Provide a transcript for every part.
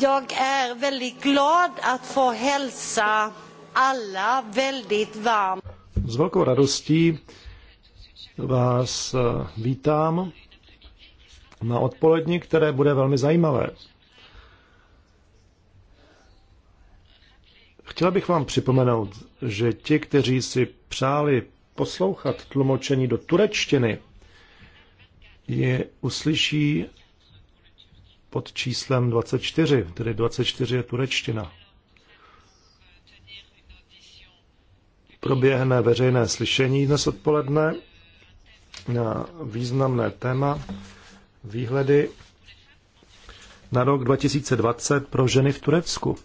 Jag är väldigt glad att få hälsa alla väldigt varmt. S velkou radostí vás eh, vítám na odpolední, které bude velmi zajímavé. Chtěla bych vám připomenout, že ti, kteří si přáli poslouchat tlumočení do turečtiny, je uslyší pod číslem 24, tedy 24 je turečtina. Proběhne veřejné slyšení dnes odpoledne na významné téma výhledy na rok 2020 pro ženy v Turecku.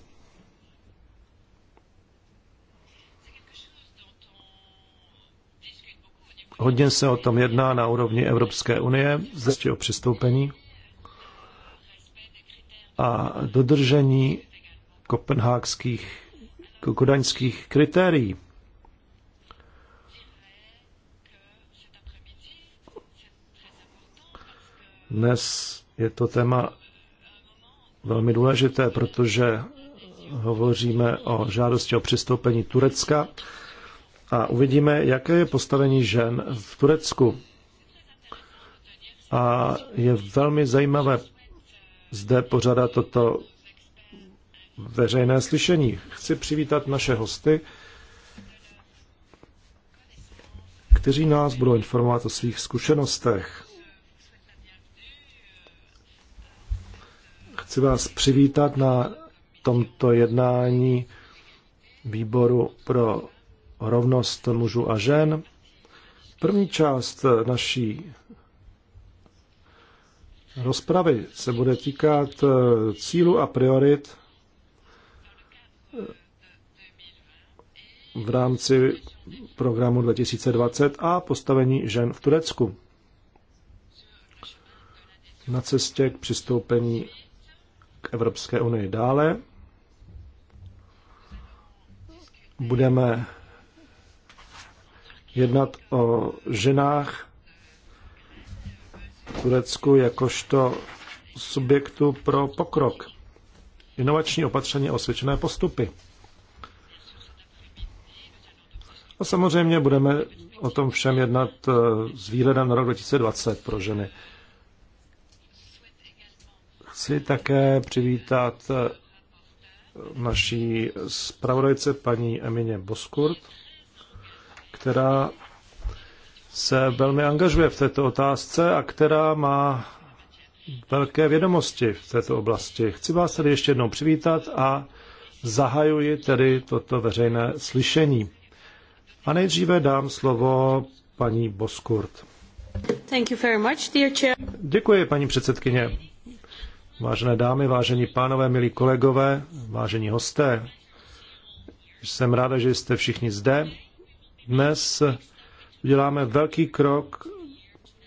Hodně se o tom jedná na úrovni Evropské unie, zde o přistoupení a dodržení kopenhágských kodaňských kritérií. Dnes je to téma velmi důležité, protože hovoříme o žádosti o přistoupení Turecka a uvidíme, jaké je postavení žen v Turecku. A je velmi zajímavé zde pořádat toto veřejné slyšení. Chci přivítat naše hosty, kteří nás budou informovat o svých zkušenostech. Chci vás přivítat na tomto jednání výboru pro rovnost mužů a žen. První část naší rozpravy se bude týkat eh, cílu a priorit eh, v rámci programu 2020 a postavení žen v Turecku na cestě k přistoupení k Evropské unii. Dále budeme jednat o ženách Turecku jakožto subjektu pro pokrok. Inovační opatření a osvědčené postupy. A samozřejmě budeme o tom všem jednat eh, s výhledem na rok 2020 pro ženy. Chci také přivítat eh, naší zpravodajce paní Emině Boskurt, která se velmi angažuje v této otázce a která má velké vědomosti v této oblasti. Chci vás tady ještě jednou přivítat a zahajuji tedy toto veřejné slyšení. A nejdříve dám slovo paní Boskurt. Thank you very much, dear chair. Děkuji, paní předsedkyně. Vážené dámy, vážení pánové, milí kolegové, vážení hosté, jsem ráda, že jste všichni zde. Dnes děláme velký krok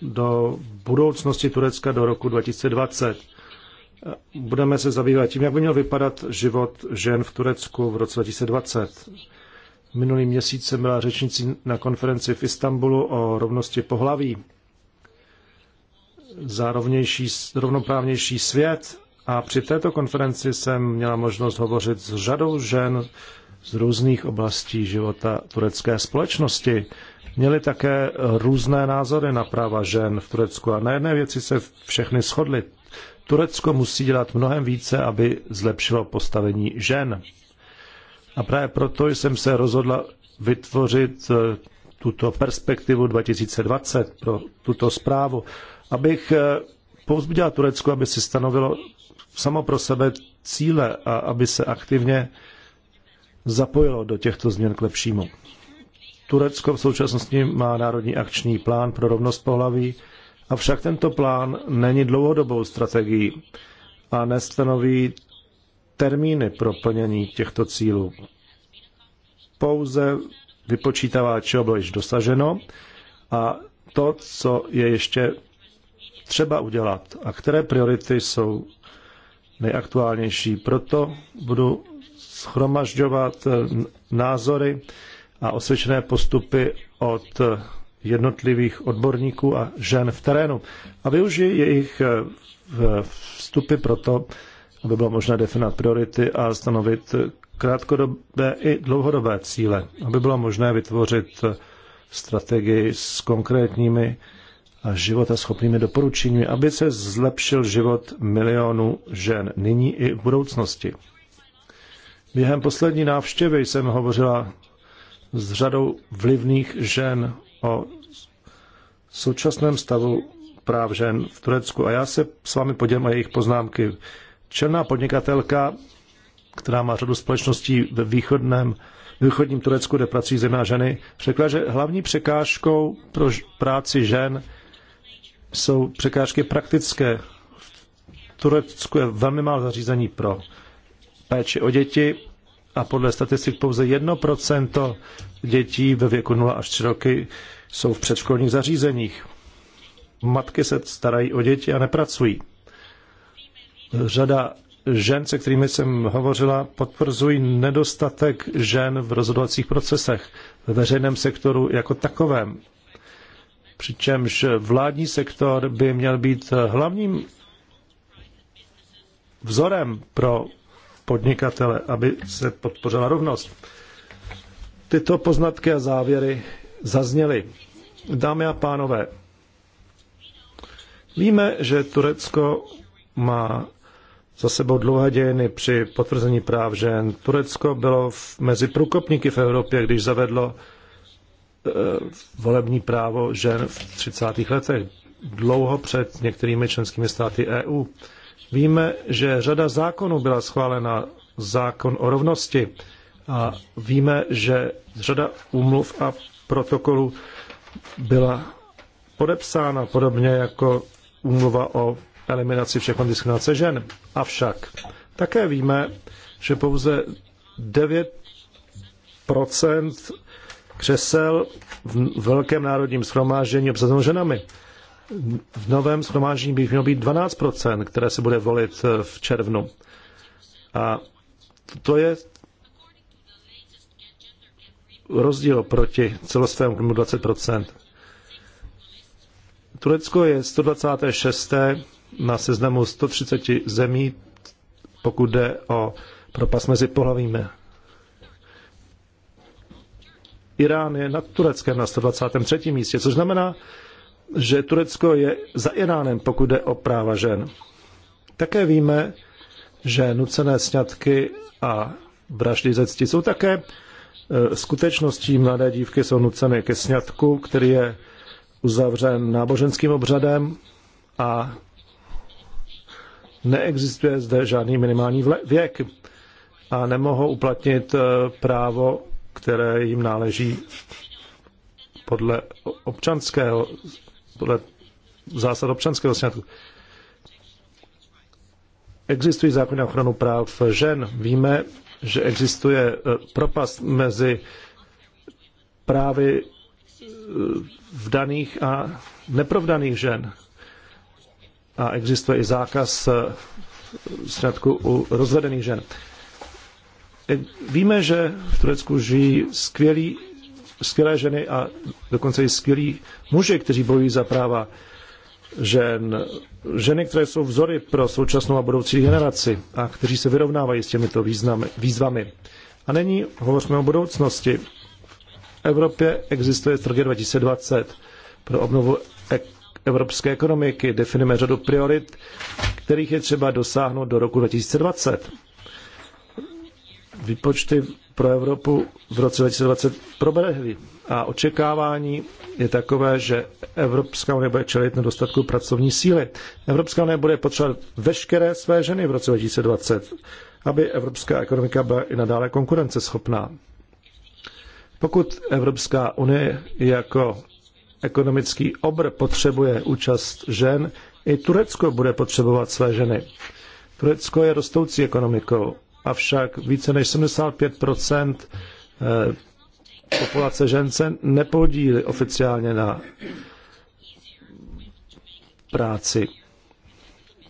do budoucnosti Turecka do roku 2020. Budeme se zabývat tím, jak by měl vypadat život žen v Turecku v roce 2020. Minulý měsíc jsem byla řečnicí na konferenci v Istanbulu o rovnosti pohlaví za rovnější, rovnoprávnější svět a při této konferenci jsem měla možnost hovořit s řadou žen z různých oblastí života turecké společnosti měli také různé názory na práva žen v Turecku a na jedné věci se všechny shodly. Turecko musí dělat mnohem více, aby zlepšilo postavení žen. A právě proto jsem se rozhodla vytvořit eh, tuto perspektivu 2020 pro tuto zprávu, abych eh, povzbudila Turecko, aby si stanovilo samo pro sebe cíle a aby se aktivně zapojilo do těchto změn k lepšímu. Turecko v současnosti má národní akční plán pro rovnost pohlaví, avšak tento plán není dlouhodobou strategií a nestanoví termíny pro plnění těchto cílů. Pouze vypočítává, čeho bylo již dosaženo a to, co je ještě třeba udělat a které priority jsou nejaktuálnější. Proto budu schromažďovat eh, názory a osvědčené postupy od eh, jednotlivých odborníků a žen v terénu a využije jejich eh, vstupy pro to, aby bylo možné definovat priority a stanovit krátkodobé i dlouhodobé cíle, aby bylo možné vytvořit strategii s konkrétními a životaschopnými doporučeními, aby se zlepšil život milionů žen nyní i v budoucnosti. Během poslední návštěvy jsem hovořila s řadou vlivných žen o současném stavu práv žen v Turecku a já se s vámi podělím o jejich poznámky. Černá podnikatelka, která má řadu společností ve východném, východním Turecku, kde pracují zejména ženy, řekla, že hlavní překážkou pro práci žen jsou překážky praktické. V Turecku je velmi málo zařízení pro péči o děti a podle statistik pouze 1% dětí ve věku 0 až 3 roky jsou v předškolních zařízeních. Matky se starají o děti a nepracují. Řada žen, se kterými jsem hovořila, potvrzují nedostatek žen v rozhodovacích procesech ve veřejném sektoru jako takovém. Přičemž vládní sektor by měl být hlavním vzorem pro podnikatele, aby se podpořila rovnost. Tyto poznatky a závěry zazněly. Dámy a pánové, víme, že Turecko má za sebou dlouhé dějiny při potvrzení práv žen. Turecko bylo v, mezi průkopníky v Evropě, když zavedlo e, volební právo žen v 30. letech, dlouho před některými členskými státy EU. Víme, že řada zákonů byla schválena, zákon o rovnosti, a víme, že řada úmluv a protokolů byla podepsána, podobně jako úmluva o eliminaci všech diskriminace žen. Avšak také víme, že pouze 9 křesel v velkém národním je obsazeno ženami v novém shromáždění by mělo být 12 které se bude volit eh, v červnu. A to je rozdíl proti celostvému 20 Turecko je 126. na seznamu 130 zemí, pokud jde o propas mezi pohlavíme. Irán je nad Tureckem na 123. místě, což znamená, že Turecko je za Iránem, pokud jde o práva žen. Také víme, že nucené sňatky a vraždy ze cti jsou také e, skutečností. Mladé dívky jsou nucené ke sňatku, který je uzavřen náboženským obřadem a neexistuje zde žádný minimální věk a nemohou uplatnit e, právo, které jim náleží podle občanského podle zásad občanského sňatku. Existují zákony na ochranu práv žen. Víme, že existuje eh, propast mezi právy eh, vdaných a neprovdaných žen. A existuje i zákaz eh, sňatku u rozvedených žen. Víme, že v Turecku žijí skvělí skvělé ženy a dokonce i skvělí muži, kteří bojují za práva žen. Ženy, které jsou vzory pro současnou a budoucí generaci a kteří se vyrovnávají s těmito významy, výzvami. A není hovořme o budoucnosti. V Evropě existuje strategie 2020 pro obnovu ek- evropské ekonomiky. Definujeme řadu priorit, kterých je třeba dosáhnout do roku 2020 výpočty pro Evropu v roce 2020 proběhly a očekávání je takové, že Evropská unie bude čelit nedostatku pracovní síly. Evropská unie bude potřebovat veškeré své ženy v roce 2020, aby evropská ekonomika byla i nadále konkurenceschopná. Pokud Evropská unie jako ekonomický obr potřebuje účast žen, i Turecko bude potřebovat své ženy. Turecko je rostoucí ekonomikou avšak více než 75 eh, populace žen se nepodílí oficiálně na práci.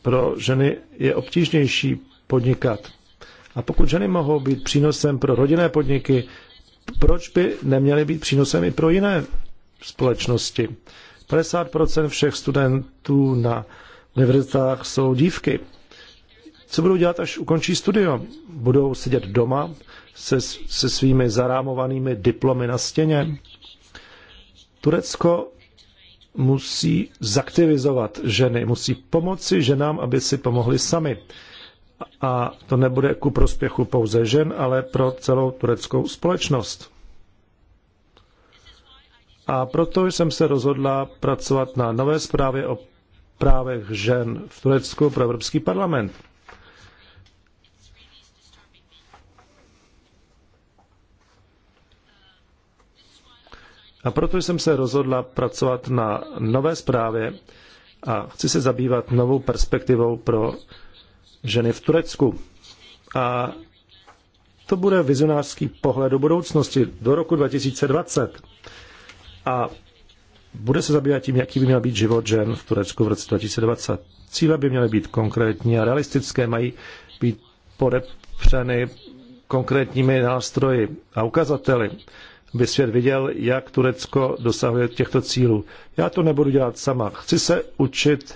Pro ženy je obtížnější podnikat. A pokud ženy mohou být přínosem pro rodinné podniky, proč by neměly být přínosem i pro jiné společnosti? 50% všech studentů na univerzitách jsou dívky co budou dělat, až ukončí studio? Budou sedět doma se, se svými zarámovanými diplomy na stěně? Turecko musí zaktivizovat ženy, musí pomoci ženám, aby si pomohly sami. A to nebude ku prospěchu pouze žen, ale pro celou tureckou společnost. A proto jsem se rozhodla pracovat na nové zprávě o právech žen v Turecku pro Evropský parlament. A proto jsem se rozhodla pracovat na nové zprávě a chci se zabývat novou perspektivou pro ženy v Turecku. A to bude vizionářský pohled do budoucnosti do roku 2020. A bude se zabývat tím, jaký by měl být život žen v Turecku v roce 2020. Cíle by měly být konkrétní a realistické, mají být podepřeny konkrétními nástroji a ukazateli by svět viděl, jak Turecko dosahuje těchto cílů. Já to nebudu dělat sama. Chci se učit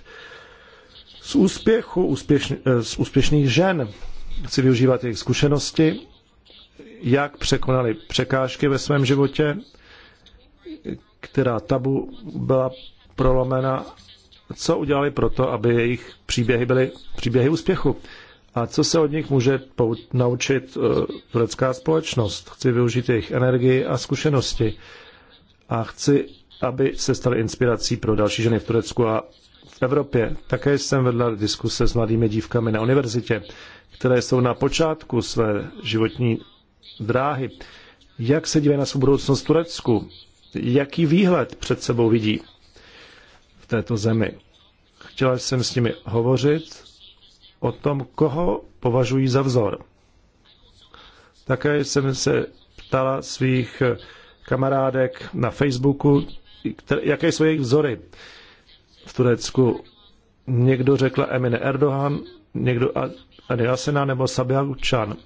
z úspěchu, úspěšn, eh, z úspěšných žen. Chci využívat jejich zkušenosti, jak překonali překážky ve svém životě, která tabu byla prolomena, co udělali proto, aby jejich příběhy byly příběhy úspěchu a co se od nich může naučit eh, turecká společnost. Chci využít jejich energii a zkušenosti a chci, aby se staly inspirací pro další ženy v Turecku a v Evropě. Také jsem vedla diskuse s mladými dívkami na univerzitě, které jsou na počátku své životní dráhy. Jak se dívají na svou budoucnost v Turecku? Jaký výhled před sebou vidí v této zemi? Chtěla jsem s nimi hovořit, o tom, koho považují za vzor. Také jsem se ptala svých kamarádek na Facebooku, jaké jsou jejich vzory v Turecku. Někdo řekl Emine Erdogan, někdo Adi Asena nebo Sabia Gučan.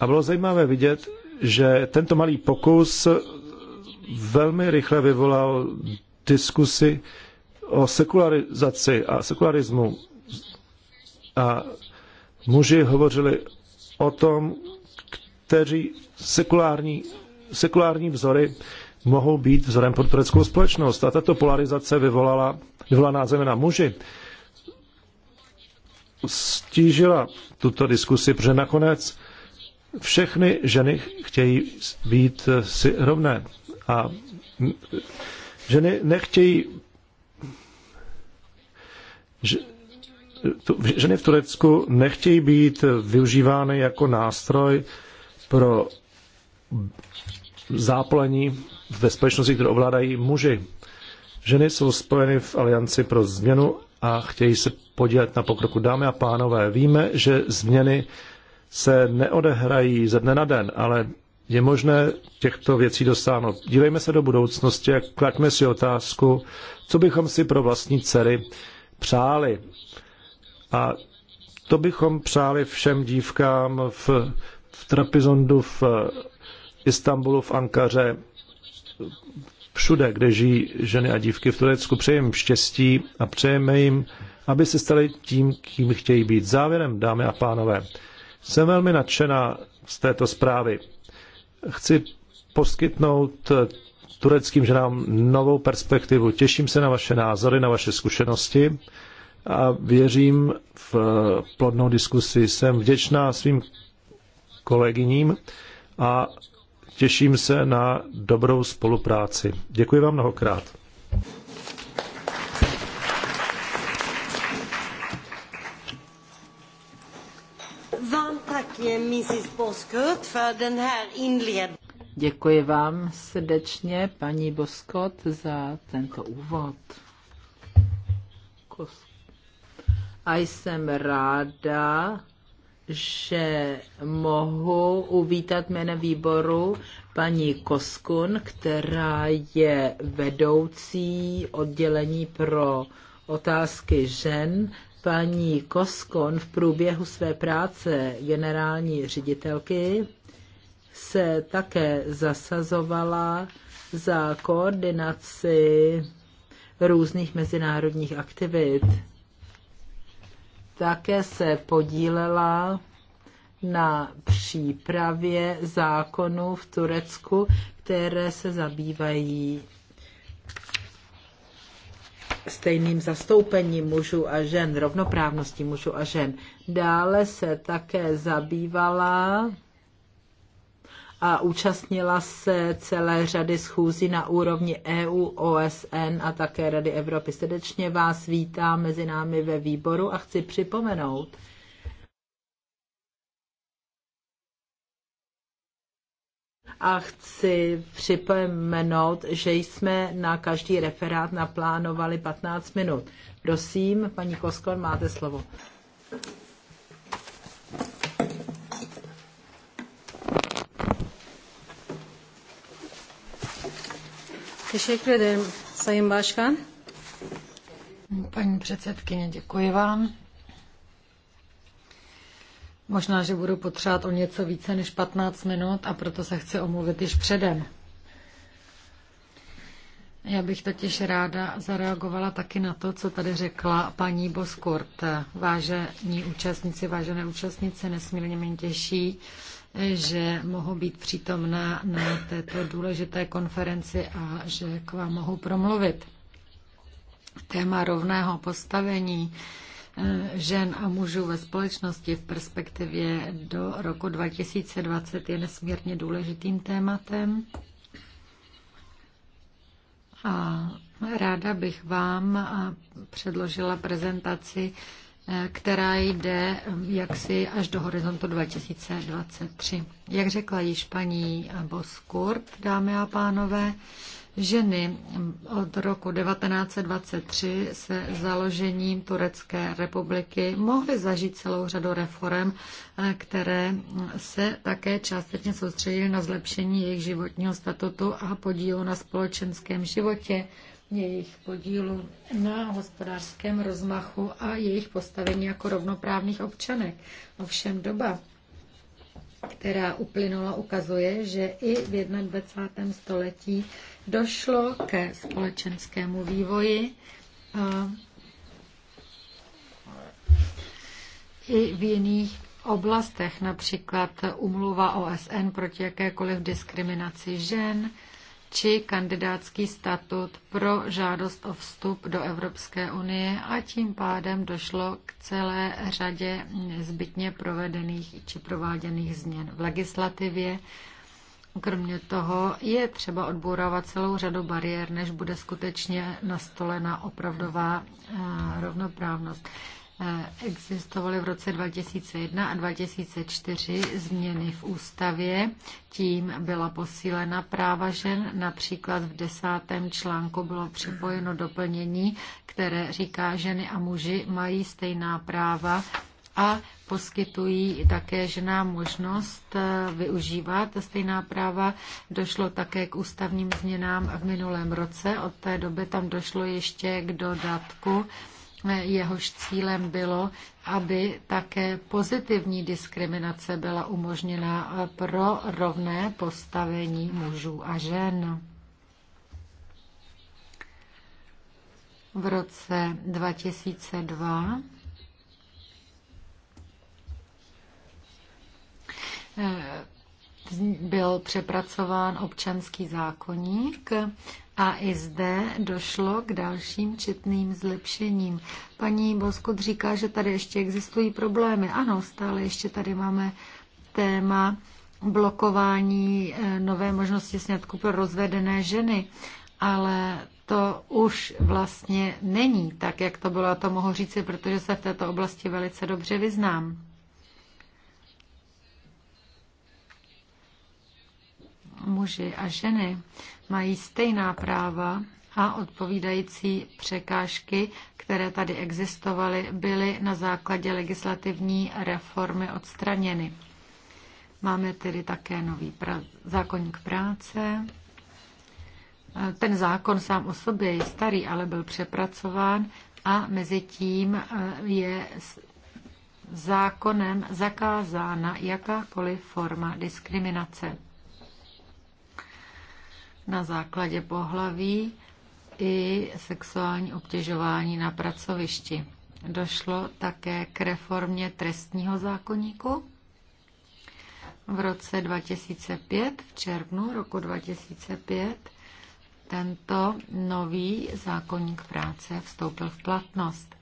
A bylo zajímavé vidět, že tento malý pokus velmi rychle vyvolal diskusy o sekularizaci a sekularismu a muži hovořili o tom, kteří sekulární, sekulární vzory mohou být vzorem pro tureckou společnost. A tato polarizace vyvolala, vyvolaná zejména muži, stížila tuto diskusi, protože nakonec všechny ženy chtějí být si rovné. A ženy nechtějí že ženy v Turecku nechtějí být využívány jako nástroj pro záplení v bezpečnosti, kterou ovládají muži. Ženy jsou spojeny v Alianci pro změnu a chtějí se podílet na pokroku. Dámy a pánové, víme, že změny se neodehrají ze dne na den, ale je možné těchto věcí dosáhnout. Dívejme se do budoucnosti a klaďme si otázku, co bychom si pro vlastní dcery přáli a to bychom přáli všem dívkám v, v Trapizondu, v Istanbulu, v Ankaře, všude, kde žijí ženy a dívky v Turecku. Přejeme štěstí a přejeme jim, aby se stali tím, kým chtějí být. Závěrem, dámy a pánové, jsem velmi nadšená z této zprávy. Chci poskytnout tureckým ženám novou perspektivu. Těším se na vaše názory, na vaše zkušenosti a věřím v plodnou diskusi. Jsem vděčná svým kolegyním a těším se na dobrou spolupráci. Děkuji vám mnohokrát. Děkuji vám srdečně, paní Boskot, za tento úvod. Kosko a jsem ráda, že mohu uvítat jménem výboru paní Koskun, která je vedoucí oddělení pro otázky žen. Paní Koskon v průběhu své práce generální ředitelky se také zasazovala za koordinaci různých mezinárodních aktivit také se podílela na přípravě zákonů v Turecku, které se zabývají stejným zastoupením mužů a žen, rovnoprávností mužů a žen. Dále se také zabývala a účastnila se celé řady schůzí na úrovni EU, OSN a také Rady Evropy. Srdečně vás vítám mezi námi ve výboru a chci připomenout, a chci připomenout, že jsme na každý referát naplánovali 15 minut. Prosím, paní Koskon, máte slovo. Teşekkür ederim Sayın Başkan. Paní předsedkyně, děkuji vám. Možná, že budu potřebovat o něco více než 15 minut a proto se chci omluvit již předem. Já bych totiž ráda zareagovala taky na to, co tady řekla paní Boskurt. Vážení účastníci, vážené účastnice, nesmírně mě těší, že mohu být přítomná na této důležité konferenci a že k vám mohu promluvit. Téma rovného postavení eh, žen a mužů ve společnosti v perspektivě do roku 2020 je nesmírně důležitým tématem. A ráda bych vám předložila prezentaci která jde um, jaksi až do horizontu 2023. Jak řekla již paní Boskurt, dámy a pánové, ženy um, od roku 1923 se založením Turecké republiky mohly zažít celou řadu reform, uh, které um, se také částečně soustředily na zlepšení jejich životního statutu a podílu na společenském životě jejich podílu na hospodářském rozmachu a jejich postavení jako rovnoprávných občanek. Ovšem doba, která uplynula, ukazuje, že i v 21. století došlo ke společenskému vývoji a i v jiných oblastech, například umluva OSN proti jakékoliv diskriminaci žen, či kandidátský statut pro žádost o vstup do Evropské unie a tím pádem došlo k celé řadě zbytně provedených či prováděných změn v legislativě. Kromě toho je třeba odbourávat celou řadu bariér, než bude skutečně nastolena opravdová eh, rovnoprávnost. Existovaly v roce 2001 a 2004 změny v ústavě, tím byla posílena práva žen, například v desátém článku bylo připojeno doplnění, které říká, ženy a muži mají stejná práva a poskytují také ženám možnost eh, využívat stejná práva. Došlo také k ústavním změnám v minulém roce, od té doby tam došlo ještě k dodatku jehož cílem bylo, aby také pozitivní diskriminace byla umožněna pro rovné postavení mužů a žen. V roce 2002 eh, byl přepracován občanský zákoník a i zde došlo k dalším četným zlepšením. Paní Boskut říká, že tady ještě existují problémy. Ano, stále ještě tady máme téma blokování eh, nové možnosti sňatku pro rozvedené ženy, ale to už vlastně není tak, jak to bylo, a to mohu říci, protože se v této oblasti velice dobře vyznám. Muži a ženy mají stejná práva a odpovídající překážky, které tady existovaly, byly na základě legislativní reformy odstraněny. Máme tedy také nový pra- zákonník práce. Ten zákon sám o sobě je starý, ale byl přepracován a mezi tím eh, je zákonem zakázána jakákoliv forma diskriminace na základě pohlaví i sexuální obtěžování na pracovišti. Došlo také k reformě trestního zákoníku v roce 2005, v červnu roku 2005, tento nový zákonník práce vstoupil v platnost.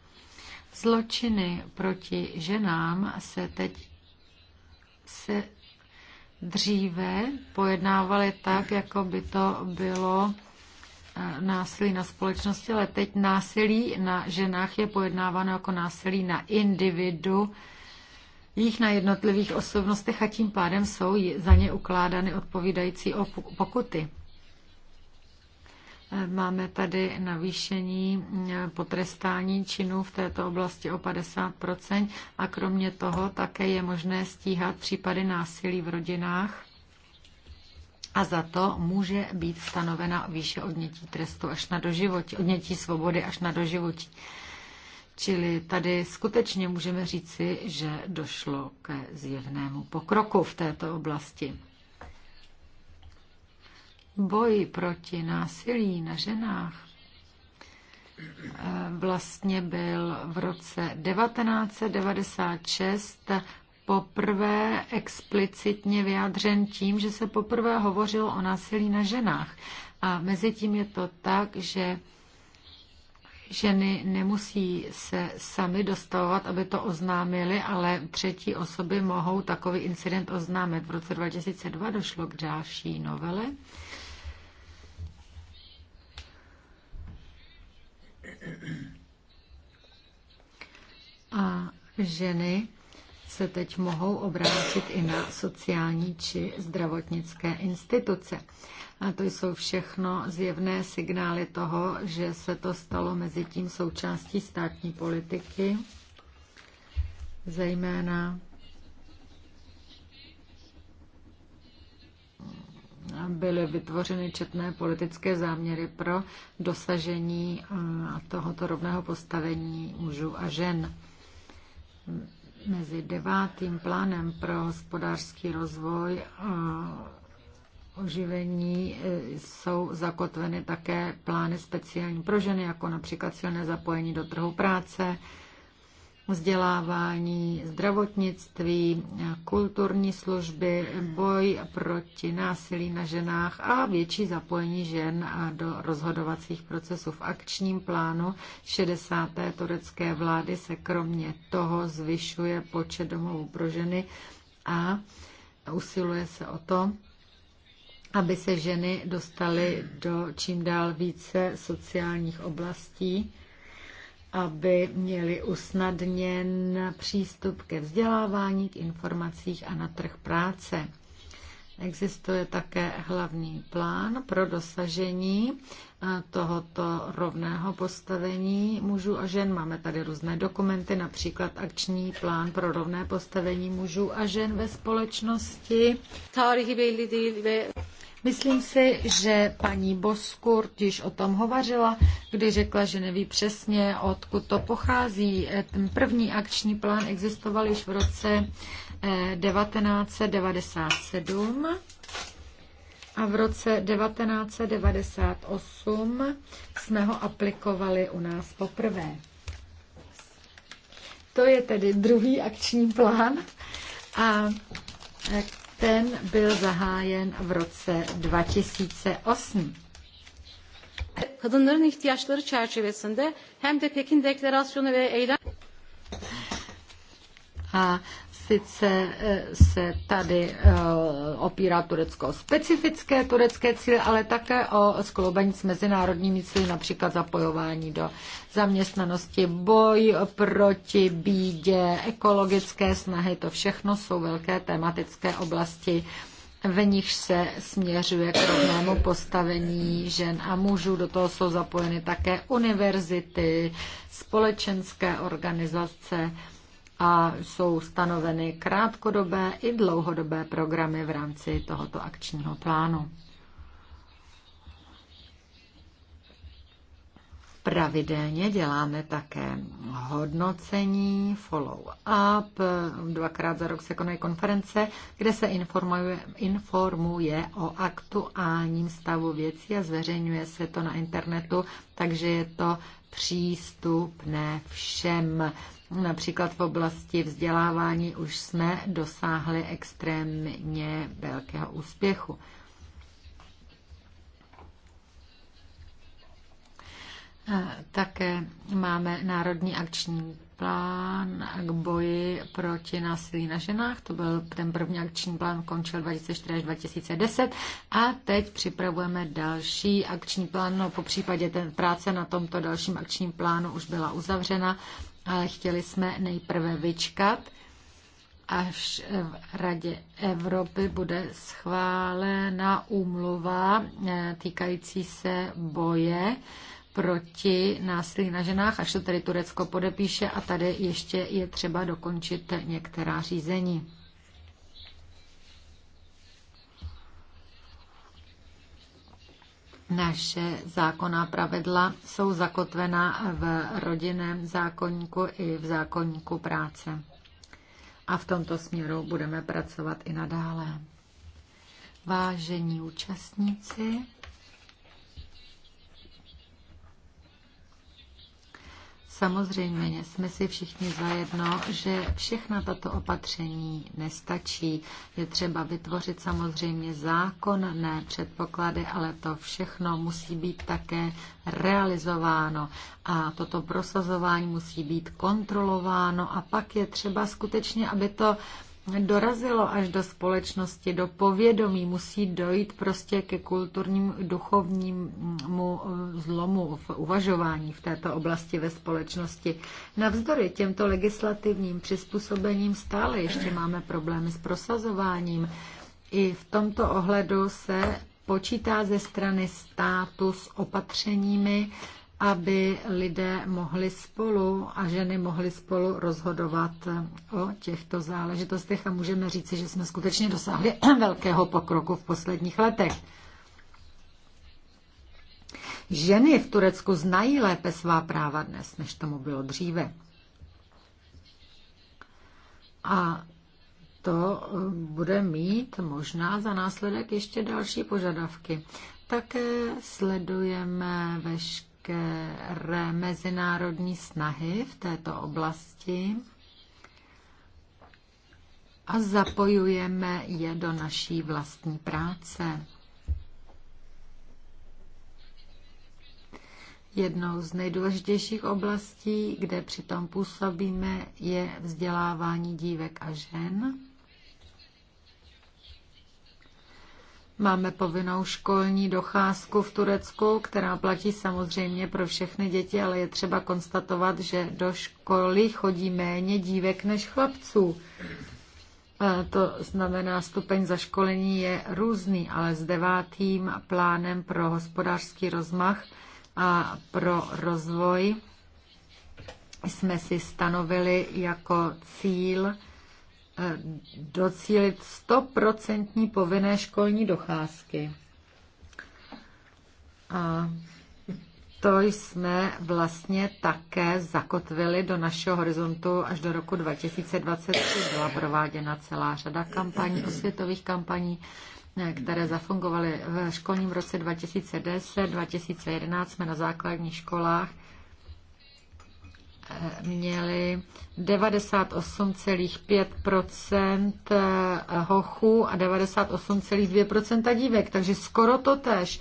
Zločiny proti ženám se teď se dříve pojednávali tak, jako by to bylo eh, násilí na společnosti, ale teď násilí na ženách je pojednáváno jako násilí na individu, jich na jednotlivých osobnostech a tím pádem jsou za ně ukládány odpovídající pokuty. Máme tady navýšení eh, potrestání činů v této oblasti o 50 a kromě toho také je možné stíhat případy násilí v rodinách a za to může být stanovena výše odnětí trestu až na doživotí, odnětí svobody až na doživotí. Čili tady skutečně můžeme říci, že došlo ke zjevnému pokroku v této oblasti boji proti násilí na ženách eh, vlastně byl v roce 1996 poprvé explicitně vyjádřen tím, že se poprvé hovořilo o násilí na ženách. A mezi tím je to tak, že ženy nemusí se sami dostavovat, aby to oznámili, ale třetí osoby mohou takový incident oznámit. V roce 2002 došlo k další novele. A ženy se teď mohou obrátit i na sociální či zdravotnické instituce. A to jsou všechno zjevné signály toho, že se to stalo mezi tím součástí státní politiky, zejména byly vytvořeny četné politické záměry pro dosažení tohoto rovného postavení mužů a žen mezi devátým plánem pro hospodářský rozvoj a oživení eh, jsou zakotveny také plány speciální pro ženy, jako například silné zapojení do trhu práce, vzdělávání, zdravotnictví, kulturní služby, boj proti násilí na ženách a větší zapojení žen do rozhodovacích procesů. V akčním plánu 60. turecké vlády se kromě toho zvyšuje počet domovů pro ženy a usiluje se o to, aby se ženy dostaly do čím dál více sociálních oblastí aby měli usnadněn přístup ke vzdělávání, k informacích a na trh práce. Existuje také hlavní plán pro dosažení eh, tohoto rovného postavení mužů a žen. Máme tady různé dokumenty, například akční plán pro rovné postavení mužů a žen ve společnosti. Myslím si, že paní Boskurt již o tom hovořila, kdy řekla, že neví přesně, odkud to pochází. E, ten první akční plán existoval již v roce 1997 e, a v roce 1998 jsme ho aplikovali u nás poprvé. To je tedy druhý akční plán a e, ten byl zahájen v roce 2008. Kadınların ihtiyaçları çerçevesinde hem de Pekin Deklarasyonu ve eylem a sice eh, se tady eh, opírá Turecko o specifické turecké cíle, ale také o skloubení s mezinárodními cíly, například zapojování do zaměstnanosti, boj proti bídě, ekologické snahy, to všechno jsou velké tematické oblasti, v nich se směřuje k rovnému postavení žen a mužů. Do toho jsou zapojeny také univerzity, společenské organizace, a jsou stanoveny krátkodobé i dlouhodobé programy v rámci tohoto akčního plánu. Pravidelně děláme také hodnocení, follow-up. Dvakrát za rok se konají konference, kde se informuje, informuje o aktuálním stavu věcí a zveřejňuje se to na internetu, takže je to přístupné všem. Například v oblasti vzdělávání už jsme dosáhli extrémně velkého úspěchu. Také máme národní akční plán k boji proti násilí na ženách. To byl ten první akční plán, končil 2004 až 2010. A teď připravujeme další akční plán. No, po případě ten práce na tomto dalším akčním plánu už byla uzavřena ale chtěli jsme nejprve vyčkat, až v Radě Evropy bude schválena úmluva eh, týkající se boje proti násilí na ženách, až to tedy Turecko podepíše a tady ještě je třeba dokončit některá řízení. Naše zákonná pravidla jsou zakotvená v rodinném zákonníku i v zákonníku práce. A v tomto směru budeme pracovat i nadále. Vážení účastníci, Samozřejmě jsme si všichni zajedno, že všechna tato opatření nestačí. Je třeba vytvořit samozřejmě zákon, ne předpoklady, ale to všechno musí být také realizováno. A toto prosazování musí být kontrolováno a pak je třeba skutečně, aby to dorazilo až do společnosti, do povědomí, musí dojít prostě ke kulturním duchovnímu eh, zlomu v uvažování v této oblasti ve společnosti. Navzdory těmto legislativním přizpůsobením stále ještě máme problémy s prosazováním. I v tomto ohledu se počítá ze strany státu s opatřeními, aby lidé mohli spolu a ženy mohly spolu rozhodovat o těchto záležitostech a můžeme říci, že jsme skutečně dosáhli velkého pokroku v posledních letech. Ženy v Turecku znají lépe svá práva dnes, než tomu bylo dříve. A to eh, bude mít možná za následek ještě další požadavky. Také sledujeme veškeré veškeré mezinárodní snahy v této oblasti a zapojujeme je do naší vlastní práce. Jednou z nejdůležitějších oblastí, kde přitom působíme, je vzdělávání dívek a žen. Máme povinnou školní docházku v Turecku, která platí samozřejmě pro všechny děti, ale je třeba konstatovat, že do školy chodí méně dívek než chlapců. E, to znamená, stupeň zaškolení je různý, ale s devátým plánem pro hospodářský rozmach a pro rozvoj jsme si stanovili jako cíl docílit 100% povinné školní docházky. A to jsme vlastně také zakotvili do našeho horizontu až do roku 2023. Byla prováděna celá řada kampaní, osvětových kampaní, které zafungovaly v školním roce 2010. 2011 jsme na základních školách měli 98,5 eh, hochů a 98,2 dívek, takže skoro to tež.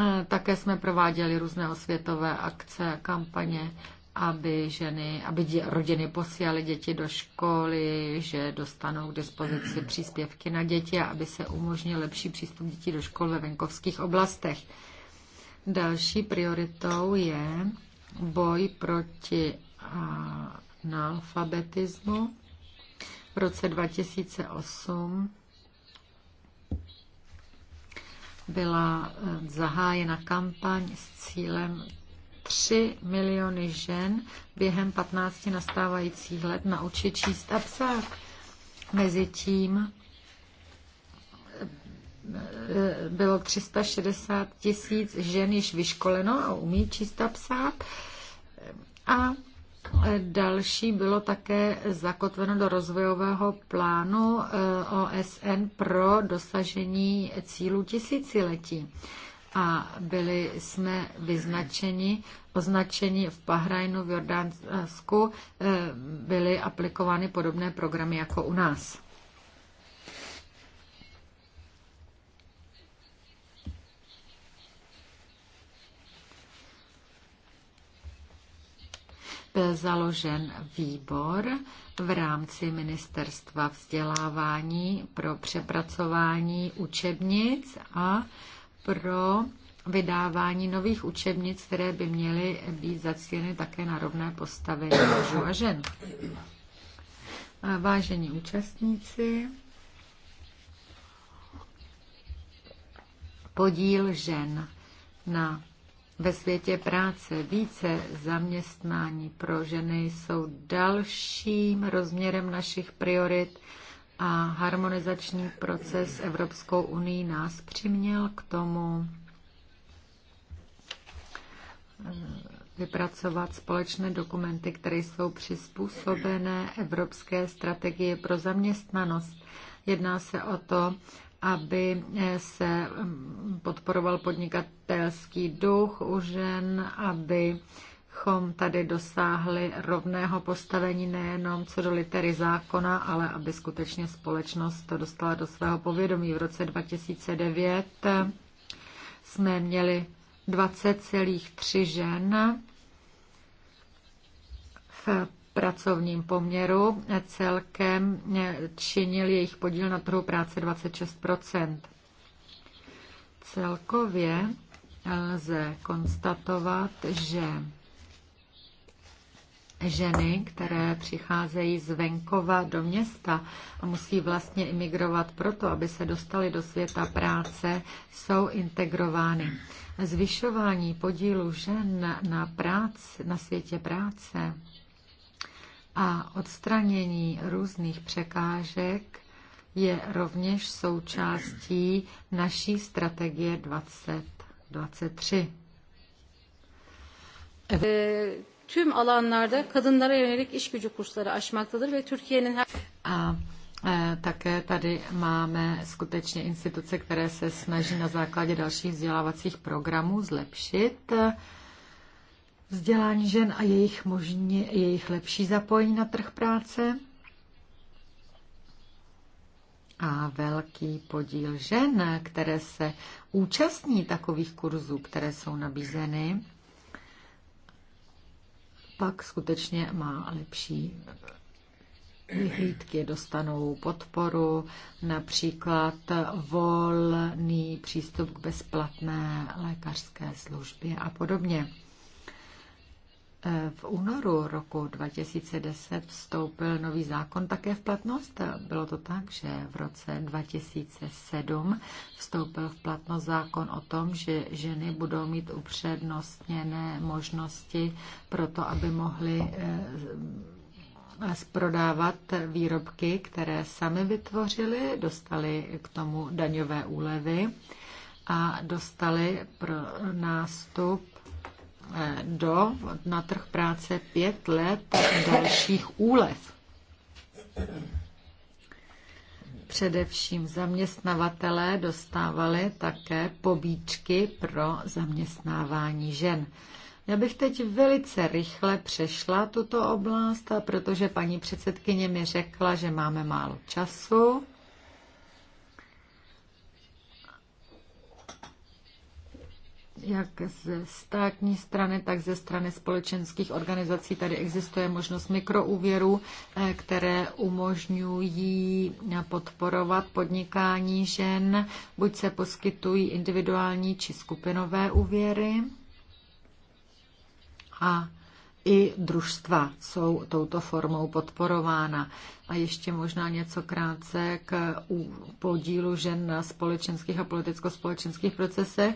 Eh, také jsme prováděli různé osvětové akce, kampaně, aby ženy, aby dě, rodiny posílaly děti do školy, že dostanou k dispozici příspěvky na děti a aby se umožnil lepší přístup dětí do škol ve venkovských oblastech. Další prioritou je boj proti analfabetismu v roce 2008 byla eh, zahájena kampaň s cílem 3 miliony žen během 15 nastávajících let naučit číst a psát. Mezitím bylo 360 tisíc žen již vyškoleno a umí číst a psát. A Další bylo také zakotveno do rozvojového plánu eh, OSN pro dosažení cílů tisíciletí. A byli jsme vyznačeni, označeni v Pahrajnu v Jordánsku, eh, byly aplikovány podobné programy jako u nás. byl založen výbor v rámci ministerstva vzdělávání pro přepracování učebnic a pro vydávání nových učebnic, které by měly být zacíleny také na rovné postavení mužů a žen. vážení účastníci, podíl žen na ve světě práce. Více zaměstnání pro ženy jsou dalším rozměrem našich priorit a harmonizační proces Evropskou unii nás přiměl k tomu eh, vypracovat společné dokumenty, které jsou přizpůsobené Evropské strategii pro zaměstnanost. Jedná se o to, aby eh, se mm, podporoval podnikatelský duch u žen, abychom tady dosáhli rovného postavení nejenom co do litery zákona, ale aby skutečně společnost to dostala do svého povědomí. V roce 2009 eh, jsme měli 20,3 žen v pracovním poměru celkem činil jejich podíl na trhu práce 26 Celkově lze konstatovat, že ženy, které přicházejí z venkova do města a musí vlastně imigrovat proto, aby se dostaly do světa práce, jsou integrovány. Zvyšování podílu žen na, práci, na světě práce a odstranění různých překážek je rovněž součástí naší strategie 2023. E, tüm alanlarda kadınlara yönelik iş gücü kursları açmaktadır ve Türkiye'nin her... A e, také tady máme skutečně instituce, které se snaží na základě dalších vzdělávacích programů zlepšit vzdělání žen a jejich, možně, jejich lepší zapojení na trh práce. A velký podíl žen, které se účastní takových kurzů, které jsou nabízeny, pak skutečně má lepší vyhlídky, dostanou podporu, například volný přístup k bezplatné lékařské službě a podobně. V únoru roku 2010 vstoupil nový zákon také v platnost. Bylo to tak, že v roce 2007 vstoupil v platnost zákon o tom, že ženy budou mít upřednostněné možnosti pro to, aby mohly eh, prodávat výrobky, které sami vytvořili, dostali k tomu daňové úlevy a dostali pro nástup do na trh práce pět let dalších úlev. Především zaměstnavatelé dostávali také pobíčky pro zaměstnávání žen. Já bych teď velice rychle přešla tuto oblast, protože paní předsedkyně mi řekla, že máme málo času. jak ze státní strany, tak ze strany společenských organizací tady existuje možnost mikroúvěrů, eh, které umožňují podporovat podnikání žen. Buď se poskytují individuální či skupinové úvěry a i družstva jsou touto formou podporována. A ještě možná něco krátce k podílu žen na společenských a politicko-společenských procesech.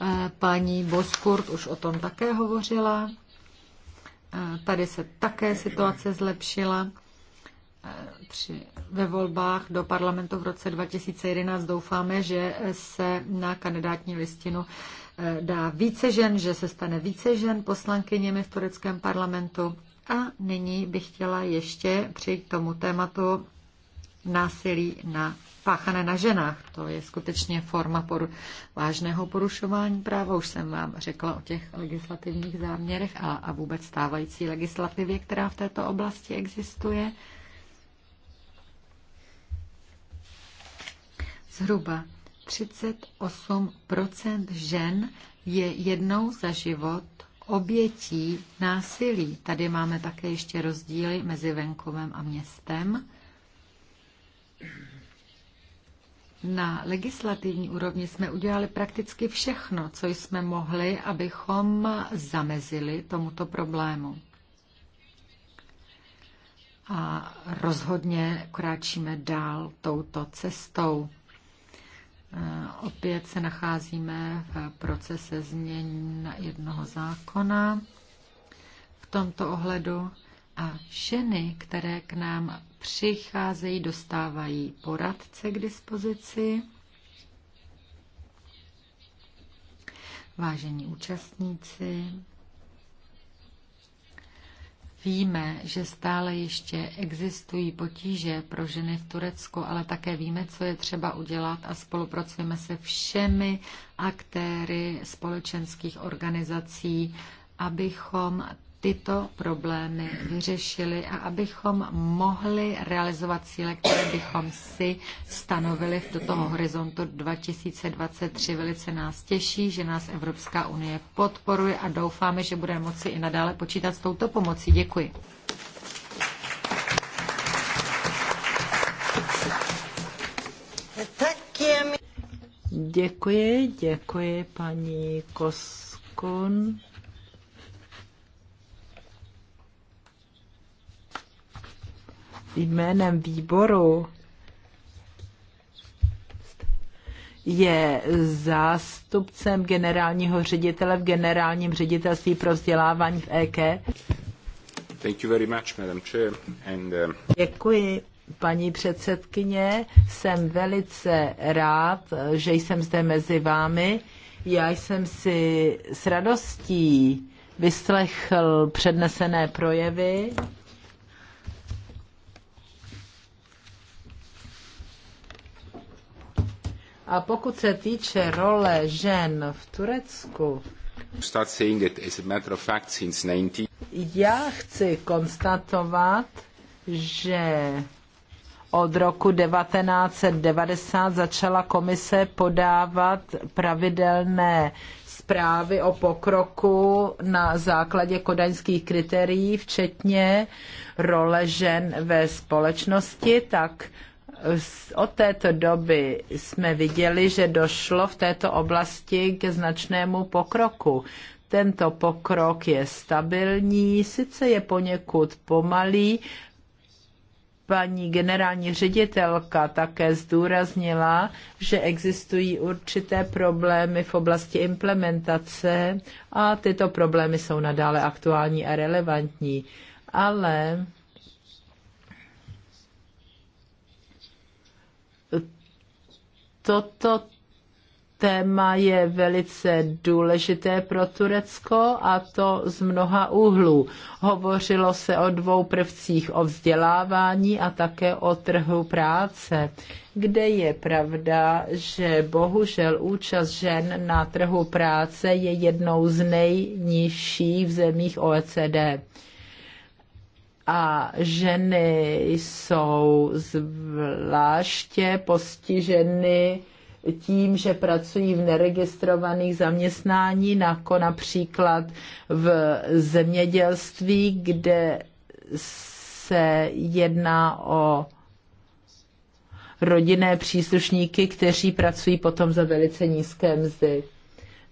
Eh, paní Boskurt už o tom také hovořila. Eh, tady se také situace zlepšila. Eh, při, ve volbách do parlamentu v roce 2011 doufáme, že se na kandidátní listinu Eh, dá více žen, že se stane více žen poslankyněmi v tureckém parlamentu. A nyní bych chtěla ještě přijít k tomu tématu násilí na páchané na ženách. To je skutečně forma poru, vážného porušování práva. Už jsem vám řekla o těch legislativních záměrech a, a vůbec stávající legislativě, která v této oblasti existuje. Zhruba 38 žen je jednou za život obětí násilí. Tady máme také ještě rozdíly mezi venkovem a městem. Na legislativní úrovni jsme udělali prakticky všechno, co jsme mohli, abychom zamezili tomuto problému. A rozhodně kráčíme dál touto cestou. Eh, opět se nacházíme v procese změn jednoho zákona v tomto ohledu a ženy, které k nám přicházejí, dostávají poradce k dispozici. Vážení účastníci, Víme, že stále ještě existují potíže pro ženy v Turecku, ale také víme, co je třeba udělat a spolupracujeme se všemi aktéry společenských organizací, abychom tyto problémy vyřešili a abychom mohli realizovat cíle, které bychom si stanovili do toho horizontu 2023. Velice nás těší, že nás Evropská unie podporuje a doufáme, že budeme moci i nadále počítat s touto pomocí. Děkuji. Děkuji, děkuji paní Koskun. jménem výboru je zástupcem generálního ředitele v generálním ředitelství pro vzdělávání v EK. Thank you very much, Madam Chair. And, um... Děkuji, paní předsedkyně. Jsem velice rád, že jsem zde mezi vámi. Já jsem si s radostí vyslechl přednesené projevy A pokud se týče role žen v Turecku, já chci konstatovat, že od roku 1990 začala komise podávat pravidelné zprávy o pokroku na základě kodaňských kritérií, včetně role žen ve společnosti, tak od této doby jsme viděli, že došlo v této oblasti k značnému pokroku. Tento pokrok je stabilní, sice je poněkud pomalý, paní generální ředitelka také zdůraznila, že existují určité problémy v oblasti implementace a tyto problémy jsou nadále aktuální a relevantní. Ale toto téma je velice důležité pro Turecko a to z mnoha úhlů. Hovořilo se o dvou prvcích, o vzdělávání a také o trhu práce, kde je pravda, že bohužel účast žen na trhu práce je jednou z nejnižších v zemích OECD a ženy jsou zvláště postiženy tím, že pracují v neregistrovaných zaměstnání, jako například v zemědělství, kde se jedná o rodinné příslušníky, kteří pracují potom za velice nízké mzdy.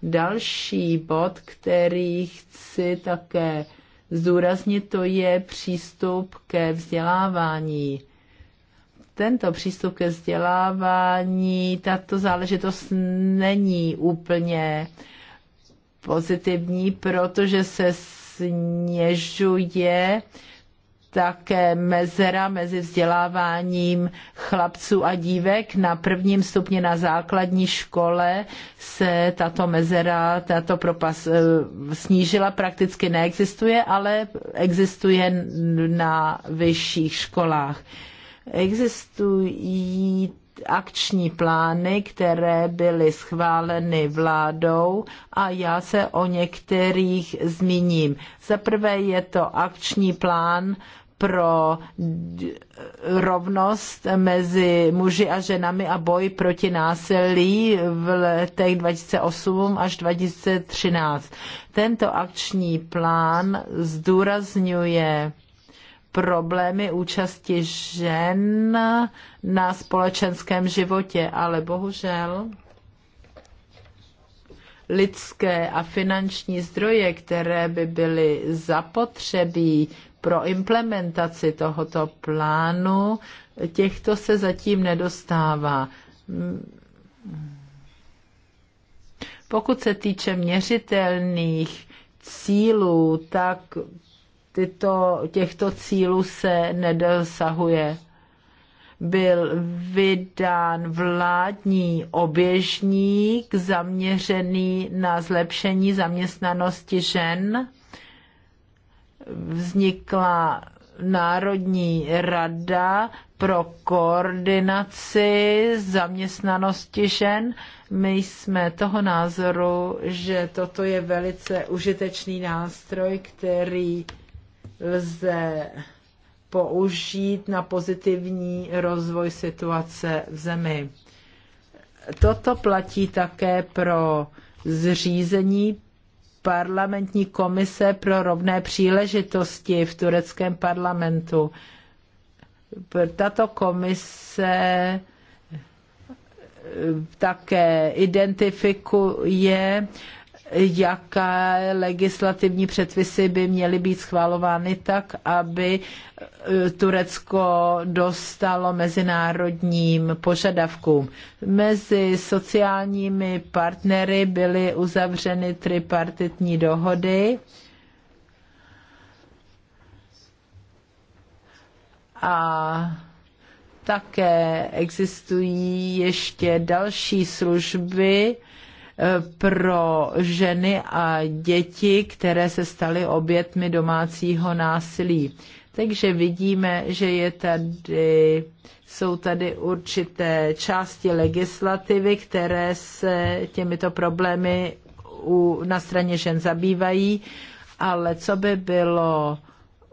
Další bod, který chci také zdůraznit, to je přístup ke vzdělávání. Tento přístup ke vzdělávání, tato záležitost není úplně pozitivní, protože se sněžuje také mezera mezi vzděláváním chlapců a dívek. Na prvním stupni na základní škole se tato mezera, tato propas eh, snížila, prakticky neexistuje, ale existuje na vyšších školách. Existují akční plány, které byly schváleny vládou a já se o některých zmíním. Za prvé je to akční plán pro rovnost mezi muži a ženami a boj proti násilí v letech 2008 až 2013. Tento akční plán zdůrazňuje problémy účasti žen na společenském životě, ale bohužel lidské a finanční zdroje, které by byly zapotřebí pro implementaci tohoto plánu těchto se zatím nedostává. Pokud se týče měřitelných cílů, tak tyto, těchto cílů se nedosahuje. Byl vydán vládní oběžník zaměřený na zlepšení zaměstnanosti žen vznikla Národní rada pro koordinaci zaměstnanosti žen. My jsme toho názoru, že toto je velice užitečný nástroj, který lze použít na pozitivní rozvoj situace v zemi. Toto platí také pro zřízení parlamentní komise pro rovné příležitosti v tureckém parlamentu. Tato komise eh, také identifikuje jaké legislativní předpisy by měly být schvalovány tak, aby eh, Turecko dostalo mezinárodním požadavkům. Mezi sociálními partnery byly uzavřeny tripartitní dohody. A také existují ještě další služby, pro ženy a děti, které se staly obětmi domácího násilí. Takže vidíme, že je tady, jsou tady určité části legislativy, které se těmito problémy u, na straně žen zabývají, ale co by bylo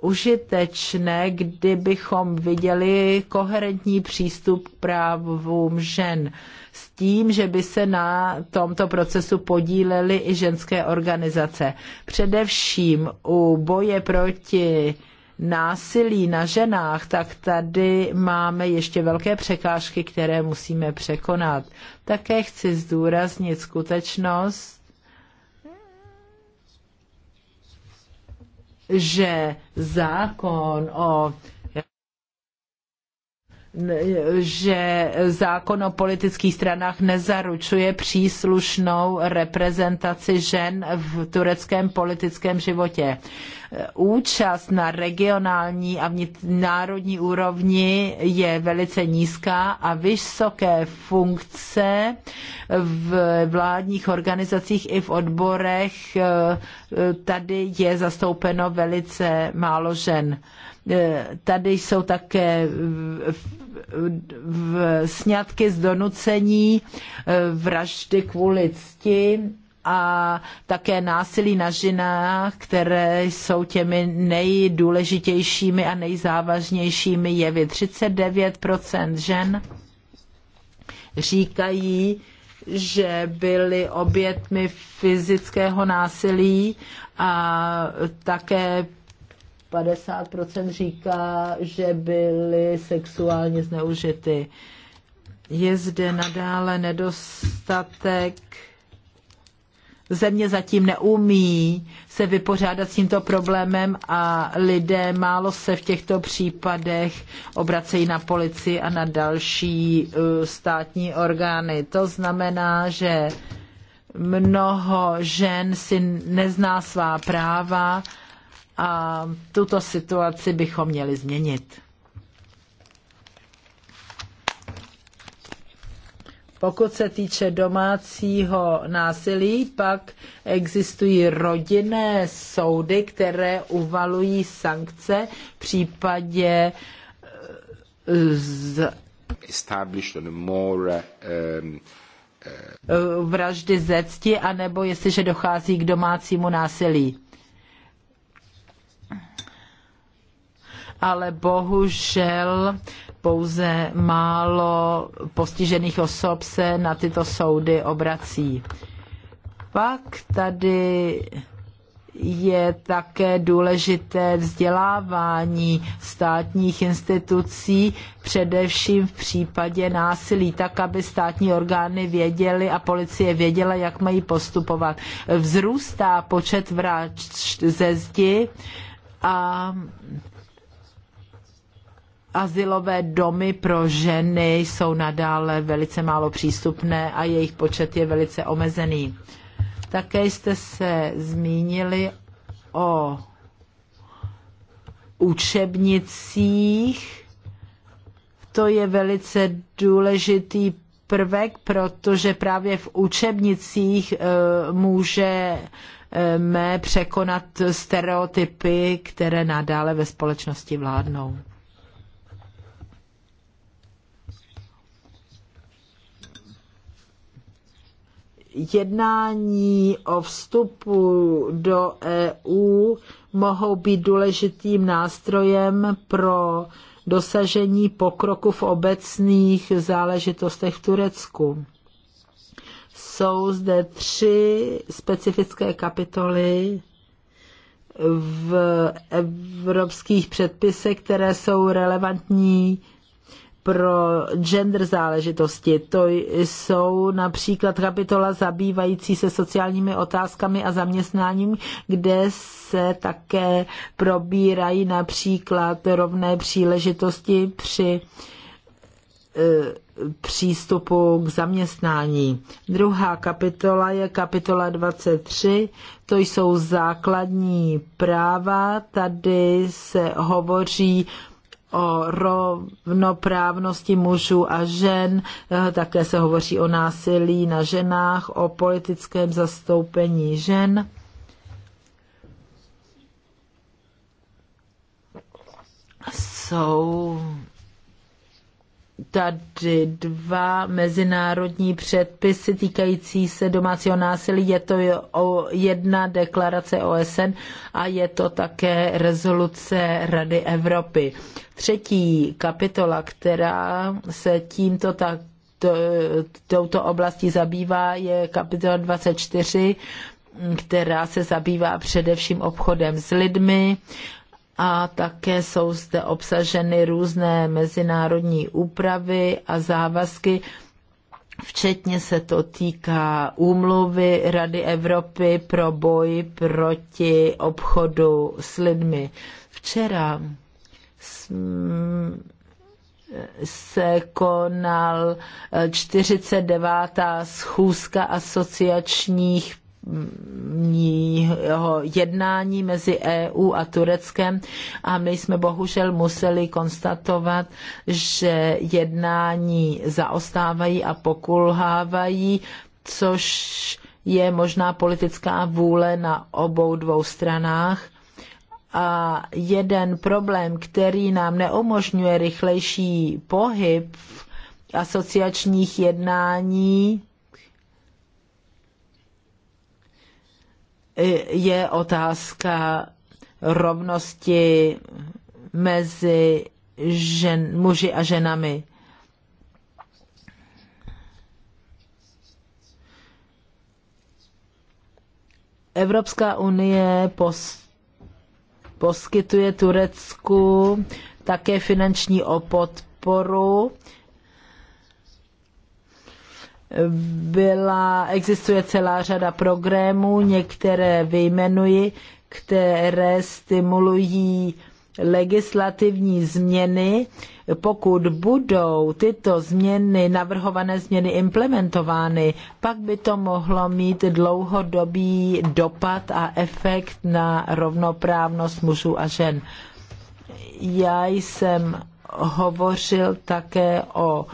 užitečné, kdybychom viděli koherentní přístup k právům žen s tím, že by se na tomto procesu podílely i ženské organizace. Především u boje proti násilí na ženách, tak tady máme ještě velké překážky, které musíme překonat. Také chci zdůraznit skutečnost, že zákon o že zákon o politických stranách nezaručuje příslušnou reprezentaci žen v tureckém politickém životě. Účast na regionální a národní úrovni je velice nízká a vysoké funkce v vládních organizacích i v odborech eh, tady je zastoupeno velice málo žen Eh, tady jsou také v sňatky z donucení, eh, vraždy kvůli cti a také násilí na ženách, které jsou těmi nejdůležitějšími a nejzávažnějšími jevy. 39% žen říkají, že byly obětmi fyzického násilí a také 50% říká, že byly sexuálně zneužity. Je zde nadále nedostatek země zatím neumí se vypořádat s tímto problémem a lidé málo se v těchto případech obracejí na policii a na další uh, státní orgány. To znamená, že mnoho žen si nezná svá práva a tuto situaci bychom měli změnit. Pokud se týče domácího násilí, pak existují rodinné soudy, které uvalují sankce v případě eh, z ehm, eh, vraždy ze cti, anebo jestliže dochází k domácímu násilí. ale bohužel pouze málo postižených osob se na tyto soudy obrací. Pak tady je také důležité vzdělávání státních institucí, především v případě násilí, tak aby státní orgány věděly a policie věděla, jak mají postupovat. Vzrůstá počet vražd ze zdi a Azylové domy pro ženy jsou nadále velice málo přístupné a jejich počet je velice omezený. Také jste se zmínili o učebnicích. To je velice důležitý prvek, protože právě v učebnicích eh, může eh, mé překonat stereotypy, které nadále ve společnosti vládnou. jednání o vstupu do EU mohou být důležitým nástrojem pro dosažení pokroku v obecných záležitostech v Turecku. Jsou zde tři specifické kapitoly v evropských předpisech, které jsou relevantní pro gender záležitosti. To jsou například kapitola zabývající se sociálními otázkami a zaměstnáním, kde se také probírají například rovné příležitosti při e, přístupu k zaměstnání. Druhá kapitola je kapitola 23, to jsou základní práva. Tady se hovoří o rovnoprávnosti mužů a žen, eh, také se hovoří o násilí na ženách, o politickém zastoupení žen. Jsou tady dva mezinárodní předpisy týkající se domácího násilí. Je to jedna deklarace OSN a je to také rezoluce Rady Evropy. Třetí kapitola, která se tímto tak to, touto oblastí zabývá, je kapitola 24, která se zabývá především obchodem s lidmi a také jsou zde obsaženy různé mezinárodní úpravy a závazky, Včetně se to týká úmluvy Rady Evropy pro boj proti obchodu s lidmi. Včera se konal 49. Eh, schůzka asociačních mm, jednání mezi EU a Tureckem a my jsme bohužel museli konstatovat, že jednání zaostávají a pokulhávají, což je možná politická vůle na obou dvou stranách a jeden problém, který nám neumožňuje rychlejší pohyb v asociačních jednání, je otázka rovnosti mezi žen, muži a ženami. Evropská unie post poskytuje Turecku také finanční podporu. Byla, existuje celá řada programů, některé vyjmenuji, které stimulují legislativní změny, pokud budou tyto změny, navrhované změny implementovány, pak by to mohlo mít dlouhodobý dopad a efekt na rovnoprávnost mužů a žen. Já jsem hovořil také o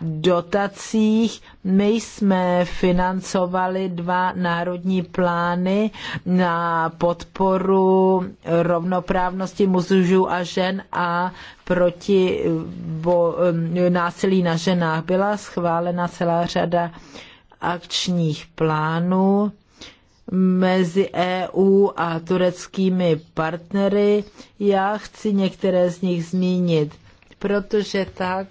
dotacích. My jsme financovali dva národní plány na podporu rovnoprávnosti mužů a žen a proti bo, eh, násilí na ženách. Byla schválena celá řada akčních plánů mezi EU a tureckými partnery. Já chci některé z nich zmínit, protože tak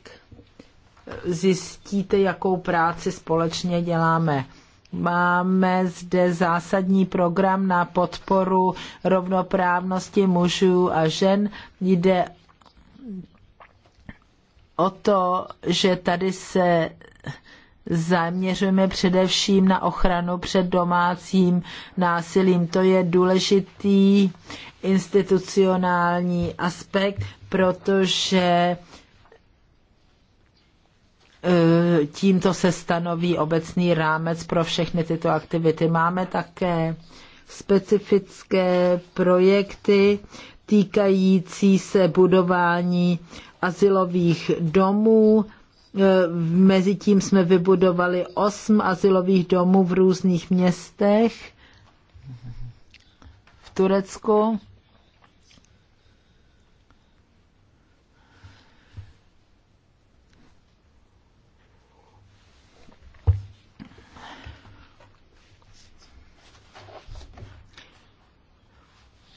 zjistíte, jakou práci společně děláme. Máme zde zásadní program na podporu rovnoprávnosti mužů a žen. Jde o to, že tady se zaměřujeme především na ochranu před domácím násilím. To je důležitý institucionální aspekt, protože E, tímto se stanoví obecný rámec pro všechny tyto aktivity. Máme také specifické projekty týkající se budování asilových domů. E, Mezitím jsme vybudovali osm asilových domů v různých městech v Turecku.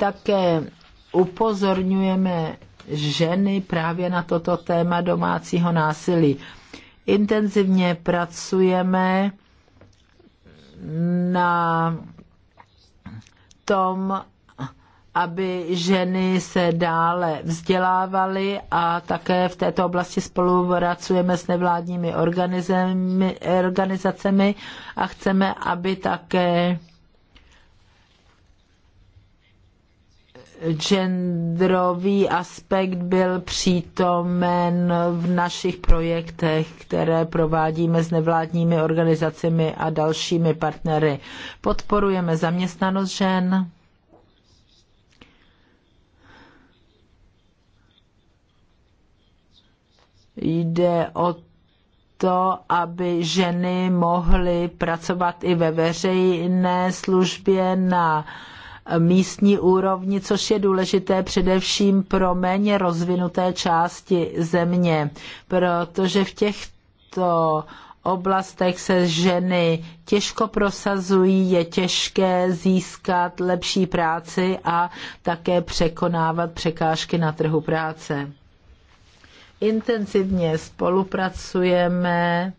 Také upozorňujeme ženy právě na toto téma domácího násilí. Intenzivně pracujeme na tom, aby ženy se dále vzdělávaly a také v této oblasti spolupracujeme s nevládními organizacemi a chceme, aby také genderový aspekt byl přítomen v našich projektech, které provádíme s nevládními organizacemi a dalšími partnery. Podporujeme zaměstnanost žen. Jde o to, aby ženy mohly pracovat i ve veřejné službě na uh, místní úrovni, což je důležité především pro méně rozvinuté části země, protože v těchto oblastech se ženy těžko prosazují, je těžké získat lepší práci a také překonávat překážky na trhu práce. Intenzivně spolupracujeme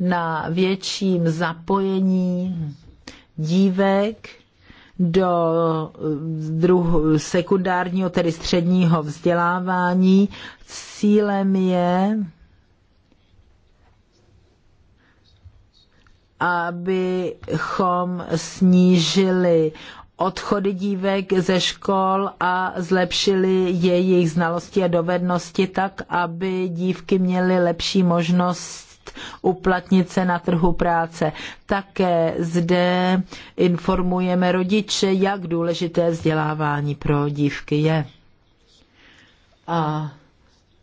na větším zapojení dívek do eh, druhu sekundárního, tedy středního vzdělávání. Cílem je abychom snížili odchody dívek ze škol a zlepšili jejich znalosti a dovednosti tak, aby dívky měly lepší možnost uplatnit se na trhu práce. Také zde informujeme rodiče, jak důležité vzdělávání pro dívky je. A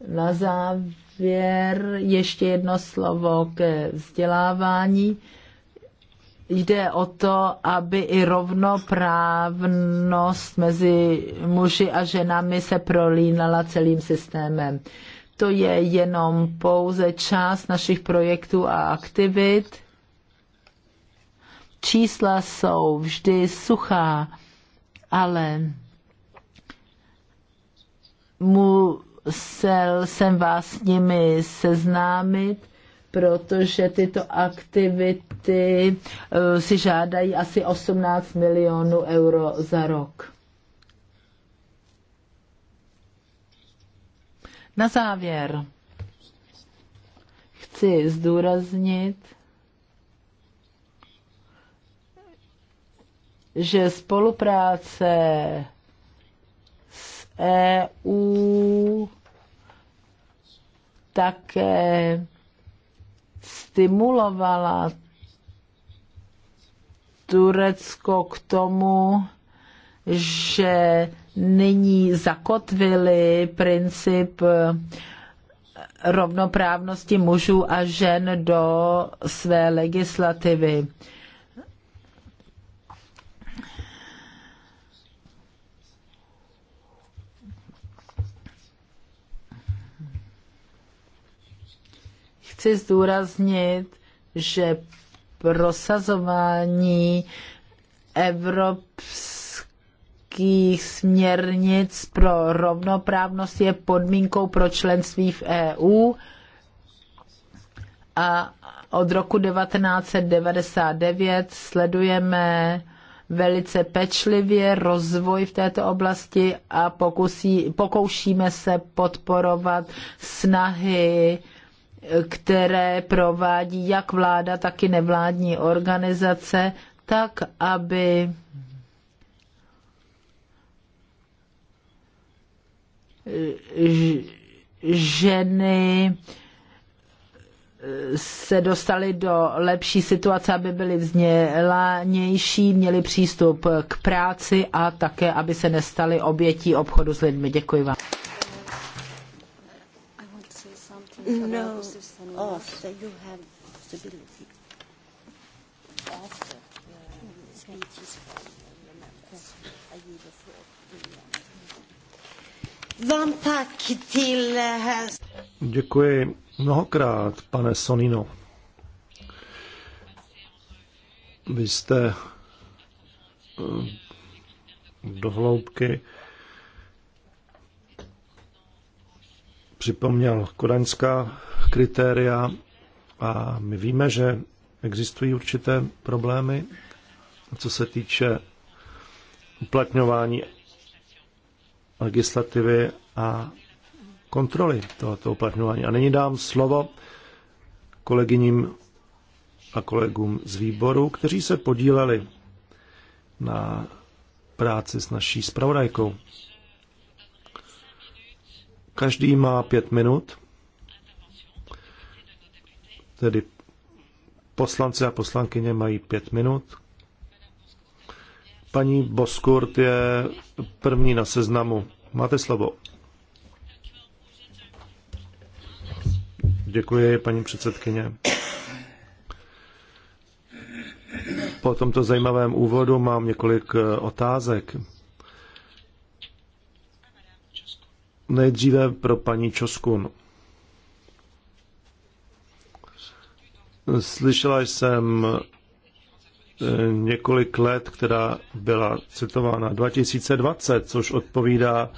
na závěr ještě jedno slovo ke vzdělávání. Jde o to, aby i rovnoprávnost mezi muži a ženami se prolínala celým systémem. To je jenom pouze část našich projektů a aktivit. Čísla jsou vždy suchá, ale musel jsem vás s nimi seznámit, protože tyto aktivity eh, si žádají asi 18 milionů euro za rok. Na závěr chci zdůraznit, že spolupráce s EU také stimulovala Turecko k tomu, že nyní zakotvili princip eh, rovnoprávnosti mužů a žen do své legislativy. Chci zdůraznit, že prosazování Evropské evropských směrnic pro rovnoprávnost je podmínkou pro členství v EU a od roku 1999 sledujeme velice pečlivě rozvoj v této oblasti a pokusí, pokoušíme se podporovat snahy, které provádí jak vláda, tak i nevládní organizace, tak aby ženy se dostaly do lepší situace, aby byly vzdělanější, měly přístup k práci a také, aby se nestaly obětí obchodu s lidmi. Děkuji vám. No. Oh, so you have Vám eh, Děkuji mnohokrát, pane Sonino. Vy jste eh, dohloubky připomněl kodaňská kritéria a my víme, že existují určité problémy, co se týče uplatňování legislativy a kontroly tohoto uplatňování. A nyní dám slovo kolegyním a kolegům z výboru, kteří se podíleli na práci s naší spravodajkou. Každý má pět minut, tedy poslanci a poslankyně mají pět minut, Paní Boskurt je první na seznamu. Máte slovo. Děkuji, paní předsedkyně. Po tomto zajímavém úvodu mám několik eh, otázek. Nejdříve pro paní Čoskun. Slyšela jsem několik let, která byla citována 2020, což odpovídá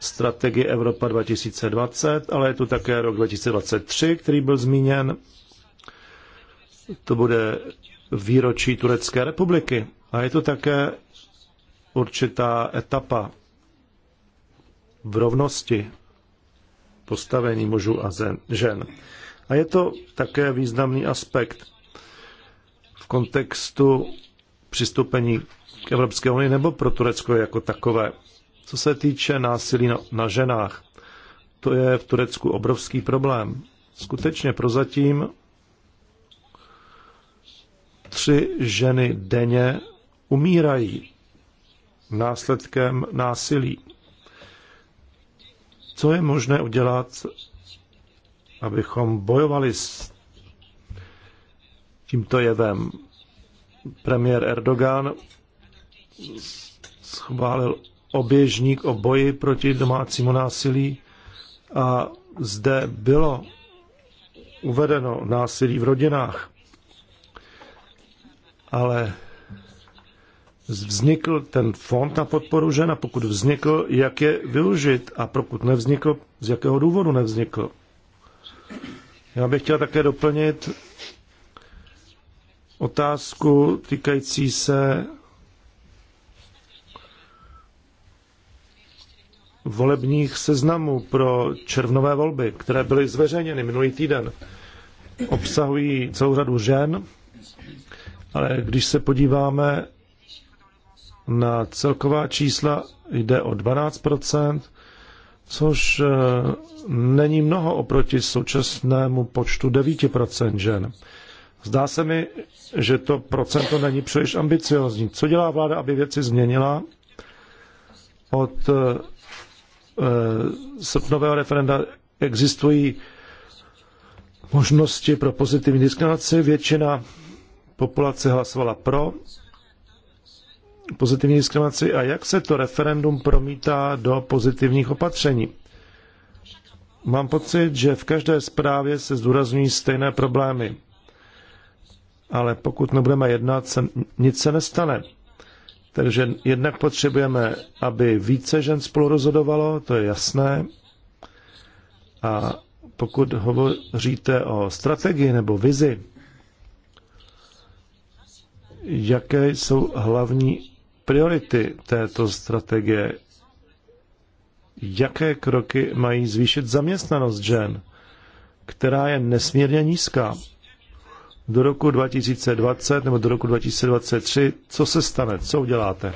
strategii Evropa 2020, ale je tu také rok 2023, který byl zmíněn. To bude výročí Turecké republiky. A je to také určitá etapa v rovnosti postavení mužů a žen. A je to také významný aspekt kontextu přistoupení k Evropské unii nebo pro Turecko jako takové. Co se týče násilí na, na ženách, to je v Turecku obrovský problém. Skutečně prozatím tři ženy denně umírají následkem násilí. Co je možné udělat, abychom bojovali s tímto jevem. Premiér Erdogan schválil oběžník o boji proti domácímu násilí a zde bylo uvedeno násilí v rodinách. Ale vznikl ten fond na podporu žen a pokud vznikl, jak je využit a pokud nevznikl, z jakého důvodu nevznikl. Já bych chtěl také doplnit, otázku týkající se volebních seznamů pro červnové volby, které byly zveřejněny minulý týden. Obsahují celou řadu žen, ale když se podíváme na celková čísla, jde o 12 což eh, není mnoho oproti současnému počtu 9 žen. Zdá se mi, že to procento není příliš ambiciozní. Co dělá vláda, aby věci změnila od e, srpnového referenda existují možnosti pro pozitivní diskriminaci. Většina populace hlasovala pro pozitivní diskriminaci a jak se to referendum promítá do pozitivních opatření. Mám pocit, že v každé zprávě se zdůrazňují stejné problémy ale pokud nebudeme jednat, se, nic se nestane. Takže jednak potřebujeme, aby více žen spolu rozhodovalo, to je jasné. A pokud hovoříte o strategii nebo vizi, jaké jsou hlavní priority této strategie? Jaké kroky mají zvýšit zaměstnanost žen, která je nesmírně nízká? do roku 2020 nebo do roku 2023, co se stane, co uděláte?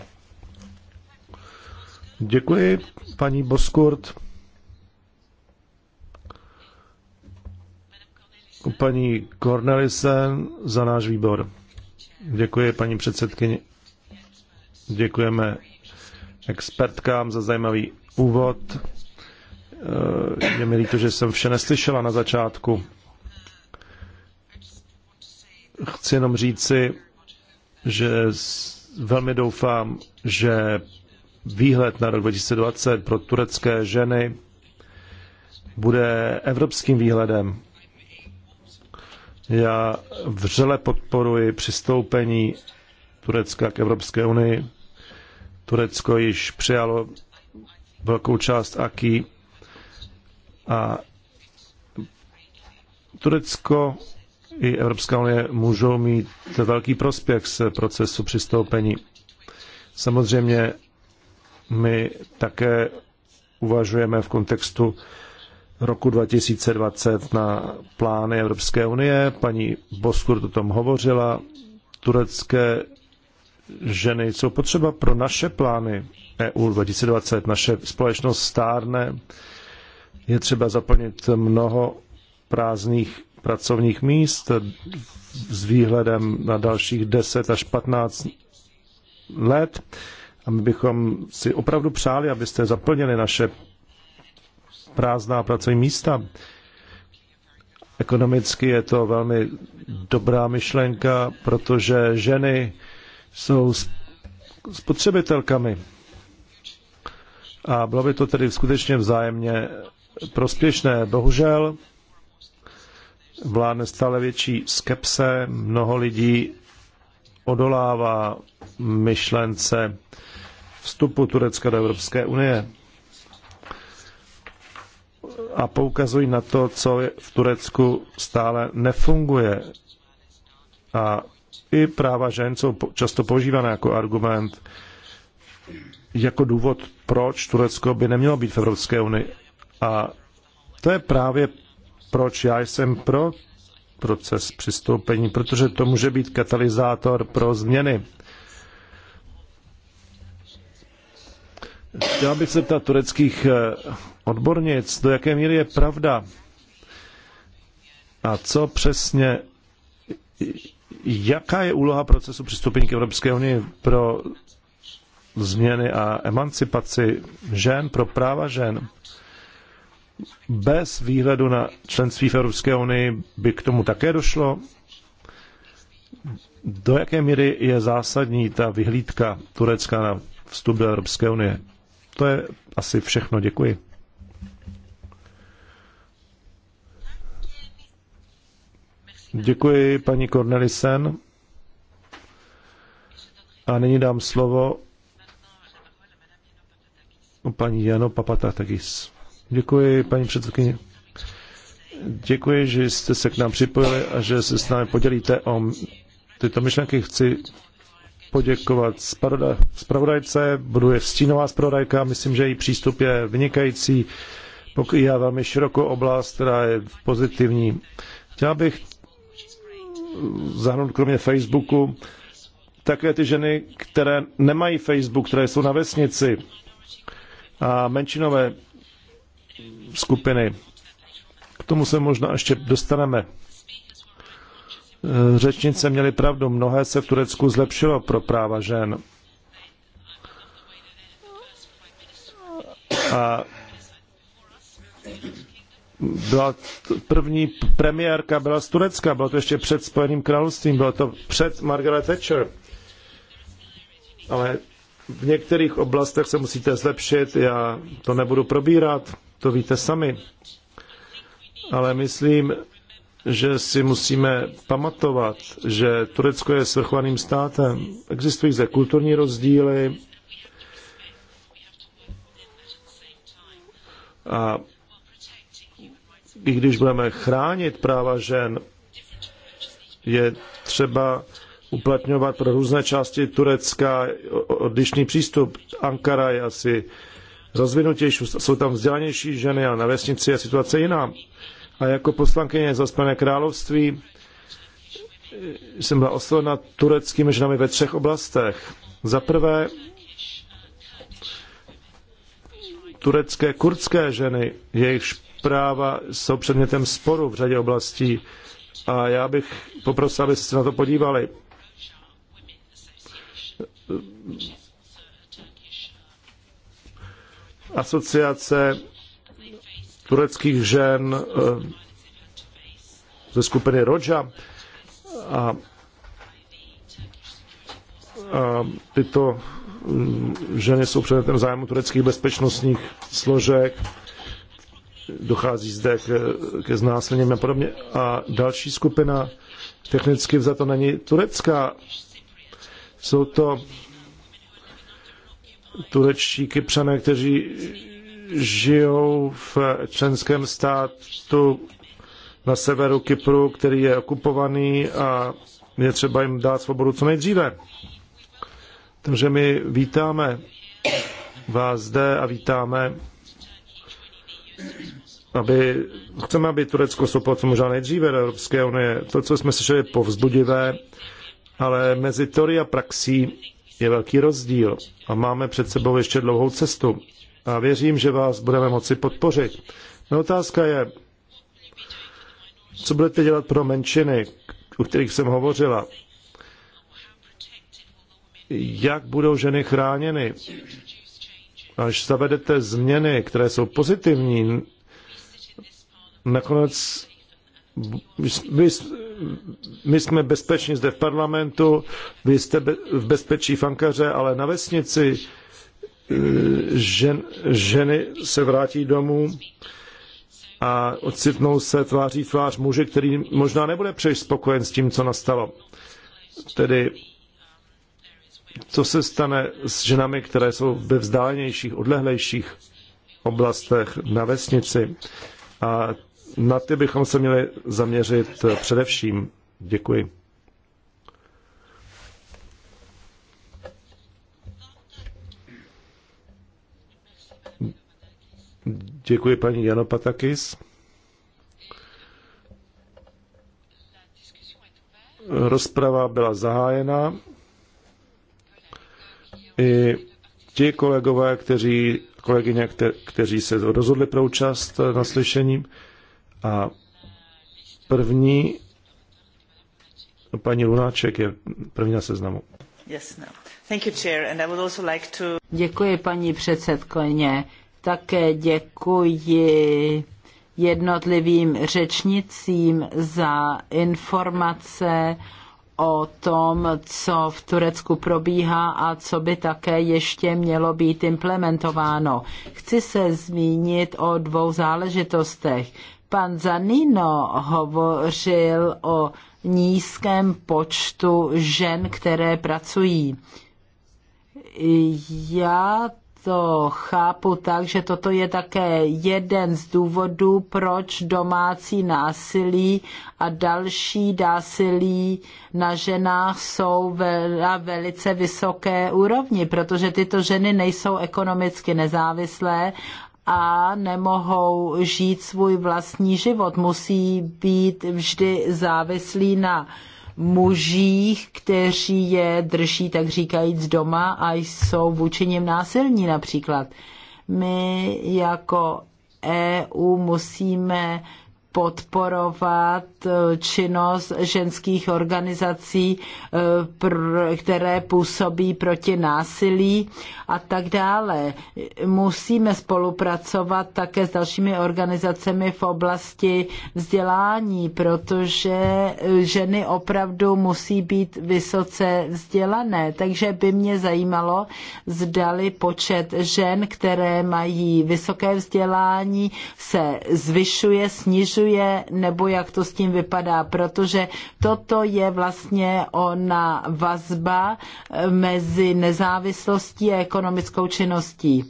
Děkuji, paní Boskurt. Paní Cornelisen za náš výbor. Děkuji, paní předsedkyně. Děkujeme expertkám za zajímavý úvod. Je mi líto, že jsem vše neslyšela na začátku chci jenom říci, že velmi doufám, že výhled na rok 2020 pro turecké ženy bude evropským výhledem. Já vřele podporuji přistoupení Turecka k Evropské unii. Turecko již přijalo velkou část AKI a Turecko i Evropská unie můžou mít velký prospěch z procesu přistoupení. Samozřejmě my také uvažujeme v kontextu roku 2020 na plány Evropské unie. Paní Boskur o tom hovořila. Turecké ženy jsou potřeba pro naše plány EU 2020. Naše společnost stárne. Je třeba zaplnit mnoho prázdných pracovních míst s výhledem na dalších 10 až 15 let. A my bychom si opravdu přáli, abyste zaplnili naše prázdná pracovní místa. Ekonomicky je to velmi dobrá myšlenka, protože ženy jsou spotřebitelkami. A bylo by to tedy skutečně vzájemně prospěšné. Bohužel vládne stále větší skepse, mnoho lidí odolává myšlence vstupu Turecka do Evropské unie a poukazují na to, co v Turecku stále nefunguje. A i práva žen jsou často používané jako argument, jako důvod, proč Turecko by nemělo být v Evropské unii. A to je právě proč já jsem pro proces přistoupení, protože to může být katalyzátor pro změny. Chtěla bych se ptát tureckých eh, odbornic, do jaké míry je pravda a co přesně, jaká je úloha procesu přistoupení k Evropské unii pro změny a emancipaci žen, pro práva žen bez výhledu na členství v Evropské unii by k tomu také došlo? Do jaké míry je zásadní ta vyhlídka Turecka na vstup do Evropské unie? To je asi všechno. Děkuji. Děkuji paní Cornelisen. A nyní dám slovo paní Jano Papatatakis. Děkuji, paní předsedkyně. Děkuji, že jste se k nám připojili a že se s námi podělíte o tyto myšlenky. Chci poděkovat zpravodajce, budu je stínová zpravodajka, myslím, že její přístup je vynikající, pokrývá velmi širokou oblast, která je pozitivní. Chtěla bych zahrnout kromě Facebooku také ty ženy, které nemají Facebook, které jsou na vesnici a menšinové skupiny. K tomu se možná ještě dostaneme. E, řečnice měly pravdu, mnohé se v Turecku zlepšilo pro práva žen. A byla první premiérka byla z Turecka, bylo to ještě před Spojeným královstvím, bylo to před Margaret Thatcher. Ale v některých oblastech se musíte zlepšit, já to nebudu probírat. To víte sami. Ale myslím, že si musíme pamatovat, že Turecko je svrchovaným státem. Existují zde kulturní rozdíly a i když budeme chránit práva žen, je třeba uplatňovat pro různé části Turecka odlišný přístup. Ankara je asi rozvinutější, jsou tam vzdělanější ženy a na vesnici je situace jiná. A jako poslankyně za Spojené království jsem byla oslovena tureckými ženami ve třech oblastech. Za prvé, turecké kurdské ženy, jejichž práva jsou předmětem sporu v řadě oblastí. A já bych poprosil, abyste se na to podívali. asociace tureckých žen eh, ze skupiny Roja a, a tyto mm, ženy jsou předmětem zájmu tureckých bezpečnostních složek, dochází zde k, ke znásilněním a podobně. A další skupina, technicky vzato není turecká, jsou to turečtí kypřané, kteří žijou v členském státu na severu Kypru, který je okupovaný a je třeba jim dát svobodu co nejdříve. Takže my vítáme vás zde a vítáme, aby, chceme, aby Turecko stoupilo co možná nejdříve do Evropské unie. To, co jsme slyšeli, je povzbudivé, ale mezi teorií a praxí je velký rozdíl a máme před sebou ještě dlouhou cestu. A věřím, že vás budeme moci podpořit. Moje otázka je, co budete dělat pro menšiny, u kterých jsem hovořila? Jak budou ženy chráněny? Až zavedete změny, které jsou pozitivní, nakonec my jsme bezpeční zde v parlamentu, vy jste v bezpečí v Ankaře, ale na vesnici e, žen, ženy se vrátí domů a ocitnou se tváří tvář muže, který možná nebude příliš spokojen s tím, co nastalo. Tedy co se stane s ženami, které jsou ve vzdálenějších, odlehlejších oblastech na vesnici. A na ty bychom se měli zaměřit eh, především. Děkuji. Děkuji paní Jano Patakis. Rozprava byla zahájena. I ti kolegové, kteří, kolegyně, kteří se rozhodli pro účast eh, na slyšení, a první paní Lunáček je první na seznamu. Yes, no. Thank you, chair, and I would also like to... Děkuji, paní předsedkyně. Také děkuji jednotlivým řečnicím za informace o tom, co v Turecku probíhá a co by také ještě mělo být implementováno. Chci se zmínit o dvou záležitostech. Pan Zanino hovořil o nízkém počtu žen, které pracují. Já to chápu tak, že toto je také jeden z důvodů, proč domácí násilí a další násilí na ženách jsou na velice vysoké úrovni, protože tyto ženy nejsou ekonomicky nezávislé a nemohou žít svůj vlastní život. Musí být vždy závislí na mužích, kteří je drží, tak říkajíc, doma a jsou vůči nim násilní například. My jako EU musíme podporovat eh, činnost ženských organizací, eh, které působí proti násilí a tak dále. Musíme spolupracovat také s dalšími organizacemi v oblasti vzdělání, protože eh, ženy opravdu musí být vysoce vzdělané. Takže by mě zajímalo, zdali počet žen, které mají vysoké vzdělání, se zvyšuje, snižuje pracuje nebo jak to s tím vypadá, protože toto je vlastně ona vazba eh, mezi nezávislostí a ekonomickou činností.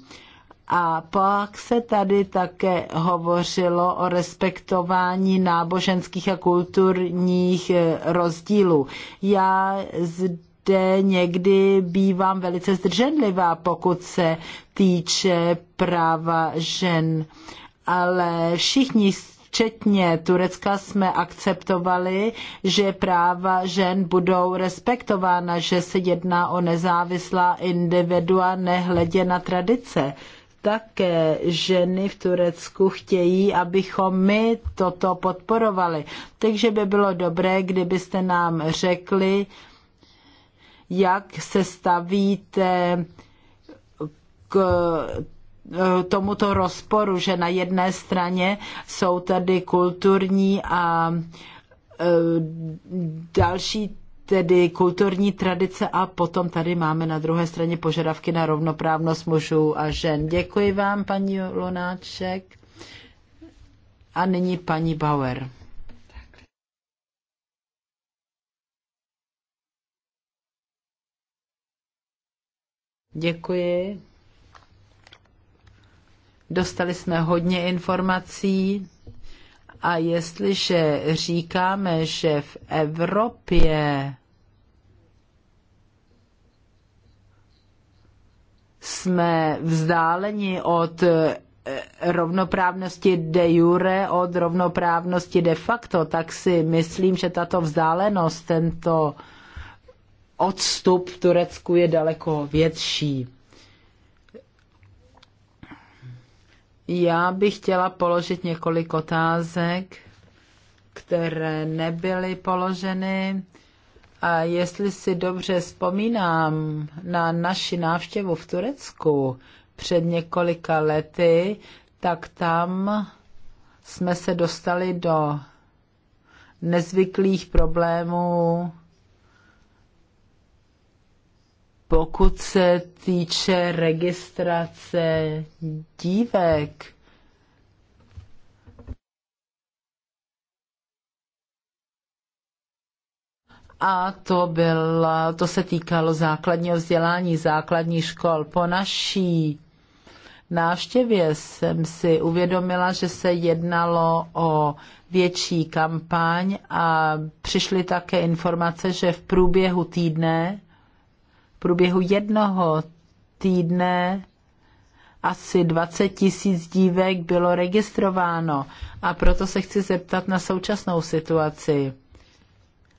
A pak se tady také hovořilo o respektování náboženských a kulturních eh, rozdílů. Já zde někdy bývám velice zdrženlivá, pokud se týče práva žen ale všichni včetně Turecka, jsme akceptovali, že práva žen budou respektována, že se jedná o nezávislá individua nehledě na tradice také ženy v Turecku chtějí, abychom my toto podporovali. Takže by bylo dobré, kdybyste nám řekli, jak se stavíte k Eh, tomuto rozporu, že na jedné straně jsou tady kulturní a eh, další tedy kulturní tradice a potom tady máme na druhé straně požadavky na rovnoprávnost mužů a žen. Děkuji vám, paní Lunáček. A nyní paní Bauer. Děkuji. Dostali jsme hodně informací a jestliže říkáme, že v Evropě jsme vzdáleni od eh, rovnoprávnosti de jure od rovnoprávnosti de facto, tak si myslím, že tato vzdálenost, tento odstup v Turecku je daleko větší. Já bych chtěla položit několik otázek, které nebyly položeny. A jestli si dobře vzpomínám na naši návštěvu v Turecku před několika lety, tak tam jsme se dostali do nezvyklých problémů Pokud se týče registrace dívek, a to, byla, to se týkalo základního vzdělání, základních škol. Po naší návštěvě jsem si uvědomila, že se jednalo o větší kampaň a přišly také informace, že v průběhu týdne průběhu jednoho týdne asi 20 tisíc dívek bylo registrováno a proto se chci zeptat na současnou situaci.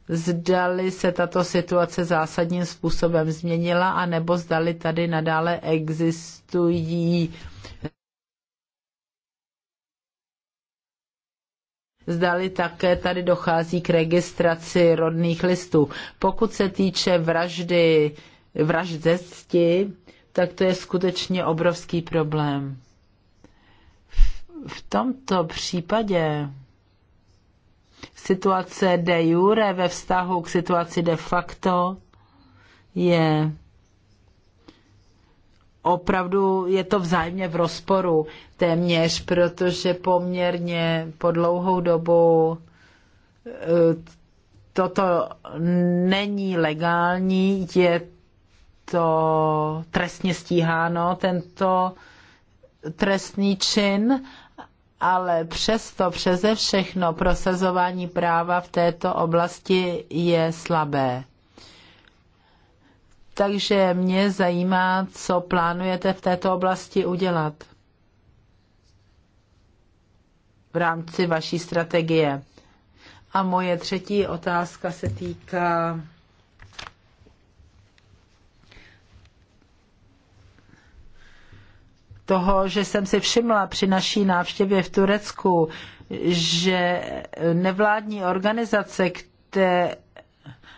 Zdali se tato situace zásadním způsobem změnila, anebo zdali tady nadále existují Zdali také tady dochází k registraci rodných listů. Pokud se týče vraždy vraždecti, tak to je skutečně obrovský problém. V tomto případě situace de jure ve vztahu k situaci de facto je opravdu je to vzájemně v rozporu téměř, protože poměrně po dlouhou dobu eh, toto není legální, je to trestně stíháno, tento trestný čin, ale přesto přeze všechno prosazování práva v této oblasti je slabé. Takže mě zajímá, co plánujete v této oblasti udělat v rámci vaší strategie. A moje třetí otázka se týká toho, že jsem si všimla při naší návštěvě v Turecku, že nevládní organizace, které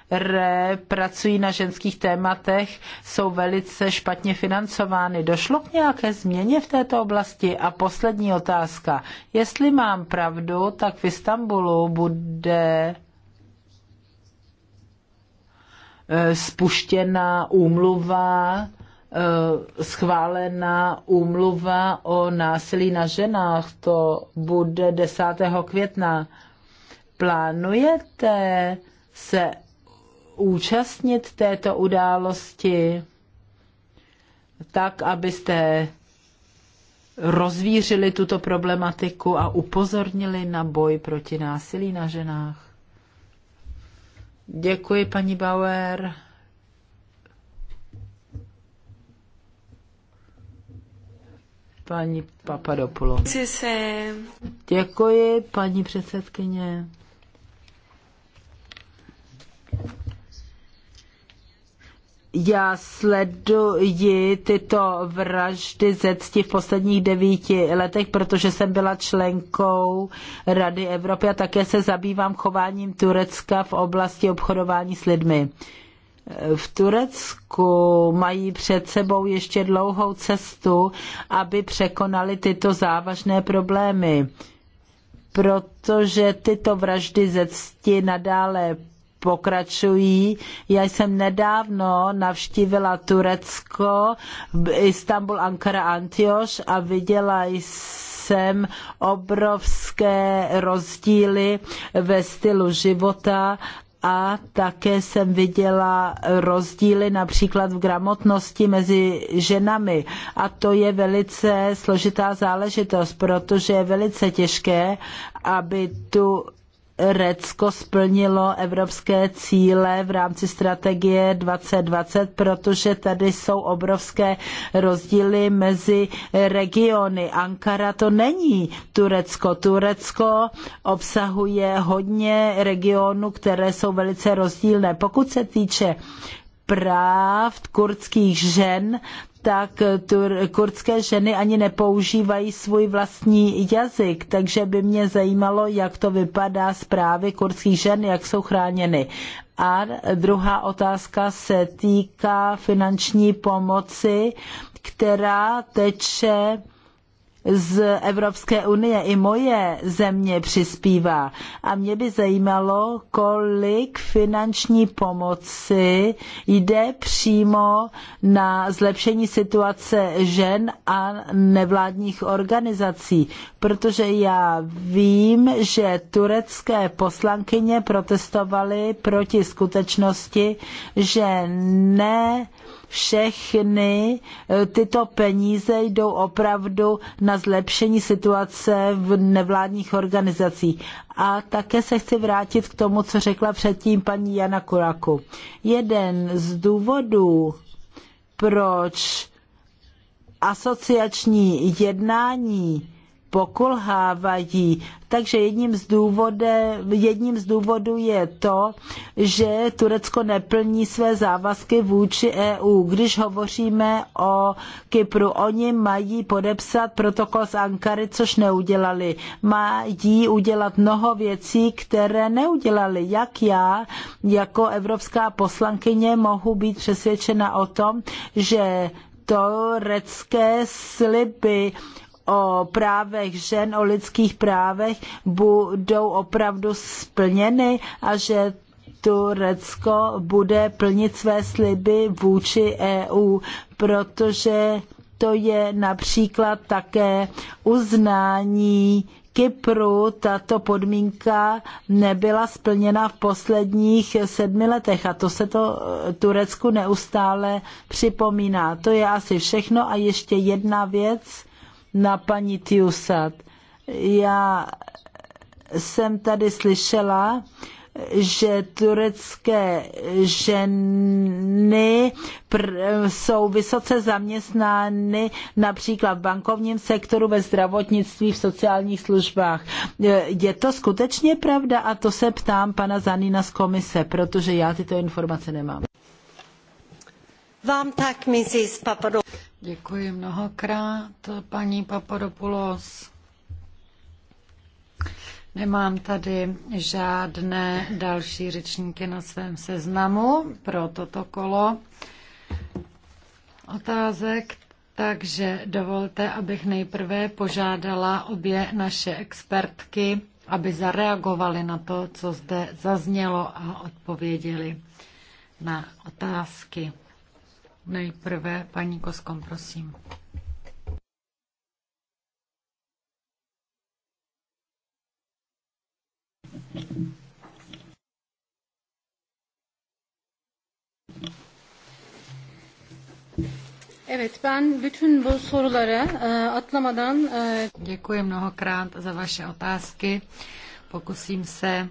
které pracují na ženských tématech, jsou velice špatně financovány. Došlo k nějaké změně v této oblasti? A poslední otázka. Jestli mám pravdu, tak v Istanbulu bude eh, spuštěna úmluva Eh, schválena úmluva o násilí na ženách. To bude 10. května. Plánujete se účastnit této události tak, abyste rozvířili tuto problematiku a upozornili na boj proti násilí na ženách? Děkuji, paní Bauer. paní Papadopulo. Děkuji, paní předsedkyně. Já sleduji tyto vraždy ze cti v posledních devíti letech, protože jsem byla členkou Rady Evropy a také se zabývám chováním Turecka v oblasti obchodování s lidmi v Turecku mají před sebou ještě dlouhou cestu, aby překonali tyto závažné problémy, protože tyto vraždy ze cti nadále pokračují. Já jsem nedávno navštívila Turecko, Istanbul, Ankara, Antioš a viděla jsem obrovské rozdíly ve stylu života a také jsem viděla rozdíly například v gramotnosti mezi ženami. A to je velice složitá záležitost, protože je velice těžké, aby tu Řecko splnilo evropské cíle v rámci strategie 2020, protože tady jsou obrovské rozdíly mezi regiony. Ankara to není Turecko. Turecko obsahuje hodně regionů, které jsou velice rozdílné. Pokud se týče práv kurdských žen, tak tur, kurdské ženy ani nepoužívají svůj vlastní jazyk, takže by mě zajímalo, jak to vypadá s právy kurdských žen, jak jsou chráněny. A druhá otázka se týká finanční pomoci, která teče z Evropské unie. I moje země přispívá. A mě by zajímalo, kolik finanční pomoci jde přímo na zlepšení situace žen a nevládních organizací. Protože já vím, že turecké poslankyně protestovaly proti skutečnosti, že ne všechny eh, tyto peníze jdou opravdu na zlepšení situace v nevládních organizacích. A také se chci vrátit k tomu, co řekla předtím paní Jana Kuraku. Jeden z důvodů, proč asociační jednání pokulhávají. Takže jedním z, důvode, jedním z důvodů je to, že Turecko neplní své závazky vůči EU. Když hovoříme o Kypru, oni mají podepsat protokol z Ankary, což neudělali. Mají udělat mnoho věcí, které neudělali. Jak já, jako evropská poslankyně, mohu být přesvědčena o tom, že turecké sliby o právech žen, o lidských právech budou opravdu splněny a že Turecko bude plnit své sliby vůči EU, protože to je například také uznání Kypru tato podmínka nebyla splněna v posledních sedmi letech a to se to Turecku neustále připomíná. To je asi všechno a ještě jedna věc na paní Tiusat. Já jsem tady slyšela, že turecké ženy jsou vysoce zaměstnány například v bankovním sektoru, ve zdravotnictví, v sociálních službách. Je to skutečně pravda? A to se ptám pana Zanina z komise, protože já tyto informace nemám. Vám tak, Mrs. Papadou. Děkuji mnohokrát, paní Papadopoulos. Nemám tady žádné další řečníky na svém seznamu pro toto kolo otázek, takže dovolte, abych nejprve požádala obě naše expertky, aby zareagovali na to, co zde zaznělo a odpověděli na otázky. Nejprve paní Koskom, prosím. Evet, ben bütün bu sorulara e, atlamadan... E... Děkuji mnohokrát za vaše otázky. Pokusím se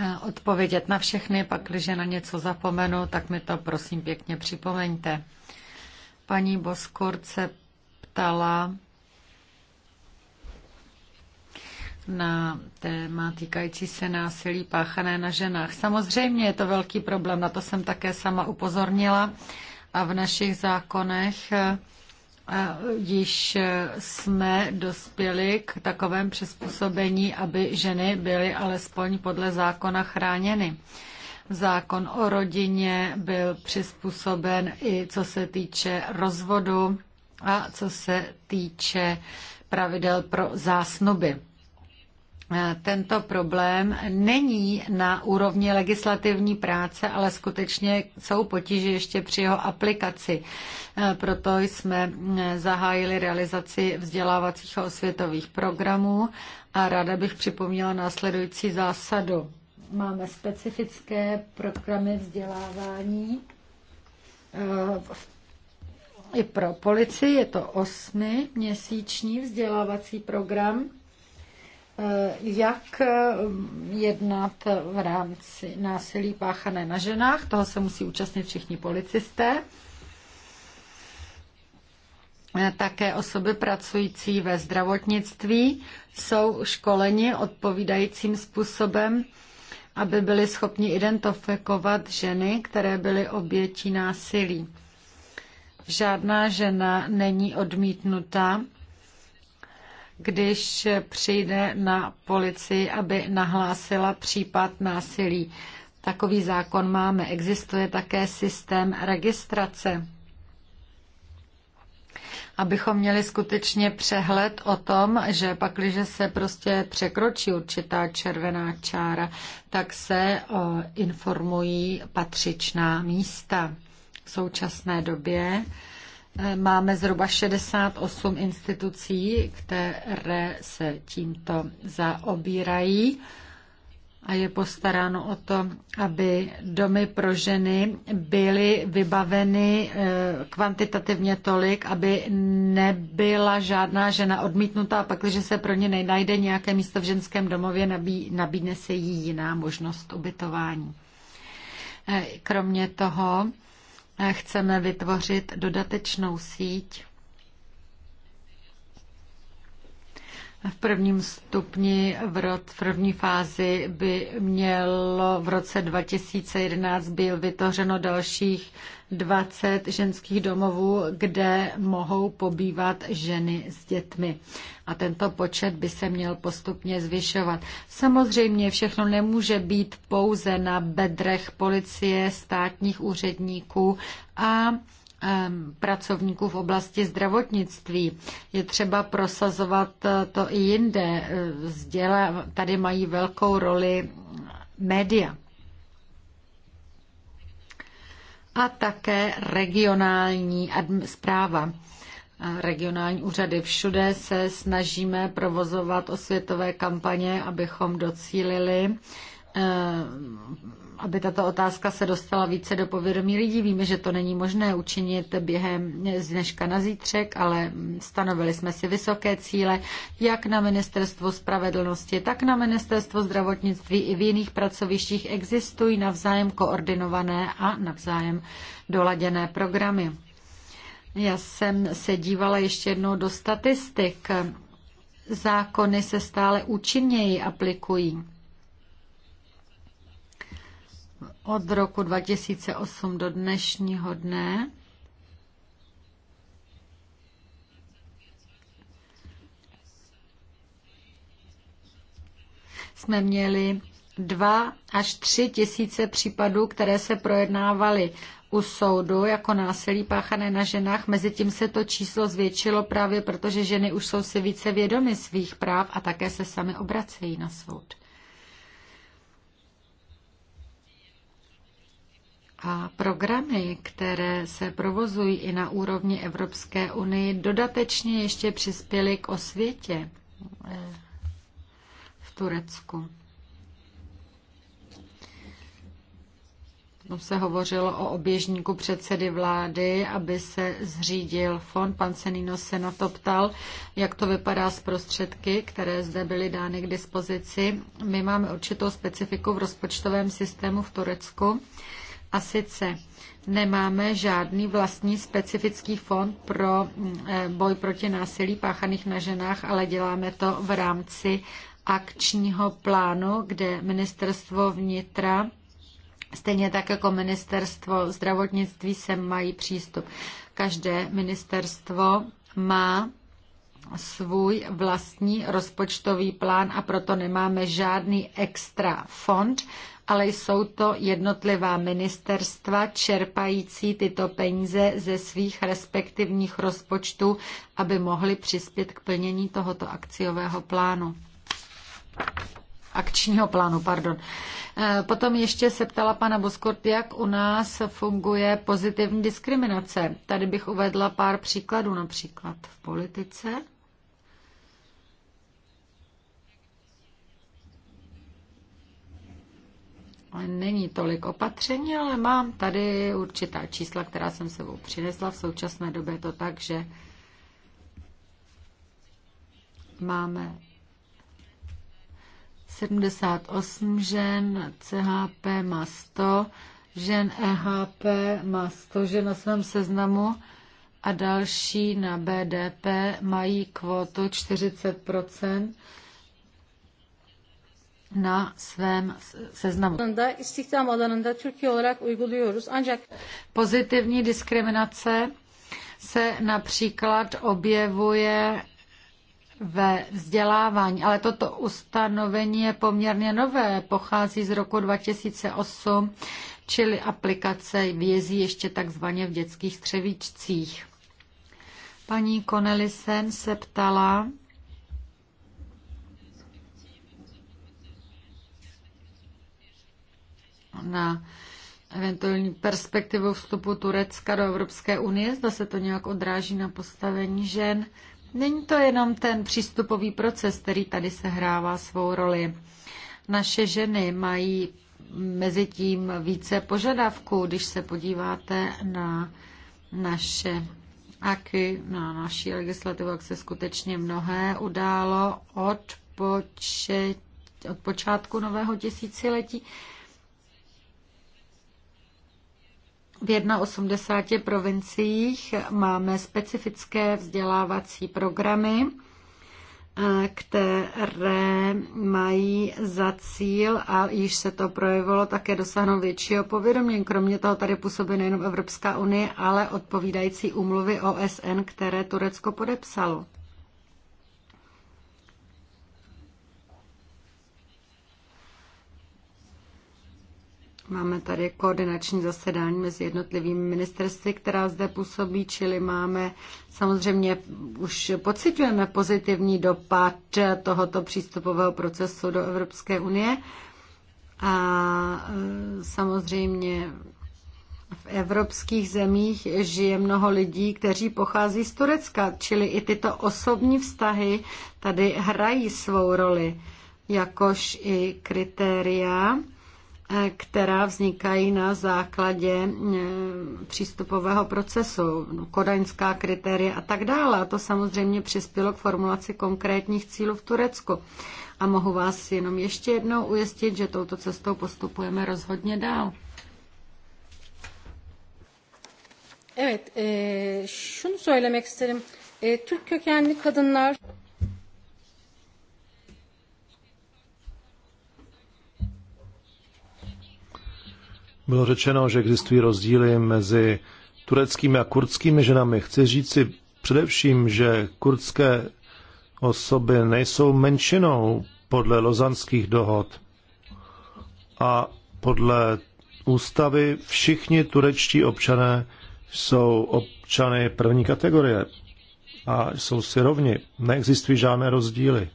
Eh, odpovědět na všechny, pak když na něco zapomenu, tak mi to prosím pěkně připomeňte. Paní Boskurt se ptala na téma týkající se násilí páchané na ženách. Samozřejmě je to velký problém, na to jsem také sama upozornila a v našich zákonech eh, již eh, jsme dospěli k takovém přizpůsobení, aby ženy byly alespoň podle zákona chráněny. Zákon o rodině byl přizpůsoben i co se týče rozvodu a co se týče pravidel pro zásnuby. Eh, tento problém není na úrovni legislativní práce, ale skutečně jsou potíže ještě při jeho aplikaci. Eh, proto jsme mm, zahájili realizaci vzdělávacích a osvětových programů a ráda bych připomněla následující zásadu. Máme specifické programy vzdělávání eh, i pro policii je to osmi měsíční vzdělávací program Eh, jak eh, jednat v rámci násilí páchané na ženách. Toho se musí účastnit všichni policisté. Eh, také osoby pracující ve zdravotnictví jsou školeni odpovídajícím způsobem, aby byli schopni identifikovat ženy, které byly obětí násilí. Žádná žena není odmítnuta když přijde na policii, aby nahlásila případ násilí. Takový zákon máme. Existuje také systém registrace, abychom měli skutečně přehled o tom, že pakliže se prostě překročí určitá červená čára, tak se informují patřičná místa. V současné době Máme zhruba 68 institucí, které se tímto zaobírají a je postaráno o to, aby domy pro ženy byly vybaveny eh, kvantitativně tolik, aby nebyla žádná žena odmítnutá, pak, když se pro ně najde nějaké místo v ženském domově, nabídne se jí jiná možnost ubytování. Eh, kromě toho chceme vytvořit dodatečnou síť V prvním stupni v, rod, v první fázi by mělo v roce 2011 byl vytvořeno dalších 20 ženských domovů, kde mohou pobývat ženy s dětmi. A tento počet by se měl postupně zvyšovat. Samozřejmě všechno nemůže být pouze na bedrech policie, státních úředníků a pracovníků v oblasti zdravotnictví. Je třeba prosazovat eh, to i jinde. Vzděla, eh, tady mají velkou roli média. A také regionální zpráva eh, regionální úřady. Všude se snažíme provozovat osvětové kampaně, abychom docílili aby tato otázka se dostala více do povědomí lidí. Víme, že to není možné učinit během z dneška na zítřek, ale stanovili jsme si vysoké cíle jak na ministerstvo spravedlnosti, tak na ministerstvo zdravotnictví i v jiných pracovištích existují navzájem koordinované a navzájem doladěné programy. Já jsem se dívala ještě jednou do statistik. Zákony se stále účinněji aplikují od roku 2008 do dnešního dne jsme měli dva až tři tisíce případů, které se projednávaly u soudu jako násilí páchané na ženách. Mezitím se to číslo zvětšilo právě proto, že ženy už jsou si více vědomy svých práv a také se sami obracejí na soud. A programy, které se provozují i na úrovni Evropské unie, dodatečně ještě přispěly k osvětě eh, v Turecku. No, se hovořilo o oběžníku předsedy vlády, aby se zřídil fond. Pan Senino se na to ptal, jak to vypadá s prostředky, které zde byly dány k dispozici. My máme určitou specifiku v rozpočtovém systému v Turecku a sice nemáme žádný vlastní specifický fond pro eh, boj proti násilí páchaných na ženách, ale děláme to v rámci akčního plánu, kde ministerstvo vnitra Stejně tak jako ministerstvo zdravotnictví se mají přístup. Každé ministerstvo má svůj vlastní rozpočtový plán a proto nemáme žádný extra fond, ale jsou to jednotlivá ministerstva čerpající tyto peníze ze svých respektivních rozpočtů, aby mohly přispět k plnění tohoto akciového plánu. Akčního plánu, pardon. Eh, potom ještě se ptala pana Boskort, jak u nás funguje pozitivní diskriminace. Tady bych uvedla pár příkladů, například v politice není tolik opatření, ale mám tady určitá čísla, která jsem sebou přinesla. V současné době je to tak, že máme 78 žen, CHP má 100 žen, EHP má 100 žen na svém seznamu a další na BDP mají kvotu 40 na svém seznamu. pozitivní diskriminace se například objevuje ve vzdělávání, ale toto ustanovení je poměrně nové, pochází z roku 2008, čili aplikace vězí ještě takzvaně v dětských střevíčcích. Paní Konelisen se ptala, na eventuální perspektivu vstupu Turecka do Evropské unie, zda se to nějak odráží na postavení žen. Není to jenom ten přístupový proces, který tady sehrává svou roli. Naše ženy mají mezi tím více požadavků, když se podíváte na naše aky, na naší legislativu, jak se skutečně mnohé událo od, počet, od počátku nového tisíciletí. v 81 provinciích máme specifické vzdělávací programy, eh, které mají za cíl, a již se to projevilo, také dosáhnout většího povědomí. Kromě toho tady působí nejenom Evropská unie, ale odpovídající úmluvy OSN, které Turecko podepsalo. Máme tady koordinační zasedání mezi jednotlivými ministerstvy, která zde působí, čili máme samozřejmě už pocitujeme pozitivní dopad tohoto přístupového procesu do Evropské unie. A e, samozřejmě v evropských zemích žije mnoho lidí, kteří pochází z Turecka, čili i tyto osobní vztahy tady hrají svou roli, jakož i kritéria Eh, která vznikají na základě eh, přístupového procesu, no, kodaňská kritéria a tak dále. A to samozřejmě přispělo k formulaci konkrétních cílů v Turecku. A mohu vás jenom ještě jednou ujistit, že touto cestou postupujeme rozhodně dál. Evet, e, şunu söylemek isterim. E, Türk kökenli kadınlar Bylo řečeno, že existují rozdíly mezi tureckými a kurdskými ženami. Chci říci především, že kurdské osoby nejsou menšinou podle lozanských dohod. A podle ústavy všichni turečtí občané jsou občany první kategorie a jsou si rovni. Neexistují žádné rozdíly.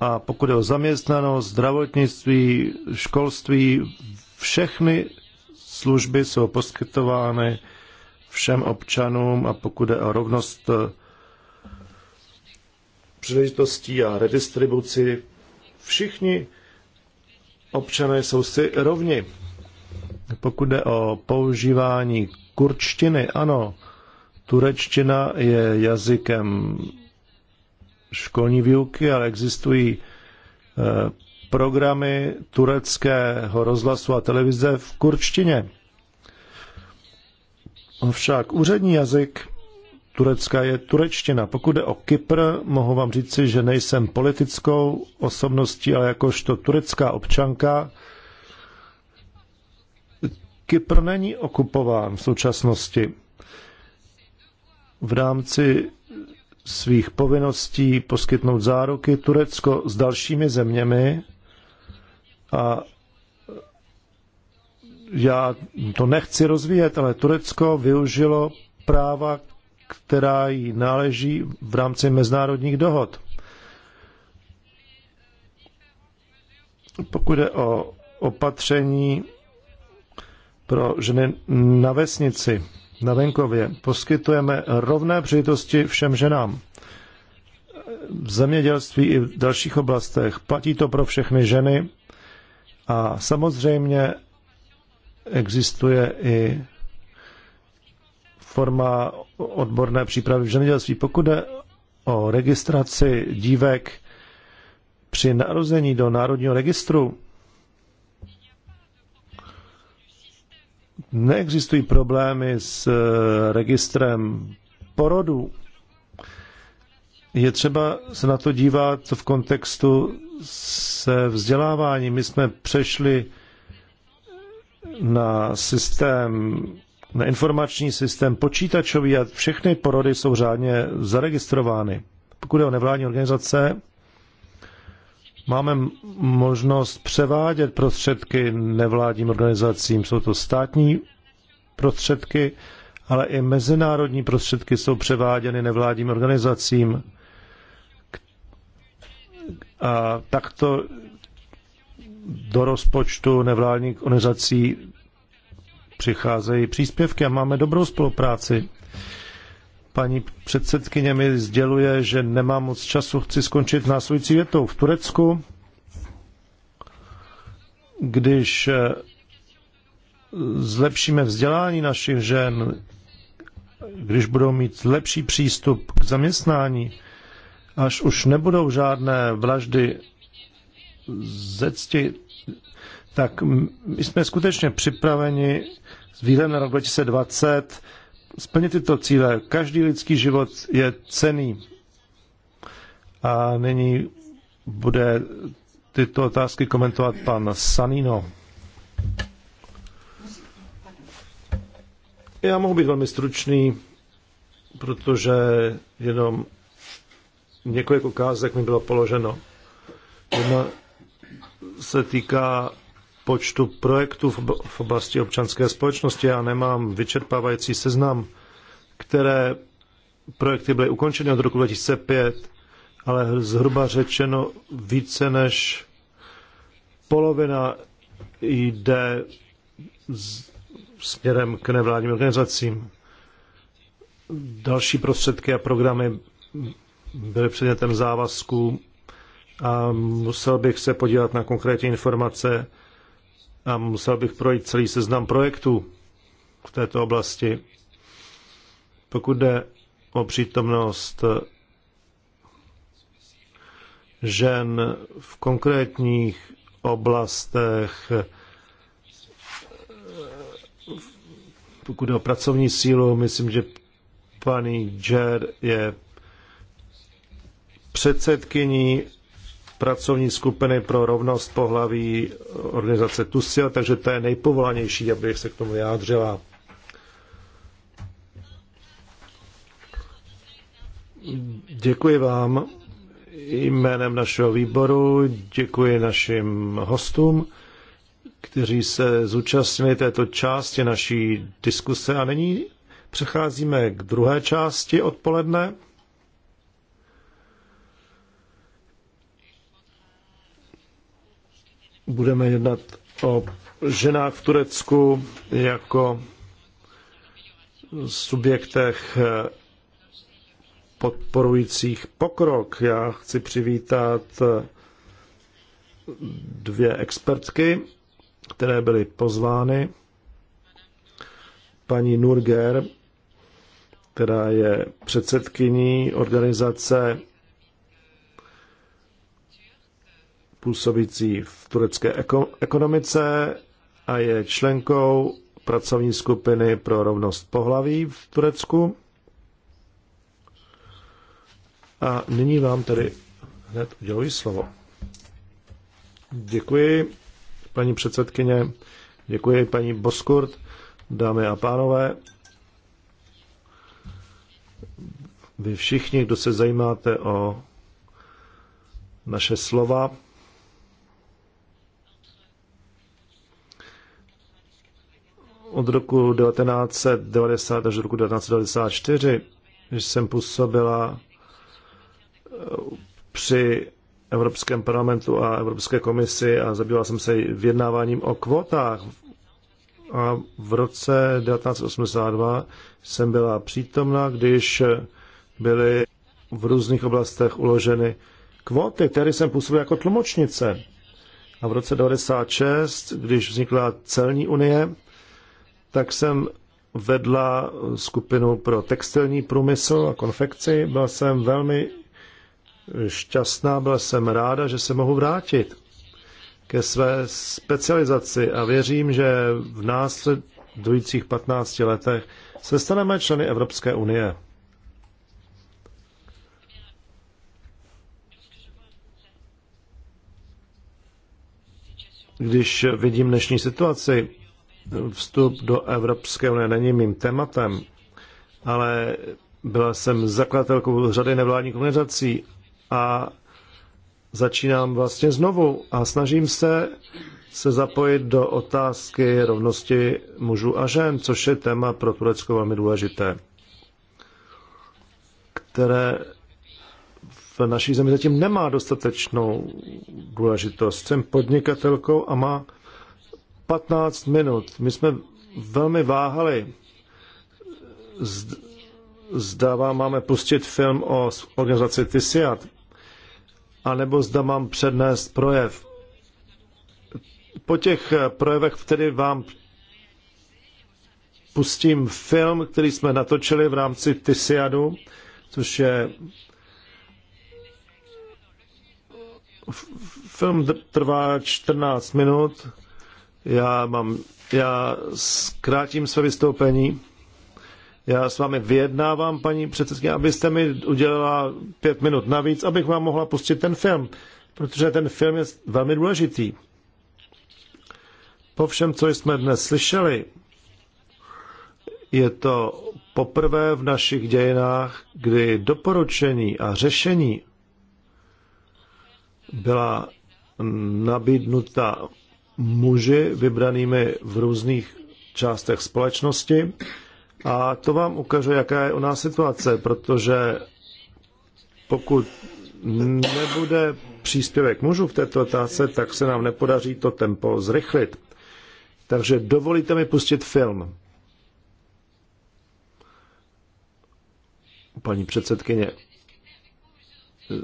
A pokud je o zaměstnanost, zdravotnictví, školství, všechny služby jsou poskytovány všem občanům a pokud je o rovnost eh, příležitostí a redistribuci, všichni občané jsou si rovni. Pokud jde o používání kurčtiny, ano, turečtina je jazykem školní výuky, ale existují eh, programy tureckého rozhlasu a televize v kurčtině. Však úřední jazyk Turecka je turečtina. Pokud jde o Kypr, mohu vám říci, že nejsem politickou osobností, ale jakožto turecká občanka. Kypr není okupován v současnosti. V rámci svých povinností poskytnout záruky Turecko s dalšími zeměmi a já to nechci rozvíjet, ale Turecko využilo práva, která jí náleží v rámci mezinárodních dohod. Pokud je o opatření pro ženy na vesnici, na venkově. Poskytujeme rovné příležitosti všem ženám v zemědělství i v dalších oblastech. Platí to pro všechny ženy a samozřejmě existuje i forma odborné přípravy v zemědělství. Pokud jde o registraci dívek při narození do Národního registru, neexistují problémy s eh, registrem porodů, je třeba se na to dívat v kontextu se vzdělávání. My jsme přešli na systém, na informační systém počítačový a všechny porody jsou řádně zaregistrovány. Pokud je o nevládní organizace, Máme možnost převádět prostředky nevládním organizacím. Jsou to státní prostředky, ale i mezinárodní prostředky jsou převáděny nevládním organizacím. A takto do rozpočtu nevládních organizací přicházejí příspěvky a máme dobrou spolupráci Paní předsedkyně mi sděluje, že nemám moc času, chci skončit následující větou. V Turecku, když eh, zlepšíme vzdělání našich žen, když budou mít lepší přístup k zaměstnání, až už nebudou žádné vraždy ze cti, tak my jsme skutečně připraveni s výhledem na rok 2020 splnit tyto cíle. Každý lidský život je cený. A nyní bude tyto otázky komentovat pan Sanino. Já mohu být velmi stručný, protože jenom několik ukázek mi bylo položeno. Jedna se týká počtu projektů v oblasti občanské společnosti. a nemám vyčerpávající seznam, které projekty byly ukončeny od roku 2005, ale zhruba řečeno více než polovina jde směrem k nevládním organizacím. Další prostředky a programy byly předmětem závazků a musel bych se podívat na konkrétní informace, a musel bych projít celý seznam projektů v této oblasti. Pokud jde o přítomnost žen v konkrétních oblastech, pokud jde o pracovní sílu, myslím, že paní Jer je předsedkyní pracovní skupiny pro rovnost pohlaví organizace TUSIL, takže to je nejpovolanější, abych se k tomu vyjádřila. Děkuji vám jménem našeho výboru, děkuji našim hostům, kteří se zúčastnili této části naší diskuse. A nyní přecházíme k druhé části odpoledne. budeme jednat o ženách v Turecku jako subjektech eh, podporujících pokrok. Já chci přivítat eh, dvě expertky, které byly pozvány. Paní Nurger, která je předsedkyní organizace působící v turecké ekonomice a je členkou pracovní skupiny pro rovnost pohlaví v Turecku. A nyní vám tedy hned uděluji slovo. Děkuji, paní předsedkyně, děkuji, paní Boskurt, dámy a pánové. Vy všichni, kdo se zajímáte o naše slova, od roku 1990 až do roku 1994 když jsem působila eh, při Evropském parlamentu a Evropské komisi a zabývala jsem se vyjednáváním o kvotách. A v roce 1982 jsem byla přítomna, když byly v různých oblastech uloženy kvóty, které jsem působila jako tlumočnice. A v roce 1996, když vznikla celní unie, tak jsem vedla skupinu pro textilní průmysl a konfekci. Byla jsem velmi šťastná, byla jsem ráda, že se mohu vrátit ke své specializaci a věřím, že v následujících 15 letech se staneme členy Evropské unie. Když vidím dnešní situaci, Vstup do Evropské unie není mým tématem, ale byla jsem zakladatelkou řady nevládních organizací a začínám vlastně znovu a snažím se se zapojit do otázky rovnosti mužů a žen, což je téma pro Turecko velmi důležité, které v naší zemi zatím nemá dostatečnou důležitost. Jsem podnikatelkou a má 15 minut. My jsme velmi váhali, zda vám máme pustit film o organizaci Tisiat, anebo zda mám přednést projev. Po těch eh, projevech, který vám pustím film, který jsme natočili v rámci Tisiadu, což je film trvá 14 minut já, mám, já zkrátím své vystoupení. Já s vámi vyjednávám, paní předsedkyně, abyste mi udělala pět minut navíc, abych vám mohla pustit ten film, protože ten film je velmi důležitý. Po všem, co jsme dnes slyšeli, je to poprvé v našich dějinách, kdy doporučení a řešení byla nabídnuta muži vybranými v různých částech společnosti. A to vám ukáže, jaká je u nás situace, protože pokud nebude příspěvek mužů v této otázce, tak se nám nepodaří to tempo zrychlit. Takže dovolíte mi pustit film. Paní předsedkyně,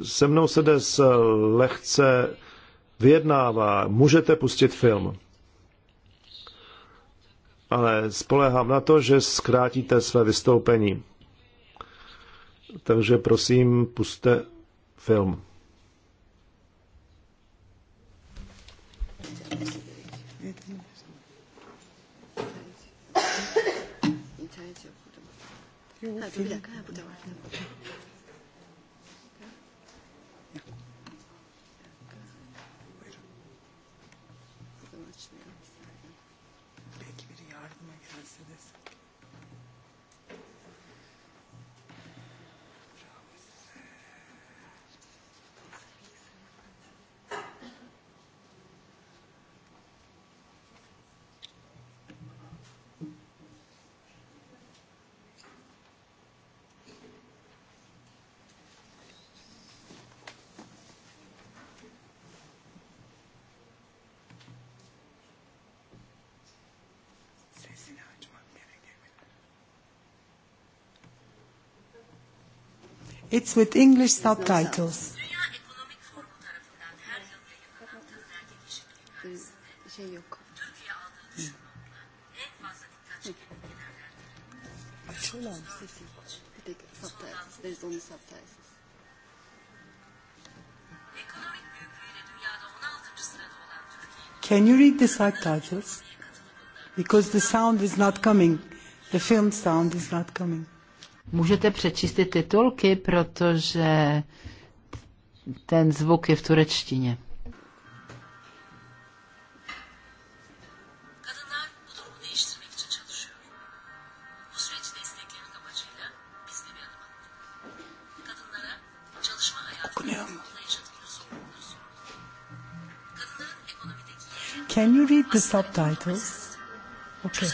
se mnou se dnes lehce vyjednává, můžete pustit film. Ale spolehám na to, že zkrátíte své vystoupení. Takže prosím, puste film. Internet je v budem. It's with English subtitles. Can you read the subtitles? Because the sound is not coming. The film sound is not coming. Můžete přečíst ty titulky, protože ten zvuk je v turečtině. Can you read the subtitles? Okay.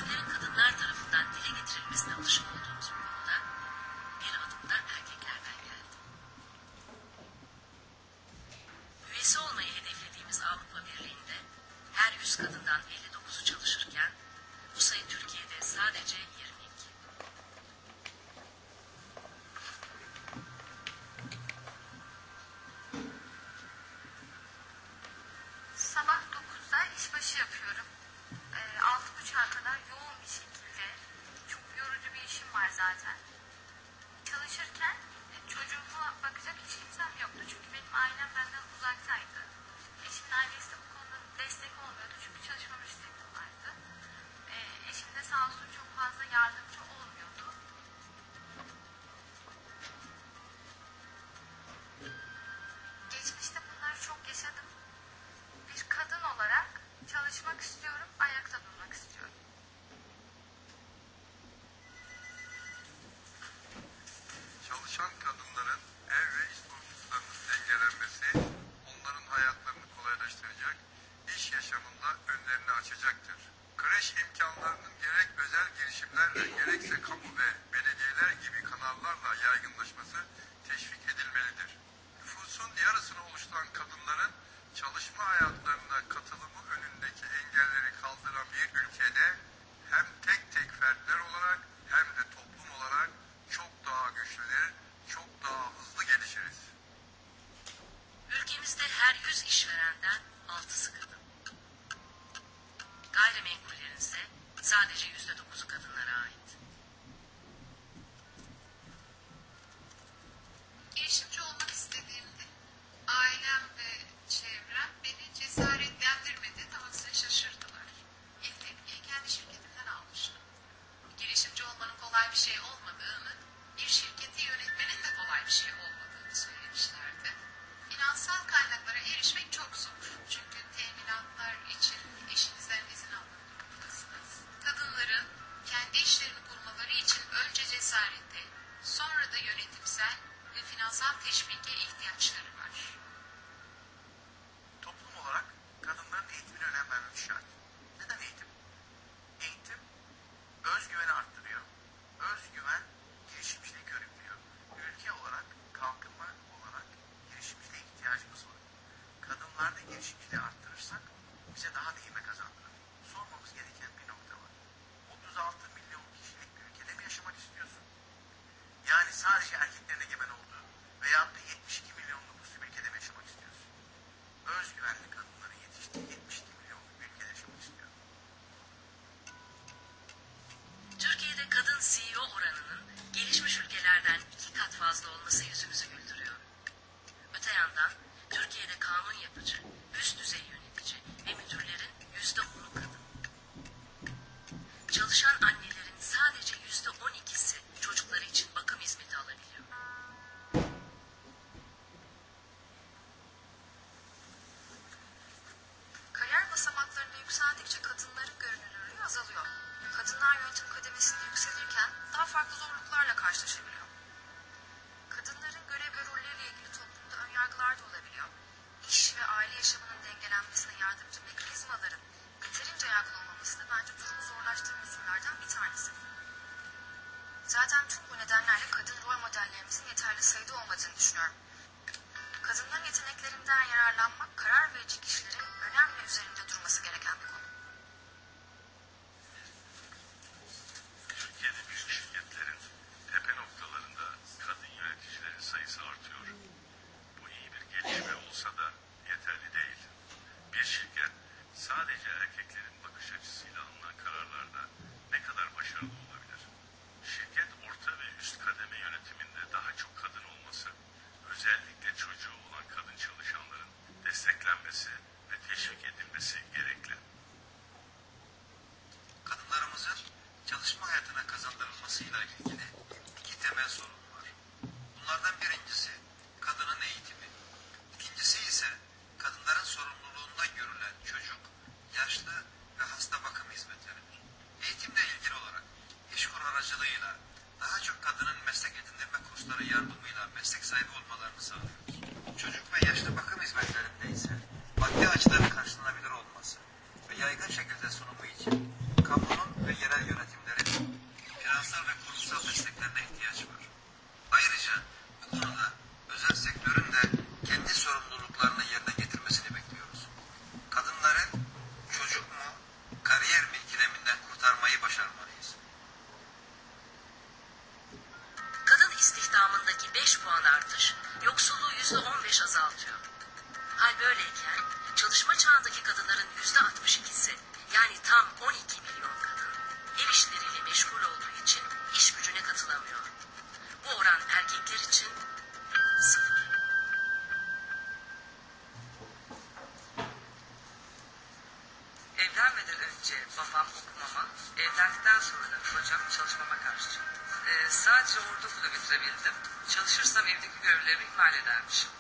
gelmeden önce babam okumama, evlendikten sonra da kocam çalışmama karşı çıktı. Ee, sadece orada okulu bitirebildim. Çalışırsam evdeki görevlerimi ihmal edermişim.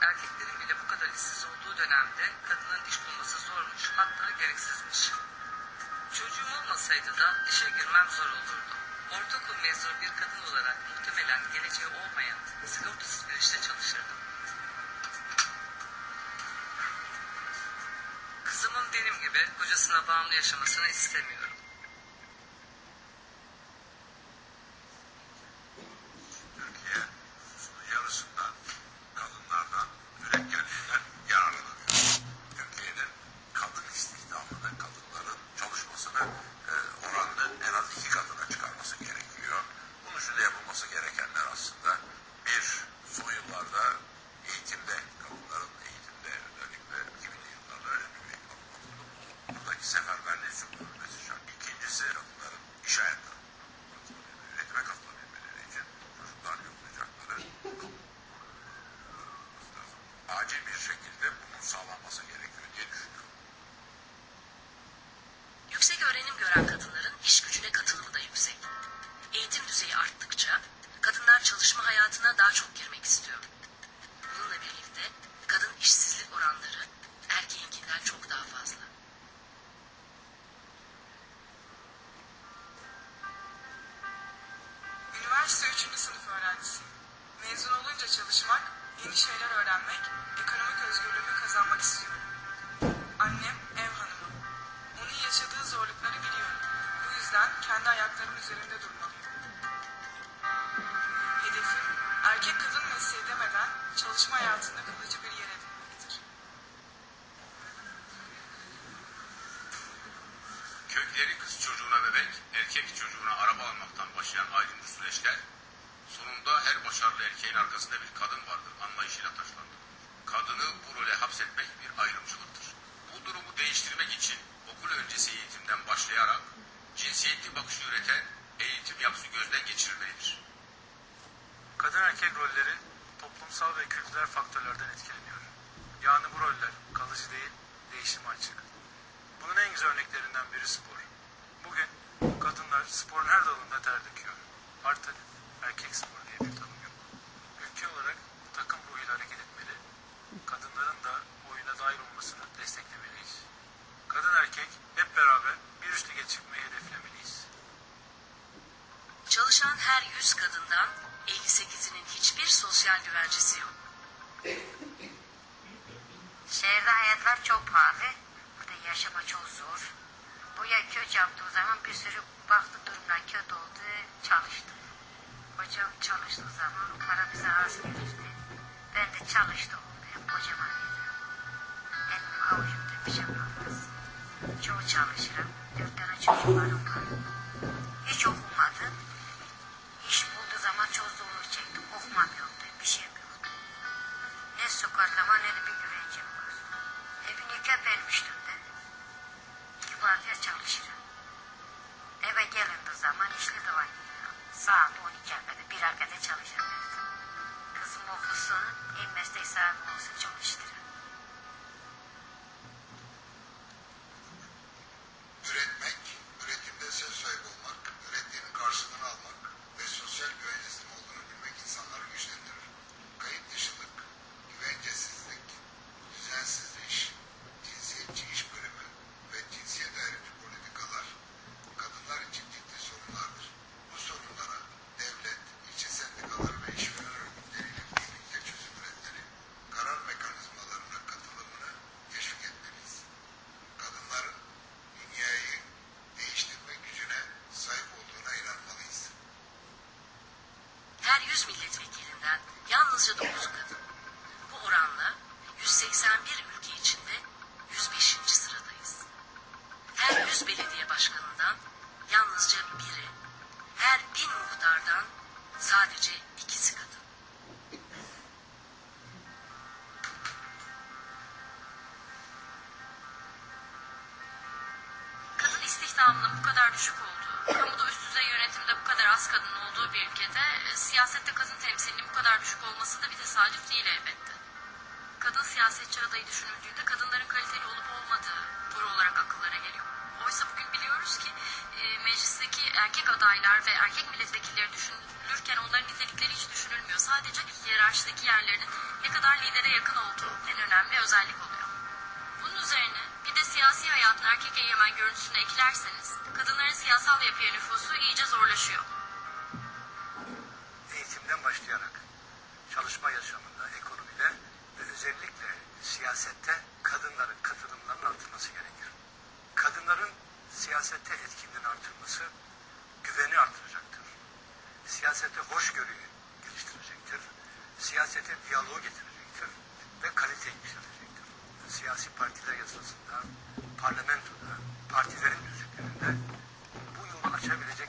Erkeklerin bile bu kadar işsiz olduğu dönemde kadının iş bulması zormuş, hatta gereksizmiş. Çocuğum olmasaydı da işe girmem zor olurdu. Ortaokul mezunu bir kadın olarak muhtemelen geleceği olmayan sigortasız bir işte çalışırdım. kocasına bağımlı yaşamasını istemiyor. Kızı Domuzka. olduğu bir ülkede e, siyasette kadın temsilinin bu kadar düşük olması da bir tesadüf değil elbette. Kadın siyasetçi adayı düşünüldüğünde kadınların kaliteli olup olmadığı doğru olarak akıllara geliyor. Oysa bugün biliyoruz ki e, meclisteki erkek adaylar ve erkek milletvekilleri düşünülürken onların nitelikleri hiç düşünülmüyor. Sadece hiyerarşideki yerlerinin ne kadar lidere yakın olduğu en önemli özellik oluyor. Bunun üzerine bir de siyasi hayatın erkek egemen görüntüsüne eklerseniz kadınların siyasal yapıya nüfusu iyice zorlaşıyor eğitimden başlayarak çalışma yaşamında, ekonomide ve özellikle siyasette kadınların katılımlarının artırması gerekir. Kadınların siyasette etkinliğini artırması güveni artıracaktır. Siyasete hoşgörüyü geliştirecektir. Siyasete diyaloğu getirecektir ve kaliteyi yükselecektir. Siyasi partiler yasasında, parlamentoda, partilerin düzlüklerinde bu yolu açabilecek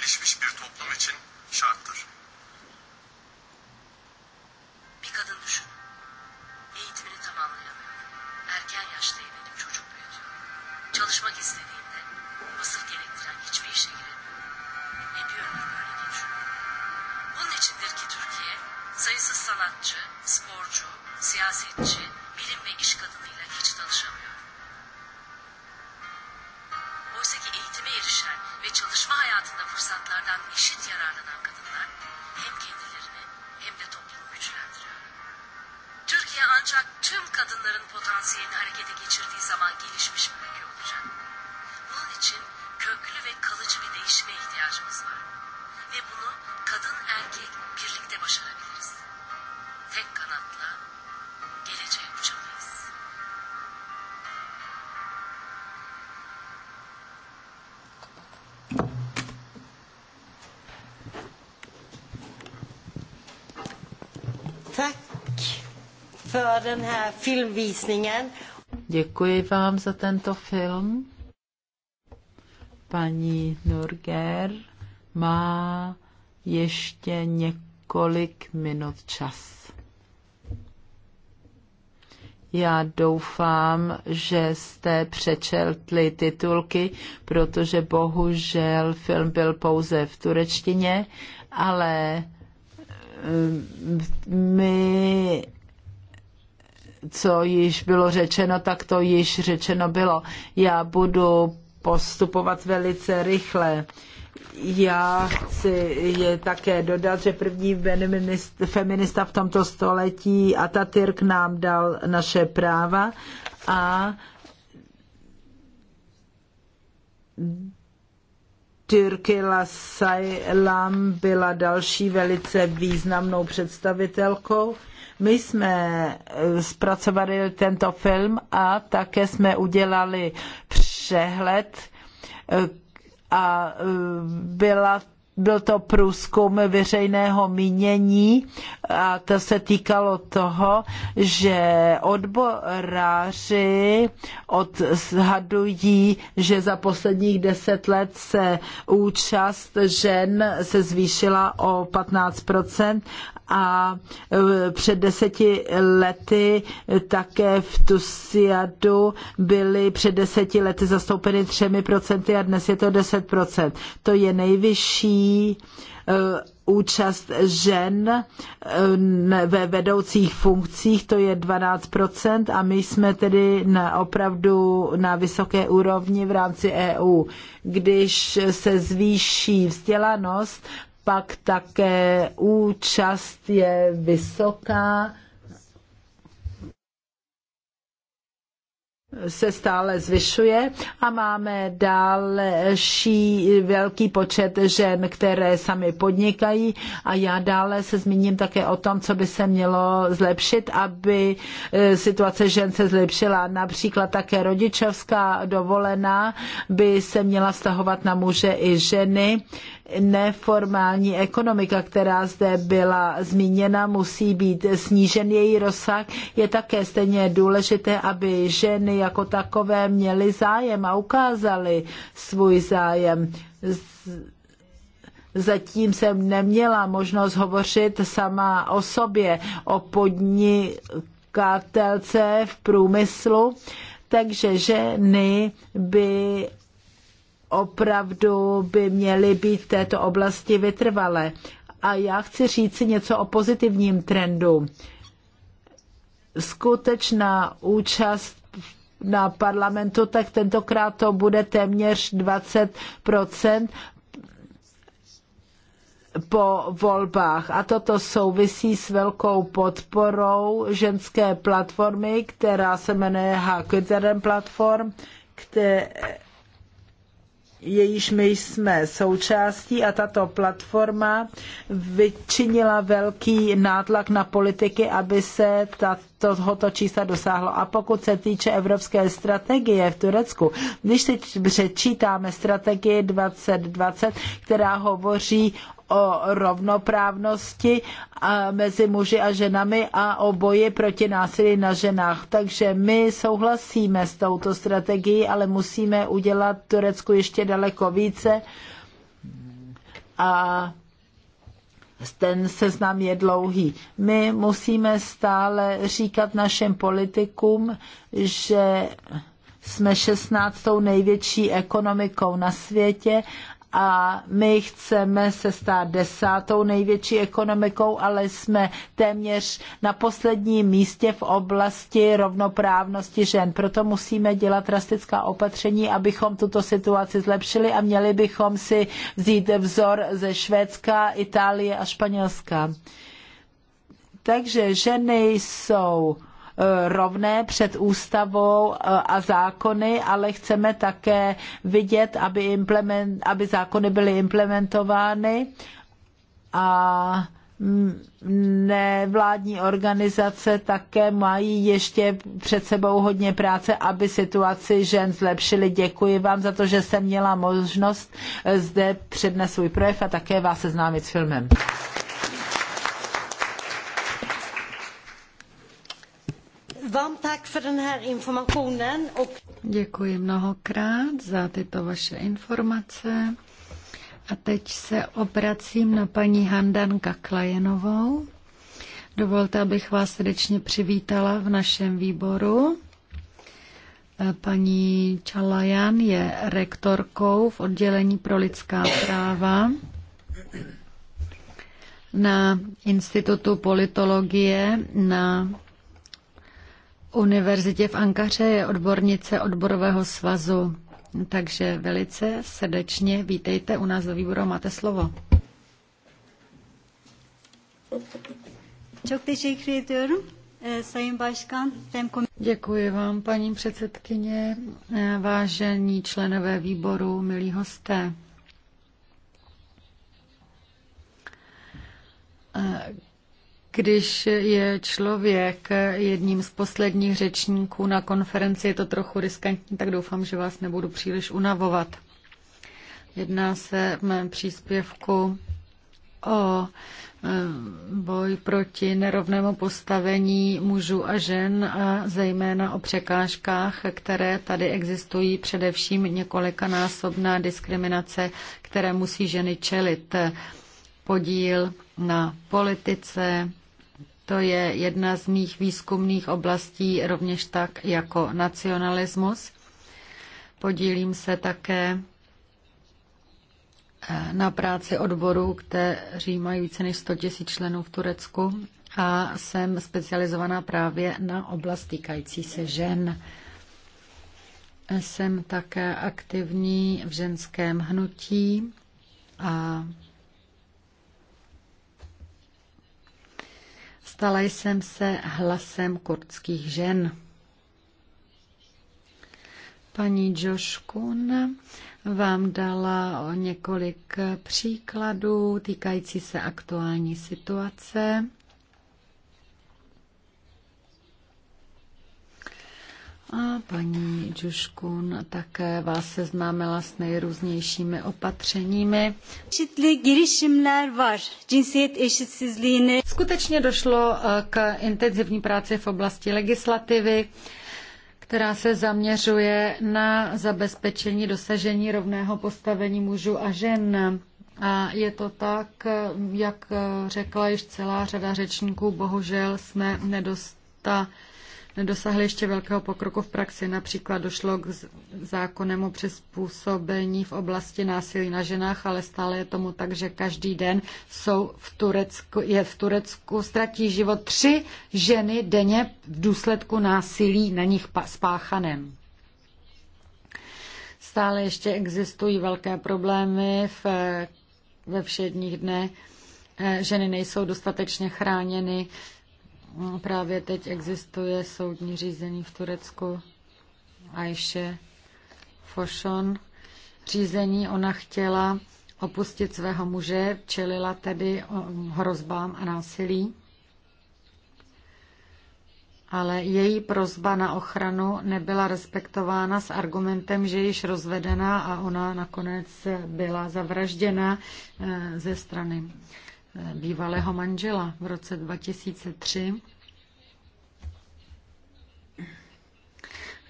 gelişmiş bir toplum için den här filmvisningen. Děkuji vám za tento film. Paní Nurger má ještě několik minut čas. Já doufám, že jste přečetli titulky, protože bohužel film byl pouze v turečtině, ale eh, my co již bylo řečeno, tak to již řečeno bylo. Já budu postupovat velice rychle. Já chci je také dodat, že první feminista v tomto století Atatürk nám dal naše práva a Tyrkila Saylam byla další velice významnou představitelkou. My jsme eh, zpracovali tento film a také jsme udělali přehled eh, a eh, byla byl to průzkum veřejného mínění a to se týkalo toho, že odboráři odhadují, že za posledních deset let se účast žen se zvýšila o 15% a e, před deseti lety také v Tusiadu byly před deseti lety zastoupeny třemi procenty a dnes je to deset procent. To je nejvyšší e, účast žen e, ve vedoucích funkcích, to je 12% a my jsme tedy na opravdu na vysoké úrovni v rámci EU. Když se zvýší vzdělanost, pak také účast je vysoká, se stále zvyšuje a máme další velký počet žen, které sami podnikají a já dále se zmíním také o tom, co by se mělo zlepšit, aby e, situace žen se zlepšila. Například také rodičovská dovolená by se měla vztahovat na muže i ženy neformální ekonomika, která zde byla zmíněna, musí být snížen její rozsah. Je také stejně důležité, aby ženy jako takové měly zájem a ukázaly svůj zájem. Zatím jsem neměla možnost hovořit sama o sobě, o podnikatelce v průmyslu, takže ženy by opravdu by měly být v této oblasti vytrvalé. A já chci si něco o pozitivním trendu. Skutečná účast na parlamentu, tak tentokrát to bude téměř 20 po volbách. A toto souvisí s velkou podporou ženské platformy, která se jmenuje Hakuteren Platform, které jejíž my jsme součástí a tato platforma vyčinila velký nátlak na politiky, aby se tato tohoto čísla dosáhlo. A pokud se týče evropské strategie v Turecku, když si přečítáme strategii 2020, která hovoří o rovnoprávnosti mezi muži a ženami a o boji proti násilí na ženách. Takže my souhlasíme s touto strategií, ale musíme udělat Turecku ještě daleko více. A ten seznam je dlouhý. My musíme stále říkat našim politikům, že jsme 16. největší ekonomikou na světě a my chceme se stát desátou největší ekonomikou, ale jsme téměř na posledním místě v oblasti rovnoprávnosti žen. Proto musíme dělat drastická opatření, abychom tuto situaci zlepšili a měli bychom si vzít vzor ze Švédska, Itálie a Španělska. Takže ženy jsou rovné před ústavou eh, a zákony, ale chceme také vidět, aby, implement, aby zákony byly implementovány a nevládní organizace také mají ještě před sebou hodně práce, aby situaci žen zlepšili. Děkuji vám za to, že jsem měla možnost eh, zde přednést svůj projev a také vás seznámit s filmem. för den här informationen. Och... Děkuji mnohokrát za tyto vaše informace. A teď se obracím na paní Handan Kaklajenovou. Dovolte, abych vás srdečně přivítala v našem výboru. E, paní Čalajan je rektorkou v oddělení pro lidská práva na Institutu politologie na univerzitě v Ankaře, je odbornice odborového svazu. Takže velice srdečně vítejte u nás do výboru, máte slovo. Děkuji vám, paní předsedkyně, eh, vážení členové výboru, milí hosté. Eh, když je člověk jedním z posledních řečníků na konferenci, je to trochu riskantní, tak doufám, že vás nebudu příliš unavovat. Jedná se v mém příspěvku o eh, boj proti nerovnému postavení mužů a žen a zejména o překážkách, které tady existují, především několikanásobná diskriminace, které musí ženy čelit. Podíl na politice, to je jedna z mých výzkumných oblastí, rovněž tak jako nacionalismus. Podílím se také eh, na práci odborů, kteří mají více než 100 000 členů v Turecku a jsem specializovaná právě na oblast týkající se žen. Jsem také aktivní v ženském hnutí a Stala jsem se hlasem kurdských žen. Paní Joškun vám dala několik příkladů týkající se aktuální situace. A paní Džuškun také vás seznámila s nejrůznějšími opatřeními. Skutečně došlo eh, k intenzivní práci v oblasti legislativy, která se zaměřuje na zabezpečení dosažení rovného postavení mužů a žen. A je to tak, eh, jak eh, řekla již celá řada řečníků, bohužel jsme nedostali nedosáhly ještě velkého pokroku v praxi. Například došlo k zákonnému přizpůsobení v oblasti násilí na ženách, ale stále je tomu tak, že každý den jsou v Turecku, je v Turecku ztratí život tři ženy denně v důsledku násilí na nich spáchaném. Stále ještě existují velké problémy v, ve všedních dnech. Eh, ženy nejsou dostatečně chráněny Právě teď existuje soudní řízení v Turecku Ajše Foshon. Řízení ona chtěla opustit svého muže, čelila tedy hrozbám a násilí. Ale její prozba na ochranu nebyla respektována s argumentem, že již rozvedená a ona nakonec byla zavražděna eh, ze strany bývalého manžela v roce 2003.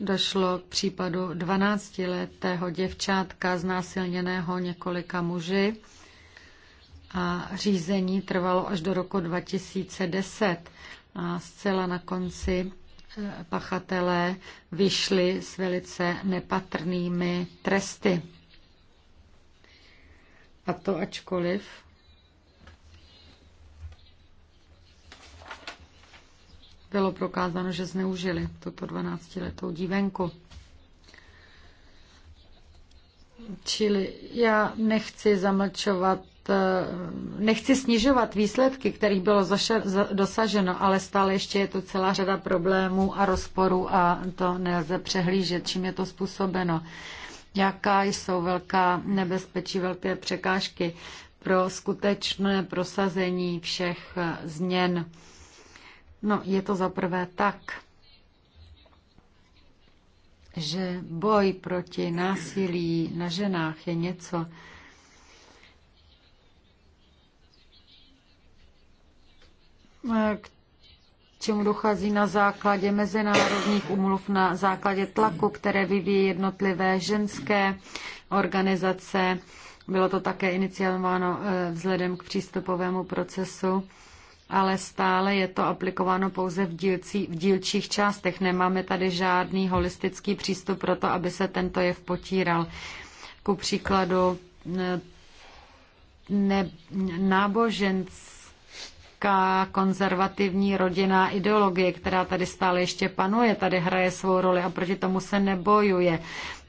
Došlo k případu 12-letého děvčátka znásilněného několika muži a řízení trvalo až do roku 2010. A zcela na konci eh, pachatelé vyšli s velice nepatrnými tresty. A to ačkoliv bylo prokázáno, že zneužili tuto 12-letou dívenku. Čili já nechci zamlčovat, eh, nechci snižovat výsledky, kterých bylo dosaženo, ale stále ještě je tu celá řada problémů a rozporů a to nelze přehlížet, čím je to způsobeno. Jaká jsou velká nebezpečí, velké překážky pro skutečné prosazení všech eh, změn No, je to zaprvé tak, že boj proti násilí na ženách je něco, k čemu dochází na základě mezinárodních umluv, na základě tlaku, které vyvíjí jednotlivé ženské organizace. Bylo to také iniciováno eh, vzhledem k přístupovému procesu ale stále je to aplikováno pouze v, dílcí, v dílčích částech. Nemáme tady žádný holistický přístup pro to, aby se tento jev potíral. Ku příkladu ne, náboženství evropská konzervativní rodinná ideologie, která tady stále ještě panuje, tady hraje svou roli a proti tomu se nebojuje.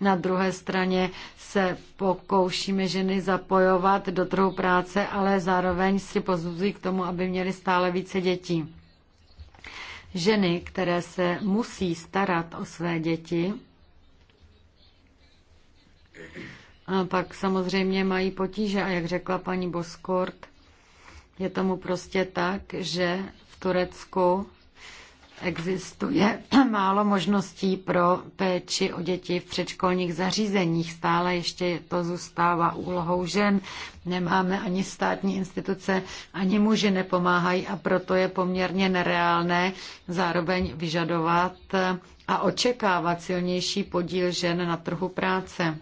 Na druhé straně se pokoušíme ženy zapojovat do trhu práce, ale zároveň si pozuzují k tomu, aby měly stále více dětí. Ženy, které se musí starat o své děti, a pak samozřejmě mají potíže a jak řekla paní Boskort, je tomu prostě tak, že v Turecku existuje málo možností pro péči o děti v předškolních zařízeních. Stále ještě to zůstává úlohou žen. Nemáme ani státní instituce, ani muži nepomáhají a proto je poměrně nereálné zároveň vyžadovat a očekávat silnější podíl žen na trhu práce.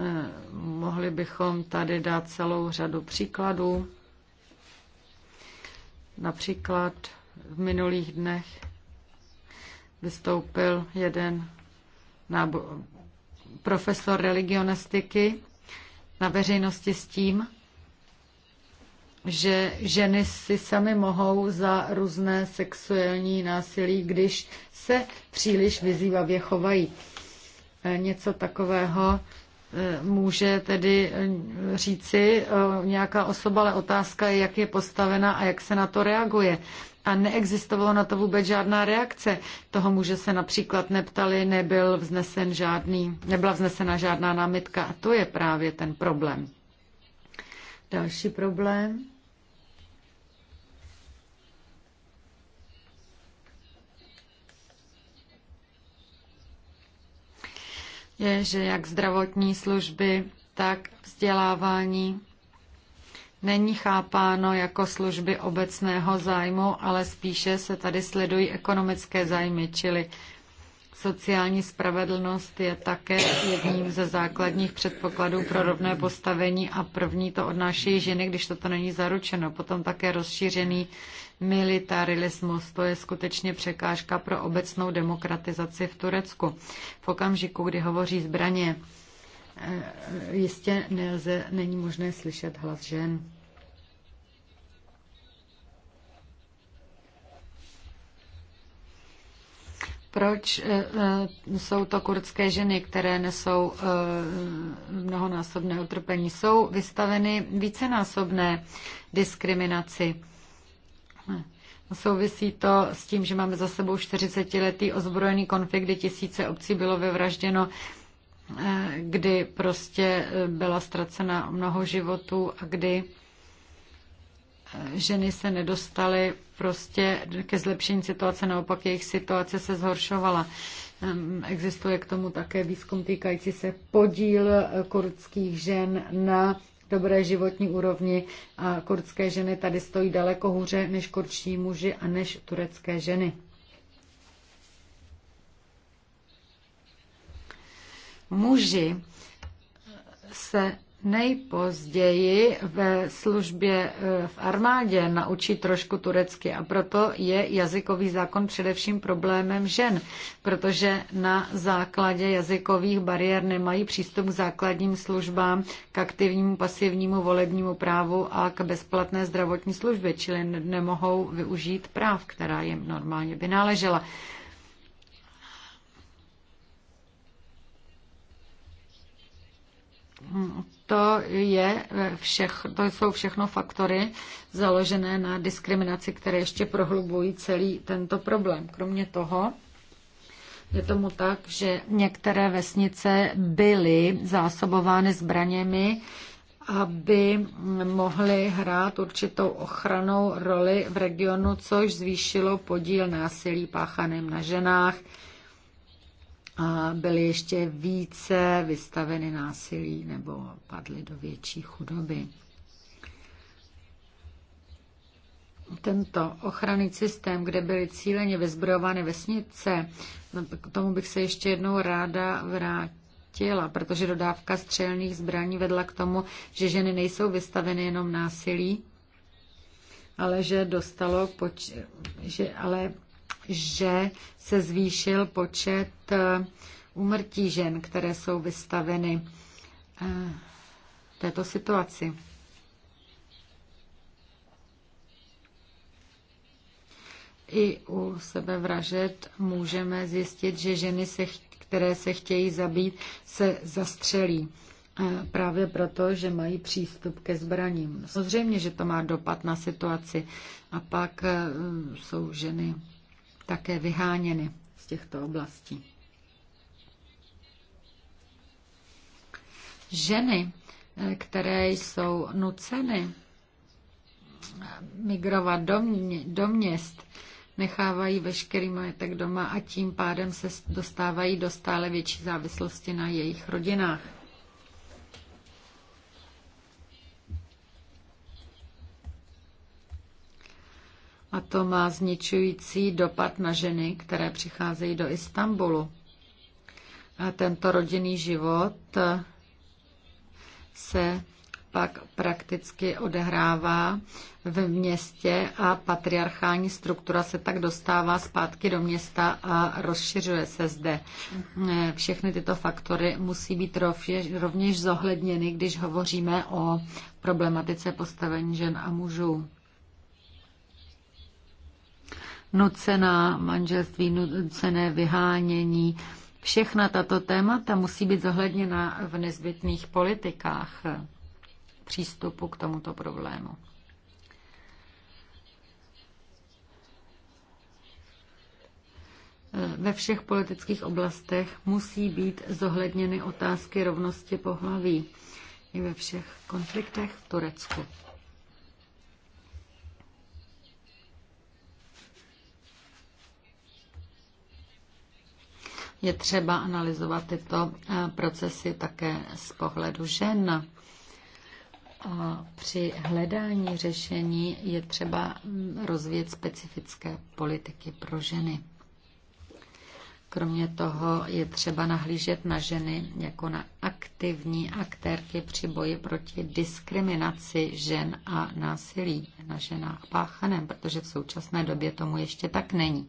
Eh, mohli bychom tady dát celou řadu příkladů. Například v minulých dnech vystoupil jeden nábo- profesor religionistiky na veřejnosti s tím, že ženy si sami mohou za různé sexuální násilí, když se příliš vyzývavě chovají. Eh, něco takového může tedy eh, říci eh, nějaká osoba, ale otázka je, jak je postavena a jak se na to reaguje. A neexistovalo na to vůbec žádná reakce. Toho muže se například neptali, nebyl vznesen žádný, nebyla vznesena žádná námitka. A to je právě ten problém. Další problém je, že jak zdravotní služby, tak vzdělávání není chápáno jako služby obecného zájmu, ale spíše se tady sledují ekonomické zájmy, čili Sociální spravedlnost je také jedním ze základních předpokladů pro rovné postavení a první to odnáší ženy, když toto není zaručeno. Potom také rozšířený militarismus, to je skutečně překážka pro obecnou demokratizaci v Turecku. V okamžiku, kdy hovoří zbraně, eh, jistě nelze, není možné slyšet hlas žen. Proč eh, eh, jsou to kurdské ženy, které nesou eh, mnohonásobné utrpení? Jsou vystaveny vícenásobné diskriminaci. Souvisí to s tím, že máme za sebou 40-letý ozbrojený konflikt, kdy tisíce obcí bylo vyvražděno, kdy prostě byla ztracena mnoho životů a kdy ženy se nedostaly prostě ke zlepšení situace, naopak jejich situace se zhoršovala. Existuje k tomu také výzkum týkající se podíl eh, kurdských žen na dobré životní úrovni a kurdské ženy tady stojí daleko hůře než kurdští muži a než turecké ženy. Muži se nejpozději ve službě eh, v armádě naučí trošku turecky a proto je jazykový zákon především problémem žen, protože na základě jazykových bariér nemají přístup k základním službám, k aktivnímu, pasivnímu volebnímu právu a k bezplatné zdravotní službě, čili nemohou využít práv, která jim normálně by náležela. Hm, to, je eh, všech, to jsou všechno faktory založené na diskriminaci, které ještě prohlubují celý tento problém. Kromě toho, je tomu tak, že některé vesnice byly zásobovány zbraněmi, aby mohly hrát určitou ochranou roli v regionu, což zvýšilo podíl násilí páchaným na ženách byly ještě více vystaveny násilí nebo padly do větší chudoby. Tento ochranný systém, kde byly cíleně vyzbrojovány vesnice, no, k tomu bych se ještě jednou ráda vrátila protože dodávka střelných zbraní vedla k tomu, že ženy nejsou vystaveny jenom násilí, ale že dostalo, poč- že, ale že se zvýšil počet eh, úmrtí žen, které jsou vystaveny eh, této situaci. I u sebevražet můžeme zjistit, že ženy, se, které se chtějí zabít, se zastřelí. Eh, právě proto, že mají přístup ke zbraním. Samozřejmě, že to má dopad na situaci. A pak jsou ženy také vyháněny z těchto oblastí. Ženy, eh, které jsou nuceny migrovat do, mě, do měst, nechávají veškerý majetek doma a tím pádem se dostávají do stále větší závislosti na jejich rodinách. A to má zničující dopad na ženy, které přicházejí do Istanbulu. A tento rodinný život se pak prakticky odehrává v městě a patriarchální struktura se tak dostává zpátky do města a rozšiřuje se zde. Všechny tyto faktory musí být rovněž zohledněny, když hovoříme o problematice postavení žen a mužů nucená manželství, nucené vyhánění. Všechna tato témata musí být zohledněna v nezbytných politikách přístupu k tomuto problému. Ve všech politických oblastech musí být zohledněny otázky rovnosti pohlaví i ve všech konfliktech v Turecku. Je třeba analyzovat tyto eh, procesy také z pohledu žen. A při hledání řešení je třeba mm, rozvíjet specifické politiky pro ženy. Kromě toho je třeba nahlížet na ženy jako na aktivní aktérky při boji proti diskriminaci žen a násilí na ženách páchaném, protože v současné době tomu ještě tak není.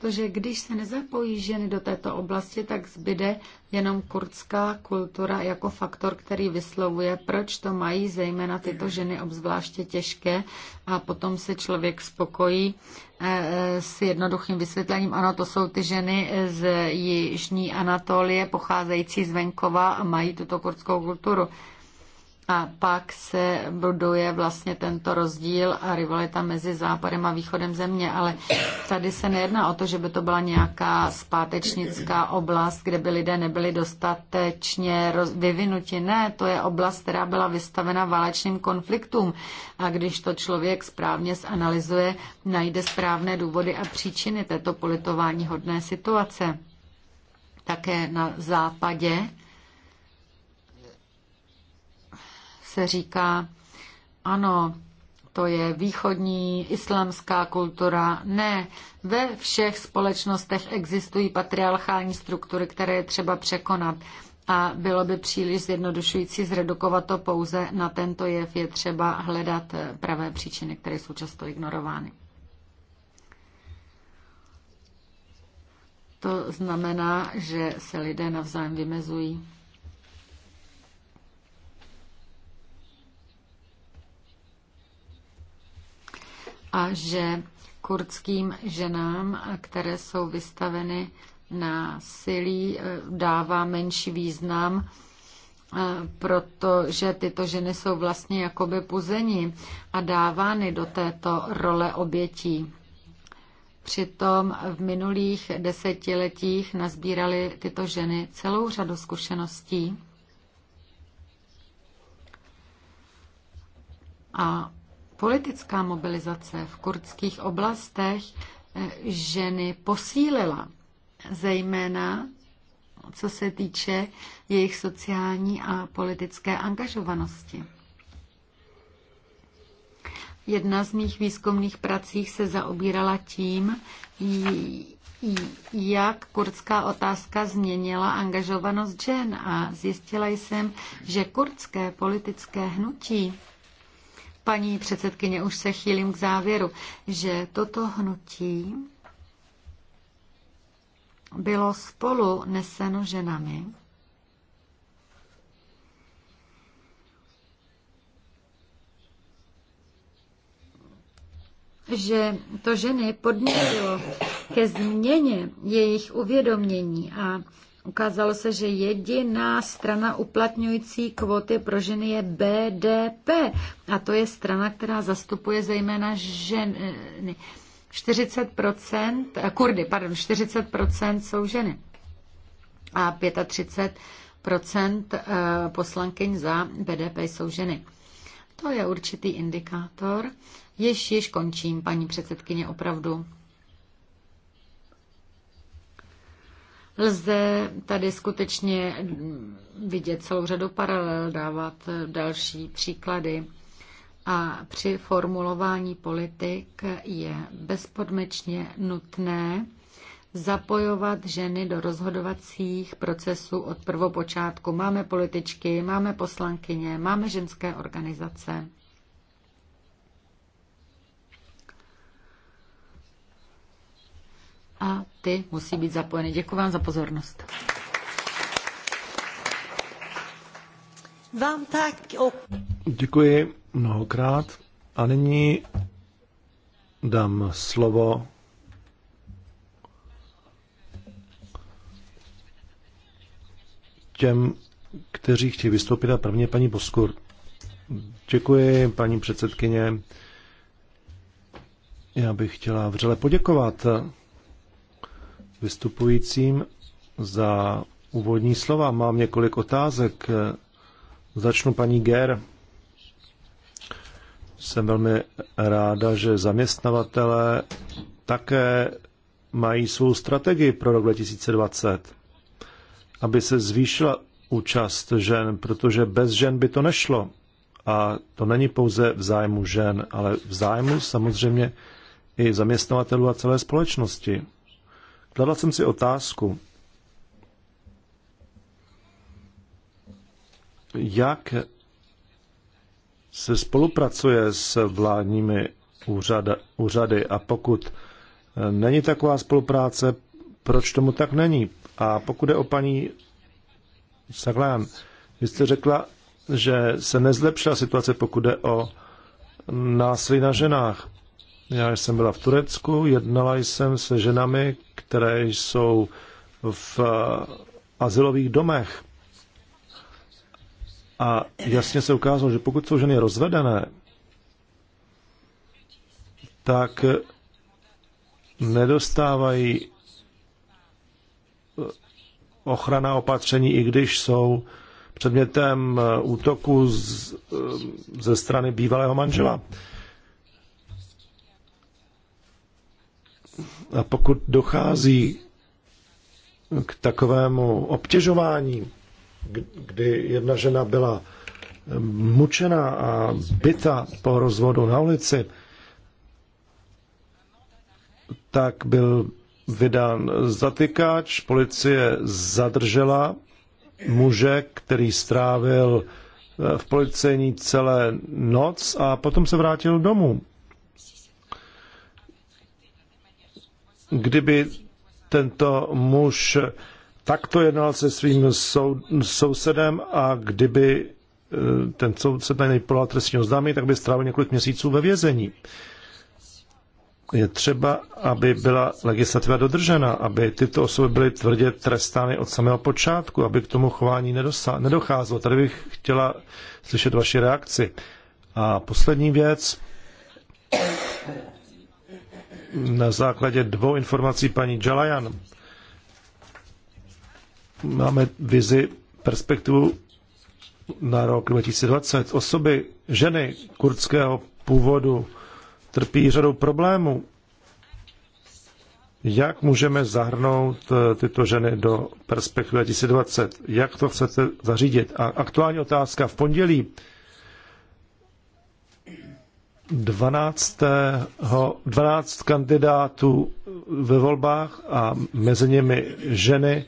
protože když se nezapojí ženy do této oblasti, tak zbyde jenom kurdská kultura jako faktor, který vyslovuje, proč to mají zejména tyto ženy obzvláště těžké a potom se člověk spokojí eh, eh, s jednoduchým vysvětlením. Ano, to jsou ty ženy z Jižní Anatolie, pocházející z venkova a mají tuto kurdskou kulturu. A pak se buduje vlastně tento rozdíl a rivalita mezi západem a východem země. Ale tady se nejedná o to, že by to byla nějaká zpátečnická oblast, kde by lidé nebyli dostatečně vyvinuti. Ne, to je oblast, která byla vystavena válečným konfliktům. A když to člověk správně zanalizuje, najde správné důvody a příčiny této politování hodné situace. Také na západě se říká, ano, to je východní islámská kultura. Ne, ve všech společnostech existují patriarchální struktury, které je třeba překonat. A bylo by příliš zjednodušující zredukovat to pouze na tento jev. Je třeba hledat eh, pravé příčiny, které jsou často ignorovány. To znamená, že se lidé navzájem vymezují. a že kurdským ženám, které jsou vystaveny na silí, eh, dává menší význam, eh, protože tyto ženy jsou vlastně jakoby puzení a dávány do této role obětí. Přitom v minulých desetiletích nazbíraly tyto ženy celou řadu zkušeností a politická mobilizace v kurdských oblastech eh, ženy posílila, zejména co se týče jejich sociální a politické angažovanosti. Jedna z mých výzkumných pracích se zaobírala tím, jak kurdská otázka změnila angažovanost žen a zjistila jsem, že kurdské politické hnutí paní předsedkyně, už se chýlím k závěru, že toto hnutí bylo spolu neseno ženami. že to ženy podnítilo ke změně jejich uvědomění a Ukázalo se, že jediná strana uplatňující kvóty pro ženy je BDP. A to je strana, která zastupuje zejména ženy. 40%, kurdy, pardon, 40% jsou ženy. A 35% eh, poslankyň za BDP jsou ženy. To je určitý indikátor. Již, již končím, paní předsedkyně, opravdu Lze tady skutečně vidět celou řadu paralel, dávat další příklady. A při formulování politik je bezpodmečně nutné zapojovat ženy do rozhodovacích procesů od prvopočátku. Máme političky, máme poslankyně, máme ženské organizace. a ty musí být zapojeny. Děkuji vám za pozornost. Vám tak. Děkuji mnohokrát. A nyní dám slovo těm, kteří chtějí vystoupit a prvně paní Boskur. Děkuji, paní předsedkyně. Já bych chtěla vřele poděkovat vystupujícím za úvodní slova. Mám několik otázek. Začnu paní Ger. Jsem velmi ráda, že zaměstnavatele také mají svou strategii pro rok 2020, aby se zvýšila účast žen, protože bez žen by to nešlo. A to není pouze v zájmu žen, ale v zájmu samozřejmě i zaměstnavatelů a celé společnosti. Zadal jsem si otázku, jak se spolupracuje s vládními úřada, úřady a pokud eh, není taková spolupráce, proč tomu tak není? A pokud je o paní Saglán, vy jste řekla, že se nezlepšila situace, pokud je o násilí na ženách. Já jsem byla v Turecku, jednala jsem se ženami, které jsou v eh, azylových domech. A jasně se ukázalo, že pokud jsou ženy rozvedené, tak nedostávají eh, ochrana opatření, i když jsou předmětem eh, útoku z, ze strany bývalého manžela. A pokud dochází k takovému obtěžování, kdy jedna žena byla mučena a byta po rozvodu na ulici, tak byl vydán zatykač, policie zadržela muže, který strávil v policejní celé noc a potom se vrátil domů. kdyby tento muž takto jednal se svým sou, sousedem a kdyby e, ten soudce tady něj podal trestní oznámení, tak by strávil několik měsíců ve vězení. Je třeba, aby byla legislativa dodržena, aby tyto osoby byly tvrdě trestány od samého počátku, aby k tomu chování nedocházelo. Tady bych chtěla slyšet vaši reakci. A poslední věc na základě dvou informací paní Jalajan máme vizi perspektivu na rok 2020. Osoby, ženy kurdského původu trpí řadou problémů. Jak můžeme zahrnout eh, tyto ženy do perspektivy 2020? Jak to chcete zařídit? A aktuální otázka v pondělí 12, 12 kandidátů ve volbách a mezi nimi ženy.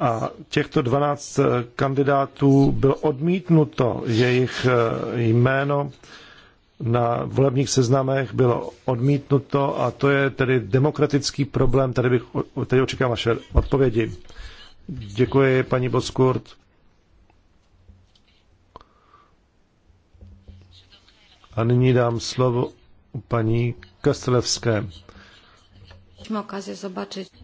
A těchto 12 kandidátů bylo odmítnuto jejich eh, jméno na volebních seznamech bylo odmítnuto a to je tedy demokratický problém. Tady bych tady očekávám vaše odpovědi. Děkuji, paní Boskurt. A nyní dám slovo paní Kastelevské.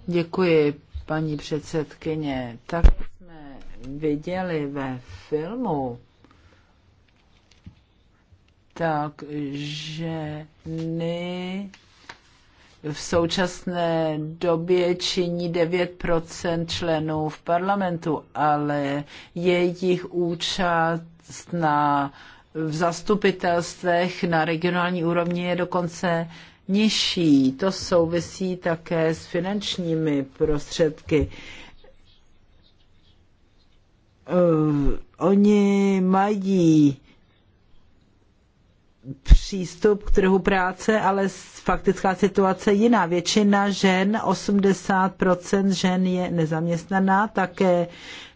Děkuji, paní předsedkyně. Tak jsme viděli ve filmu, tak ženy v současné době činí 9% členů v parlamentu, ale jejich účast na v zastupitelstvech na regionální úrovni je dokonce nižší. To souvisí také s finančními prostředky. Eh, oni mají přístup k trhu práce, ale faktická situace je jiná. Většina žen, 80% žen je nezaměstnaná, také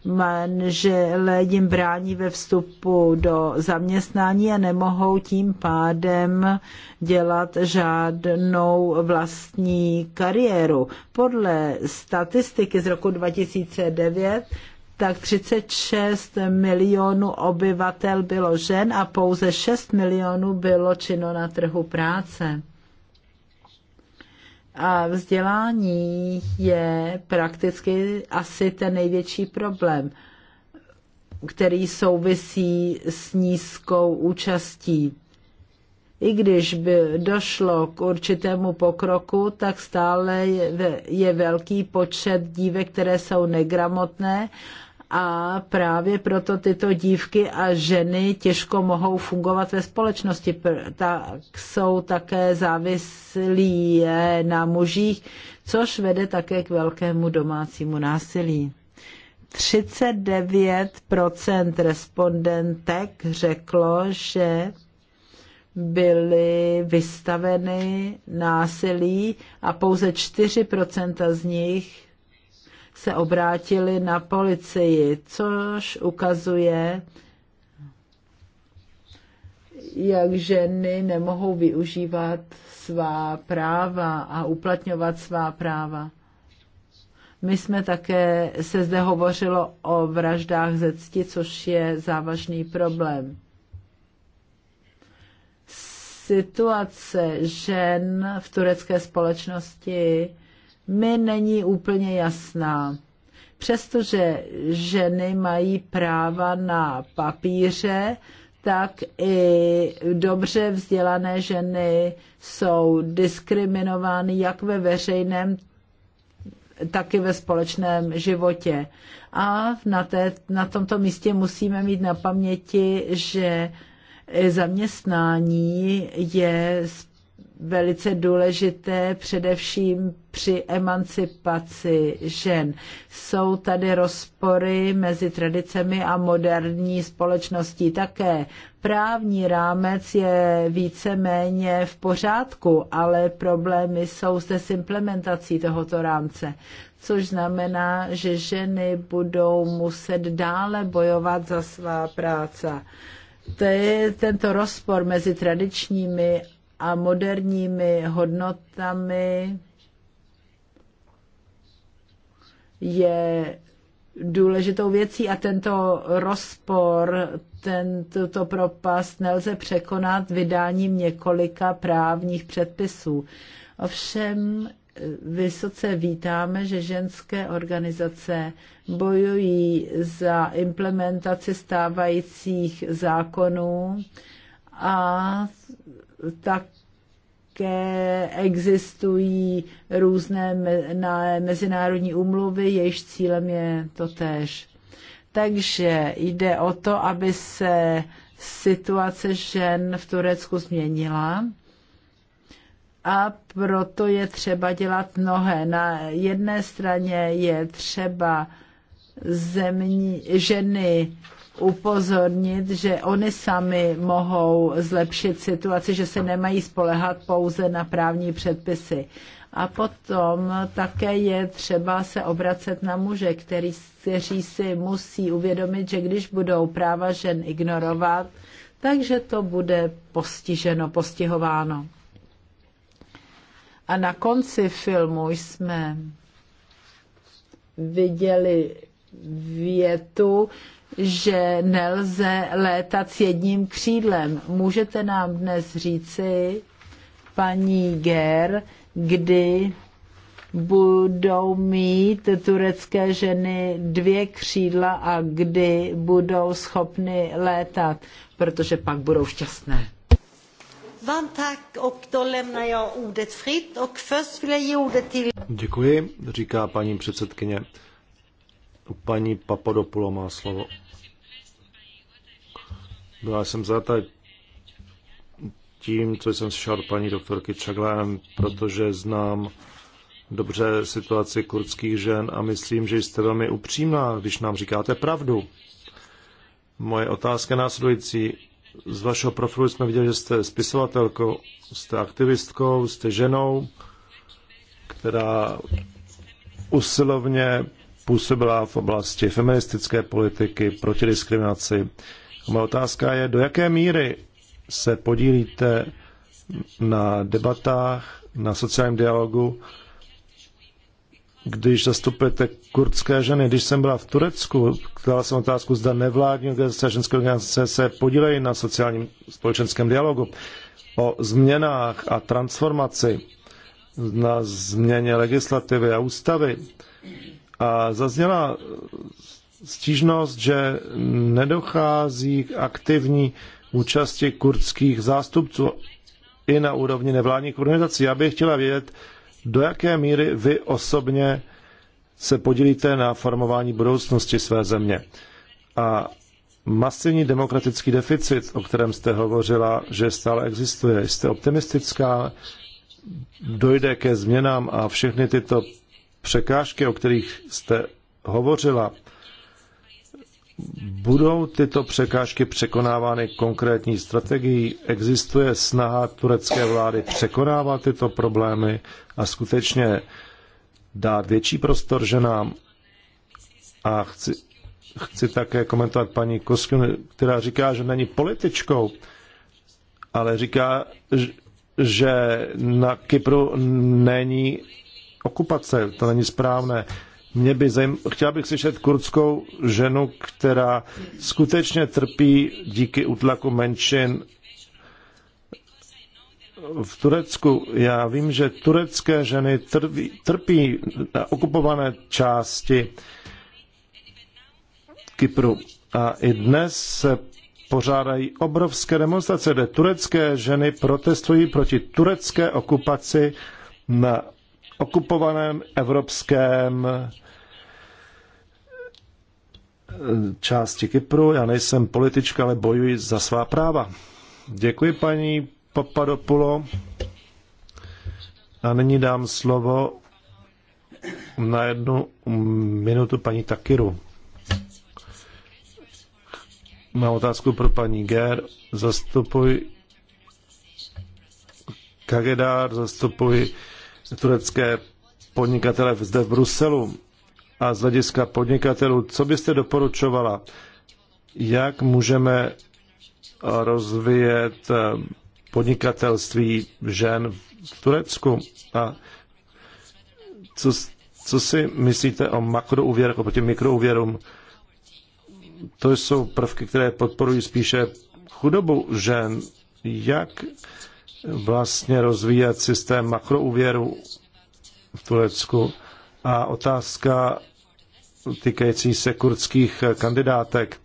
manželé jim brání ve vstupu do zaměstnání a nemohou tím pádem dělat žádnou vlastní kariéru. Podle statistiky z roku 2009 tak 36 milionů obyvatel bylo žen a pouze 6 milionů bylo čino na trhu práce. A vzdělání je prakticky asi ten největší problém, který souvisí s nízkou účastí. I když by došlo k určitému pokroku, tak stále je velký počet dívek, které jsou negramotné a právě proto tyto dívky a ženy těžko mohou fungovat ve společnosti, tak jsou také závislí na mužích, což vede také k velkému domácímu násilí. 39% respondentek řeklo, že byly vystaveny násilí a pouze 4% z nich se obrátili na policii, což ukazuje, jak ženy nemohou využívat svá práva a uplatňovat svá práva. My jsme také, se zde hovořilo o vraždách ze cti, což je závažný problém. Situace žen v turecké společnosti mi není úplně jasná. Přestože ženy mají práva na papíře, tak i dobře vzdělané ženy jsou diskriminovány jak ve veřejném, tak i ve společném životě. A na, té, na tomto místě musíme mít na paměti, že zaměstnání je velice důležité především při emancipaci žen. Jsou tady rozpory mezi tradicemi a moderní společností také. Právní rámec je víceméně v pořádku, ale problémy jsou se s implementací tohoto rámce, což znamená, že ženy budou muset dále bojovat za svá práce. To je tento rozpor mezi tradičními a moderními hodnotami je důležitou věcí a tento rozpor, tento propast nelze překonat vydáním několika právních předpisů. Ovšem vysoce vítáme, že ženské organizace bojují za implementaci stávajících zákonů a také existují různé mezinárodní umluvy, jejíž cílem je to též. Takže jde o to, aby se situace žen v Turecku změnila a proto je třeba dělat mnohé. Na jedné straně je třeba zemní, ženy upozornit, že oni sami mohou zlepšit situaci, že se nemají spolehat pouze na právní předpisy. A potom také je třeba se obracet na muže, který, kteří si musí uvědomit, že když budou práva žen ignorovat, takže to bude postiženo, postihováno. A na konci filmu jsme viděli větu, že nelze létat s jedním křídlem. Můžete nám dnes říci, paní Ger, kdy budou mít turecké ženy dvě křídla a kdy budou schopny létat, protože pak budou šťastné. Děkuji, říká paní předsedkyně. Paní Papadopulo má slovo. Byla jsem zata tím, co jsem slyšel paní doktorky Čaglán, protože znám dobře situaci kurdských žen a myslím, že jste velmi upřímná, když nám říkáte pravdu. Moje otázka následující. Z vašeho profilu jsme viděli, že jste spisovatelkou, jste aktivistkou, jste ženou, která usilovně působila v oblasti feministické politiky, proti diskriminaci. moje otázka je, do jaké míry se podílíte na debatách, na sociálním dialogu, když zastupujete kurdské ženy. Když jsem byla v Turecku, ptala jsem otázku, zda nevládní organizace a ženské organizace se podílejí na sociálním společenském dialogu o změnách a transformaci na změně legislativy a ústavy a zazněla stížnost, že nedochází k aktivní účasti kurdských zástupců i na úrovni nevládních organizací. Já bych chtěla vědět, do jaké míry vy osobně se podílíte na formování budoucnosti své země. A masivní demokratický deficit, o kterém jste hovořila, že stále existuje, jste optimistická, dojde ke změnám a všechny tyto překážky, o kterých jste hovořila, budou tyto překážky překonávány konkrétní strategií? Existuje snaha turecké vlády překonávat tyto problémy a skutečně dát větší prostor ženám? A chci, chci také komentovat paní Koskun, která říká, že není političkou, ale říká, že na Kypru není okupace, to není správné. Mě by zajím... Chtěla bych slyšet kurdskou ženu, která skutečně trpí díky utlaku menšin v Turecku. Já vím, že turecké ženy trpí, trpí na okupované části Kypru. A i dnes se pořádají obrovské demonstrace, kde turecké ženy protestují proti turecké okupaci na okupovaném evropském eh, části Kypru. Já nejsem politička, ale bojuji za svá práva. Děkuji paní Papadopulo. A nyní dám slovo na jednu minutu paní Takiru. Mám otázku pro paní Ger. Zastupuji Kagedár, zastupuji turecké podnikatele zde v Bruselu a z hlediska podnikatelů, co byste doporučovala? Jak můžeme rozvíjet eh, podnikatelství žen v Turecku? A co, co si myslíte o makrouvěrech oproti mikrouvěrům? To jsou prvky, které podporují spíše chudobu žen. Jak vlastně rozvíjet systém makrouvěru v Turecku a otázka týkající se kurdských kandidátek.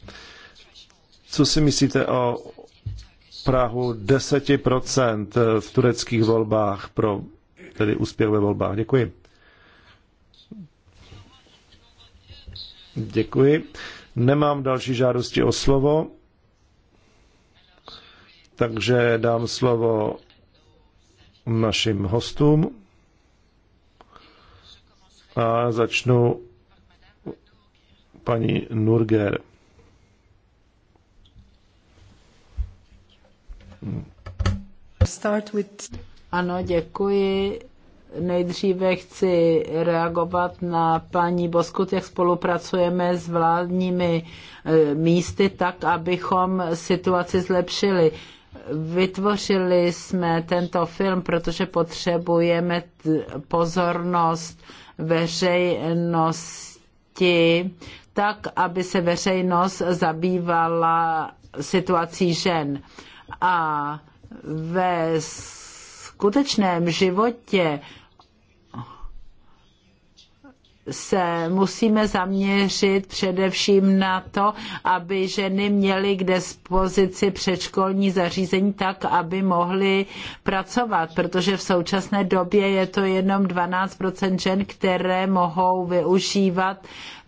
Co si myslíte o Prahu 10% v tureckých volbách pro tedy úspěch ve volbách? Děkuji. Děkuji. Nemám další žádosti o slovo. Takže dám slovo našim hostům a začnu paní Nurger. Start with... Ano, děkuji. Nejdříve chci reagovat na paní Boskut, jak spolupracujeme s vládními eh, místy, tak abychom situaci zlepšili. Vytvořili jsme tento film, protože potřebujeme pozornost veřejnosti, tak, aby se veřejnost zabývala situací žen. A ve skutečném životě se musíme zaměřit především na to, aby ženy měly k dispozici předškolní zařízení tak, aby mohly pracovat, protože v současné době je to jenom 12 žen, které mohou využívat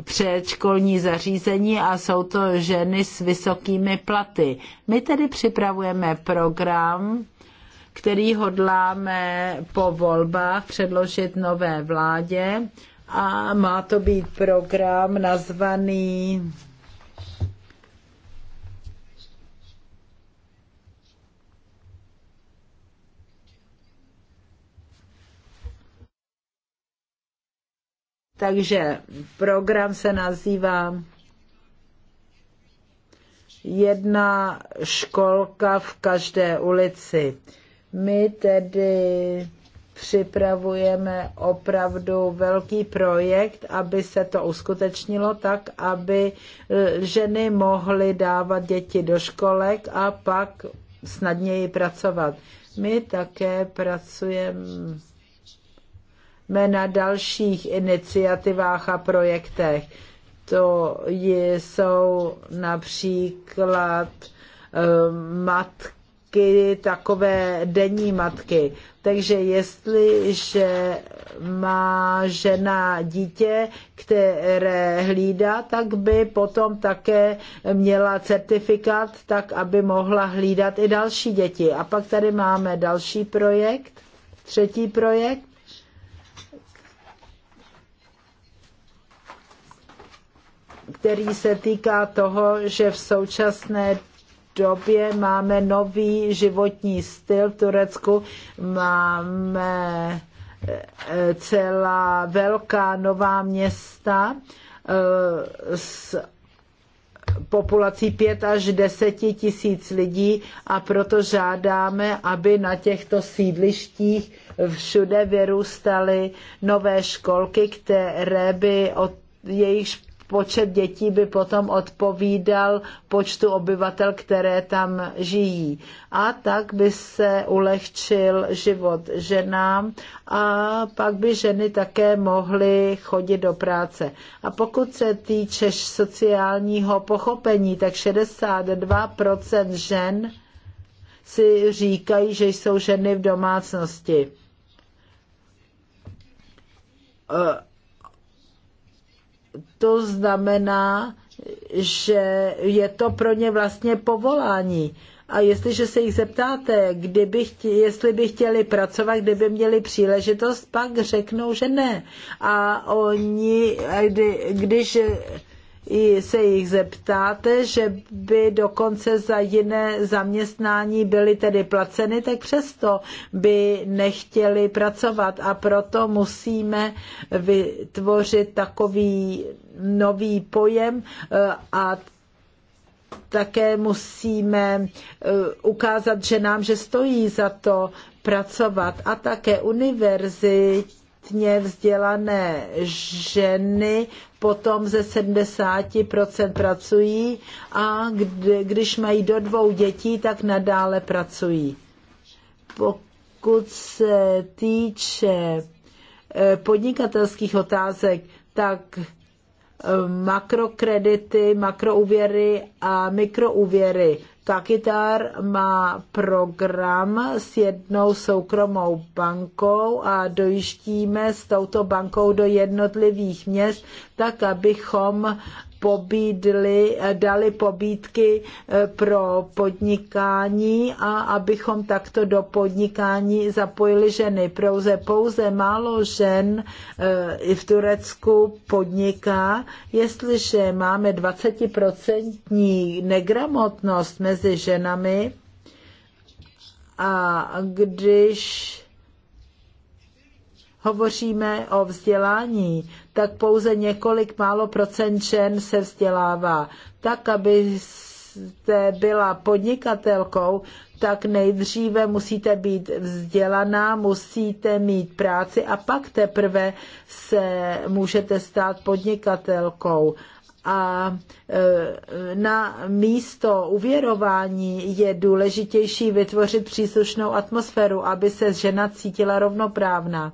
předškolní zařízení a jsou to ženy s vysokými platy. My tedy připravujeme program, který hodláme po volbách předložit nové vládě a má to být program nazvaný Takže program se nazývá Jedna školka v každé ulici. My tedy připravujeme opravdu velký projekt, aby se to uskutečnilo tak, aby e, ženy mohly dávat děti do školek a pak snadněji pracovat. My také pracujeme na dalších iniciativách a projektech. To jsou například e, matka matky, takové denní matky. Takže jestliže má žena dítě, které hlídá, tak by potom také měla certifikát, tak aby mohla hlídat i další děti. A pak tady máme další projekt, třetí projekt. který se týká toho, že v současné době máme nový životní styl v Turecku, máme e, celá velká nová města e, s populací 5 až 10 tisíc lidí a proto žádáme, aby na těchto sídlištích všude vyrůstaly nové školky, které by od jejichž počet dětí by potom odpovídal počtu obyvatel, které tam žijí. A tak by se ulehčil život ženám a pak by ženy také mohly chodit do práce. A pokud se týče sociálního pochopení, tak 62% žen si říkají, že jsou ženy v domácnosti e, to znamená, že je to pro ně vlastně povolání. A jestliže se jich zeptáte, kdyby chtěli, jestli by chtěli pracovat, kdyby měli příležitost, pak řeknou, že ne. A oni, kdy, když se jich zeptáte, že by dokonce za jiné zaměstnání byly tedy placeny, tak přesto by nechtěli pracovat a proto musíme vytvořit takový nový pojem eh, a také musíme eh, ukázat že nám že stojí za to pracovat a také univerzitě kvalitně vzdělané ženy potom ze 70% pracují a když mají do dvou dětí, tak nadále pracují. Pokud se týče eh, podnikatelských otázek, tak makrokredity, makrouvěry a mikrouvěry. Kakitar má program s jednou soukromou bankou a dojíždíme s touto bankou do jednotlivých měst, tak abychom pobídli, eh, dali pobídky eh, pro podnikání a abychom takto do podnikání zapojili ženy. Pouze, pouze málo žen eh, i v Turecku podniká. Jestliže máme 20% negramotnost mezi ženami a když hovoříme o vzdělání, tak pouze několik málo procent žen se vzdělává. Tak, aby jste byla podnikatelkou, tak nejdříve musíte být vzdělaná, musíte mít práci a pak teprve se můžete stát podnikatelkou a e, na místo uvěrování je důležitější vytvořit příslušnou atmosféru, aby se žena cítila rovnoprávná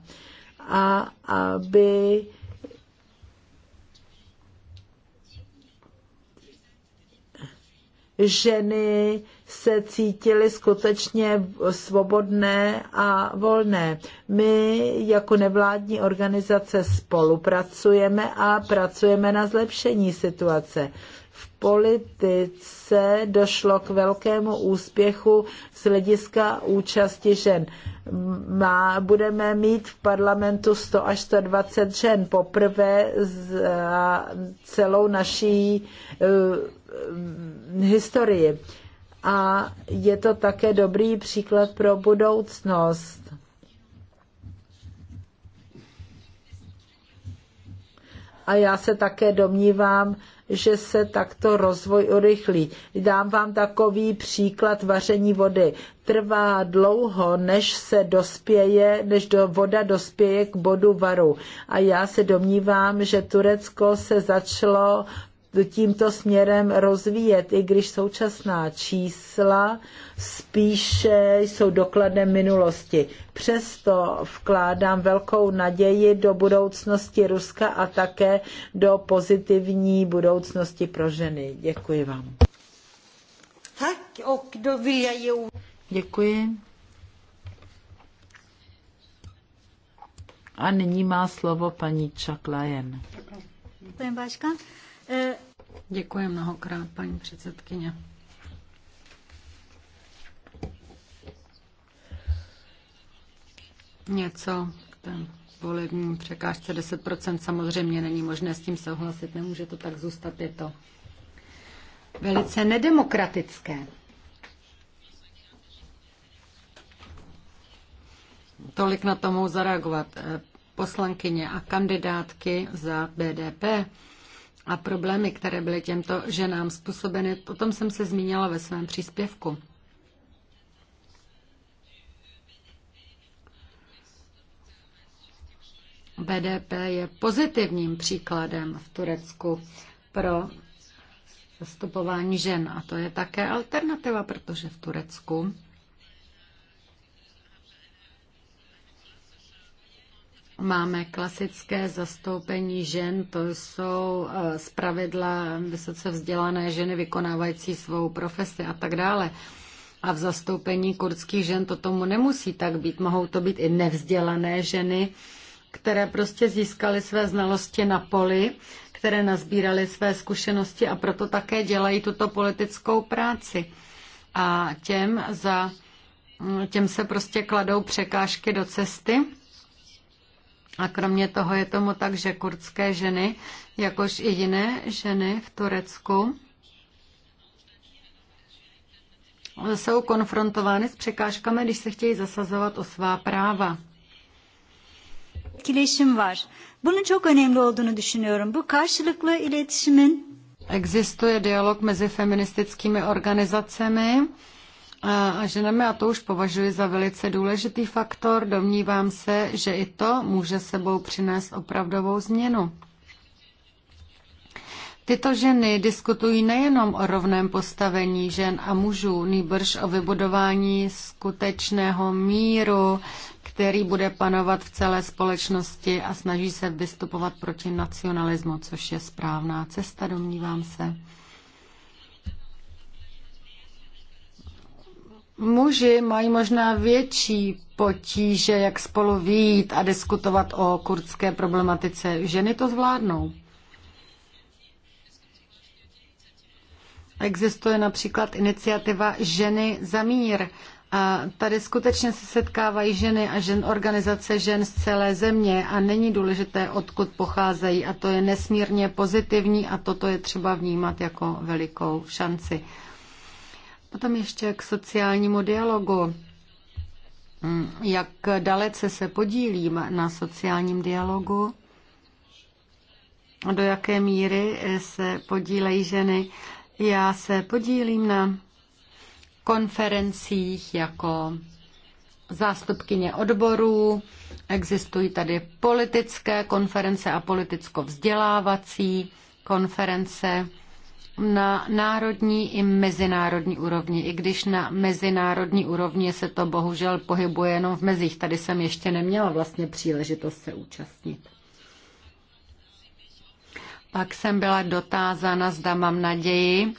a aby ženy se cítily skutečně svobodné a volné. My jako nevládní organizace spolupracujeme a pracujeme na zlepšení situace. V politice došlo k velkému úspěchu z hlediska účasti žen. Má, budeme mít v parlamentu 100 až 120 žen poprvé za celou naší uh, Eh, historii. A je to také dobrý příklad pro budoucnost. A já se také domnívám, že se takto rozvoj urychlí. Dám vám takový příklad vaření vody. Trvá dlouho, než se dospěje, než do voda dospěje k bodu varu. A já se domnívám, že Turecko se začalo tímto směrem rozvíjet, i když současná čísla spíše jsou dokladem minulosti. Přesto vkládám velkou naději do budoucnosti Ruska a také do pozitivní budoucnosti pro ženy. Děkuji vám. Tak, ok, do Děkuji. A nyní má slovo paní Čaklajen. Děkuji, Děkuji mnohokrát, paní předsedkyně. Něco k té volební překážce 10% samozřejmě není možné s tím souhlasit, nemůže to tak zůstat, je to velice nedemokratické. Tolik na to mohu zareagovat. Poslankyně a kandidátky za BDP a problémy, které byly těmto ženám způsobeny, o tom jsem se zmínila ve svém příspěvku. BDP je pozitivním příkladem v Turecku pro zastupování žen a to je také alternativa, protože v Turecku máme klasické zastoupení žen, to jsou eh, z pravidla vysoce vzdělané ženy vykonávající svou profesi a tak dále. A v zastoupení kurdských žen to tomu nemusí tak být. Mohou to být i nevzdělané ženy, které prostě získaly své znalosti na poli, které nazbíraly své zkušenosti a proto také dělají tuto politickou práci. A těm, za, těm se prostě kladou překážky do cesty a kromě toho je tomu tak, že kurdské ženy, jakož i jiné ženy v Turecku, jsou konfrontovány s překážkami, když se chtějí zasazovat o svá práva. Existuje dialog mezi feministickými organizacemi a ženami a to už považuji za velice důležitý faktor. Domnívám se, že i to může sebou přinést opravdovou změnu. Tyto ženy diskutují nejenom o rovném postavení žen a mužů, nýbrž o vybudování skutečného míru, který bude panovat v celé společnosti a snaží se vystupovat proti nacionalismu, což je správná cesta, domnívám se. Muži mají možná větší potíže, jak spolu vít a diskutovat o kurdské problematice. Ženy to zvládnou. Existuje například iniciativa Ženy za mír. A tady skutečně se setkávají ženy a žen organizace žen z celé země a není důležité, odkud pocházejí. A to je nesmírně pozitivní a toto je třeba vnímat jako velikou šanci. Potom ještě k sociálnímu dialogu. Mm, jak dalece se podílím na sociálním dialogu? Do jaké míry se podílejí ženy? Já se podílím na konferencích jako zástupkyně odborů, existují tady politické konference a politicko-vzdělávací konference na národní i mezinárodní úrovni, i když na mezinárodní úrovni se to bohužel pohybuje jenom v mezích. Tady jsem ještě neměla vlastně příležitost se účastnit. Pak jsem byla dotázána, zda mám naději,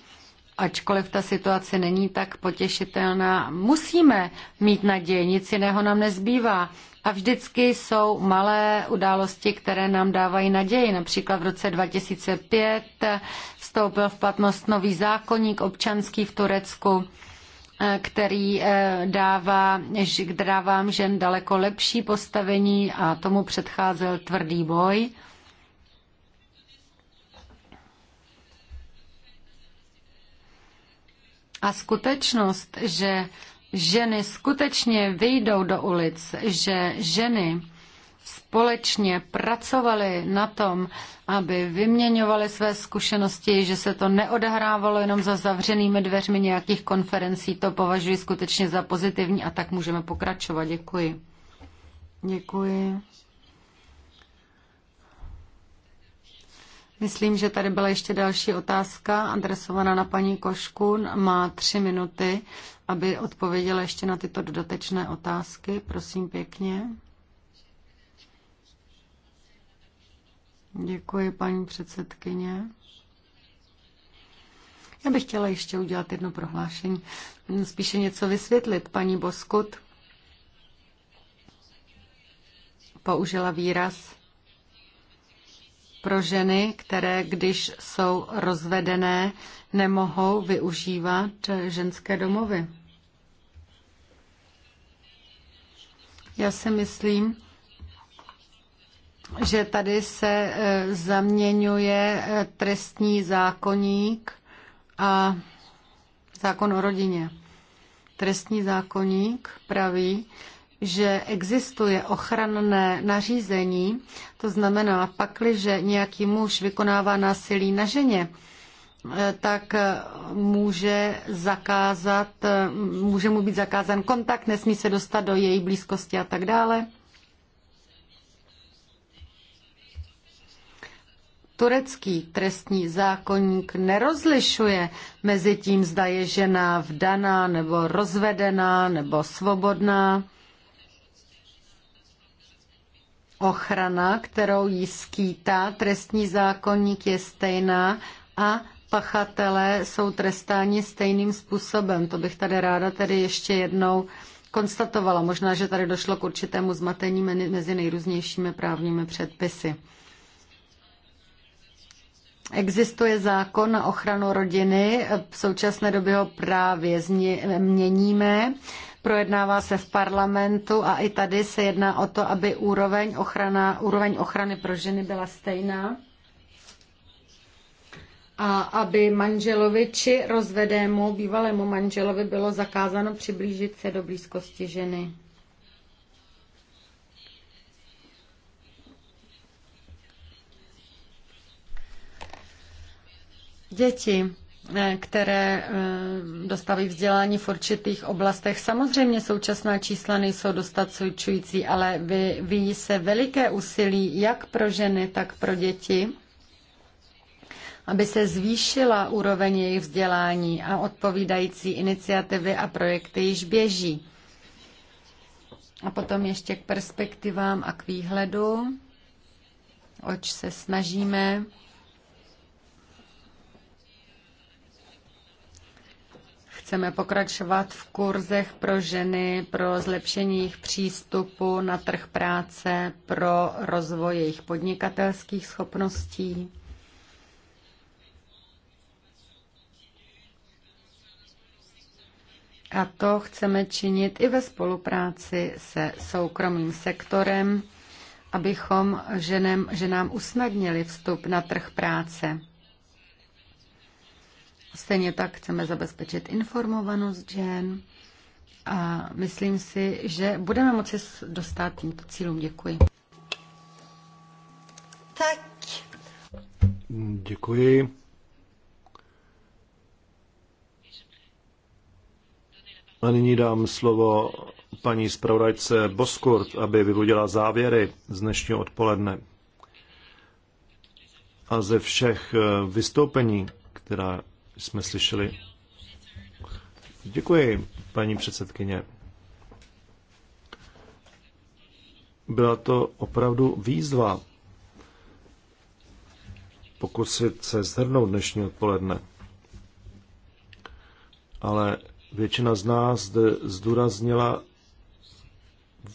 ačkoliv ta situace není tak potěšitelná, musíme mít naději, nic jiného nám nezbývá. A vždycky jsou malé události, které nám dávají naději. Například v roce 2005 vstoupil v platnost nový zákonník občanský v Turecku, eh, který eh, dává, dává žen daleko lepší postavení a tomu předcházel tvrdý boj. A skutečnost, že ženy skutečně vyjdou do ulic, že ženy společně pracovali na tom, aby vyměňovali své zkušenosti, že se to neodehrávalo jenom za zavřenými dveřmi nějakých konferencí, to považuji skutečně za pozitivní a tak můžeme pokračovat. Děkuji. Děkuji. Myslím, že tady byla ještě další otázka adresovaná na paní Košku. Má tři minuty, aby odpověděla ještě na tyto dodatečné otázky. Prosím pěkně. Děkuji, paní předsedkyně. Já bych chtěla ještě udělat jedno prohlášení, spíše něco vysvětlit. Paní Boskut použila výraz pro ženy, které, když jsou rozvedené, nemohou využívat ženské domovy. Já si myslím, že tady se e, zaměňuje e, trestní zákoník a zákon o rodině. Trestní zákoník praví, že existuje ochranné nařízení, to znamená, pakliže nějaký muž vykonává násilí na ženě, eh, tak eh, může zakázat, eh, může mu být zakázán kontakt, nesmí se dostat do její blízkosti a tak dále. Turecký trestní zákonník nerozlišuje mezi tím, zda je žena vdaná nebo rozvedená nebo svobodná. Ochrana, kterou jí skýtá trestní zákonník, je stejná a pachatelé jsou trestáni stejným způsobem. To bych tady ráda tedy ještě jednou konstatovala. Možná, že tady došlo k určitému zmatení mezi nejrůznějšími právními předpisy. Existuje zákon na ochranu rodiny, v současné době ho právě měníme projednává se v parlamentu a i tady se jedná o to, aby úroveň, ochrana, úroveň ochrany pro ženy byla stejná a aby manželovi či rozvedému bývalému manželovi bylo zakázáno přiblížit se do blízkosti ženy. Děti Eh, které eh, dostaví vzdělání v určitých oblastech. Samozřejmě současná čísla nejsou dostatečující, ale vyvíjí se veliké úsilí jak pro ženy, tak pro děti, aby se zvýšila úroveň jejich vzdělání a odpovídající iniciativy a projekty již běží. A potom ještě k perspektivám a k výhledu, oč se snažíme chceme pokračovat v kurzech pro ženy, pro zlepšení jejich přístupu na trh práce, pro rozvoj jejich podnikatelských schopností. A to chceme činit i ve spolupráci se soukromým sektorem, abychom ženem, ženám usnadnili vstup na trh práce. Stejně tak chceme zabezpečit informovanost žen a myslím si, že budeme moci dostat tímto cílům. Děkuji. Tak. Děkuji. A nyní dám slovo paní zpravodajce Boskurt, aby vyvodila závěry z dnešního odpoledne. A ze všech eh, vystoupení, která jsme slyšeli. Děkuji, paní předsedkyně. Byla to opravdu výzva pokusit se zhrnout dnešní odpoledne. Ale většina z nás zde zdůraznila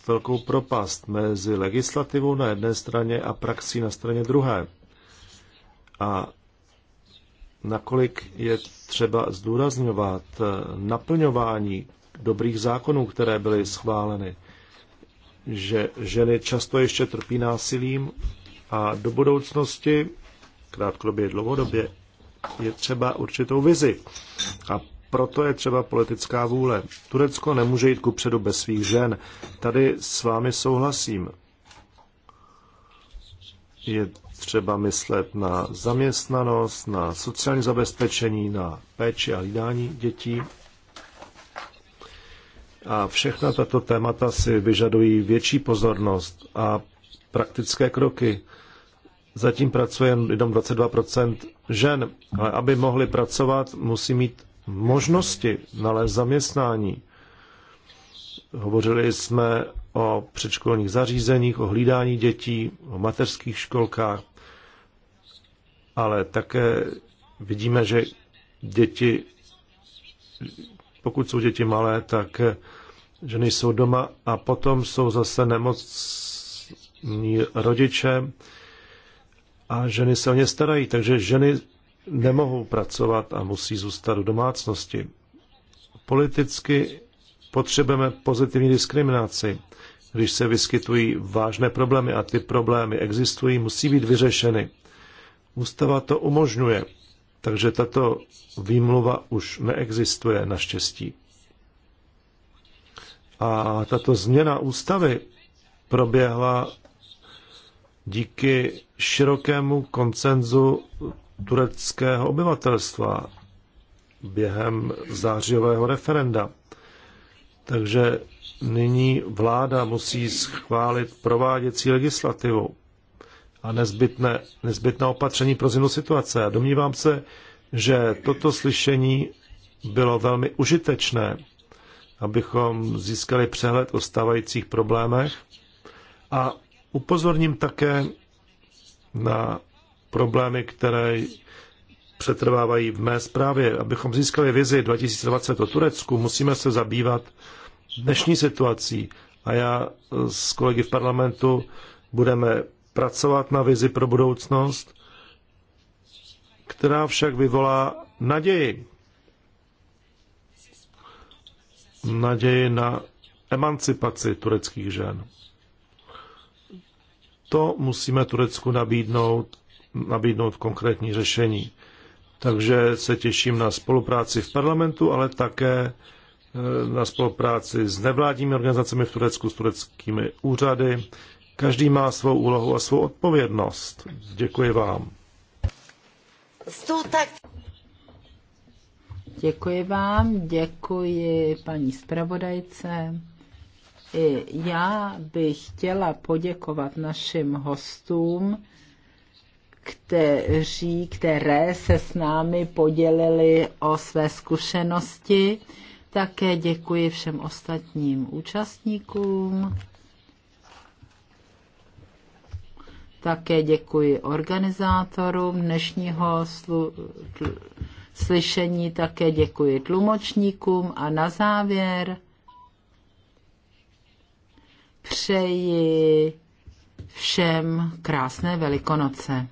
velkou propast mezi legislativou na jedné straně a praxí na straně druhé. A nakolik je třeba zdůrazňovat eh, naplňování dobrých zákonů, které byly schváleny, že ženy často ještě trpí násilím a do budoucnosti, krátkodobě, dlouhodobě, je třeba určitou vizi. A proto je třeba politická vůle. Turecko nemůže jít kupředu bez svých žen. Tady s vámi souhlasím je třeba myslet na zaměstnanost, na sociální zabezpečení, na péči a hlídání dětí. A všechna tato témata si vyžadují větší pozornost a praktické kroky. Zatím pracuje jenom 22% žen, ale aby mohli pracovat, musí mít možnosti nalézt zaměstnání. Hovořili jsme o předškolních zařízeních, o hlídání dětí, o mateřských školkách, ale také vidíme, že děti, pokud jsou děti malé, tak ženy jsou doma a potom jsou zase nemocní rodiče a ženy se o ně starají, takže ženy nemohou pracovat a musí zůstat v domácnosti. Politicky potřebujeme pozitivní diskriminaci. Když se vyskytují vážné problémy a ty problémy existují, musí být vyřešeny. Ústava to umožňuje, takže tato výmluva už neexistuje naštěstí. A tato změna ústavy proběhla díky širokému koncenzu tureckého obyvatelstva během zářijového referenda. Takže nyní vláda musí schválit prováděcí legislativu a nezbytné, nezbytné opatření pro změnu situace. A domnívám se, že toto slyšení bylo velmi užitečné, abychom získali přehled o stávajících problémech a upozorním také na problémy, které přetrvávají v mé zprávě. Abychom získali vizi 2020 o Turecku, musíme se zabývat dnešní situací a já eh, s kolegy v parlamentu budeme pracovat na vizi pro budoucnost, která však vyvolá naději. Naději na emancipaci tureckých žen. To musíme Turecku nabídnout, nabídnout konkrétní řešení. Takže se těším na spolupráci v parlamentu, ale také Eh, na spolupráci s nevládními organizacemi v Turecku, s tureckými úřady. Každý má svou úlohu a svou odpovědnost. Děkuji vám. Děkuji vám, děkuji paní zpravodajce. I já bych chtěla poděkovat našim hostům, kteří, které se s námi podělili o své zkušenosti. Také děkuji všem ostatním účastníkům. Také děkuji organizátorům dnešního slu- slyšení, také děkuji tlumočníkům a na závěr přeji všem krásné Velikonoce.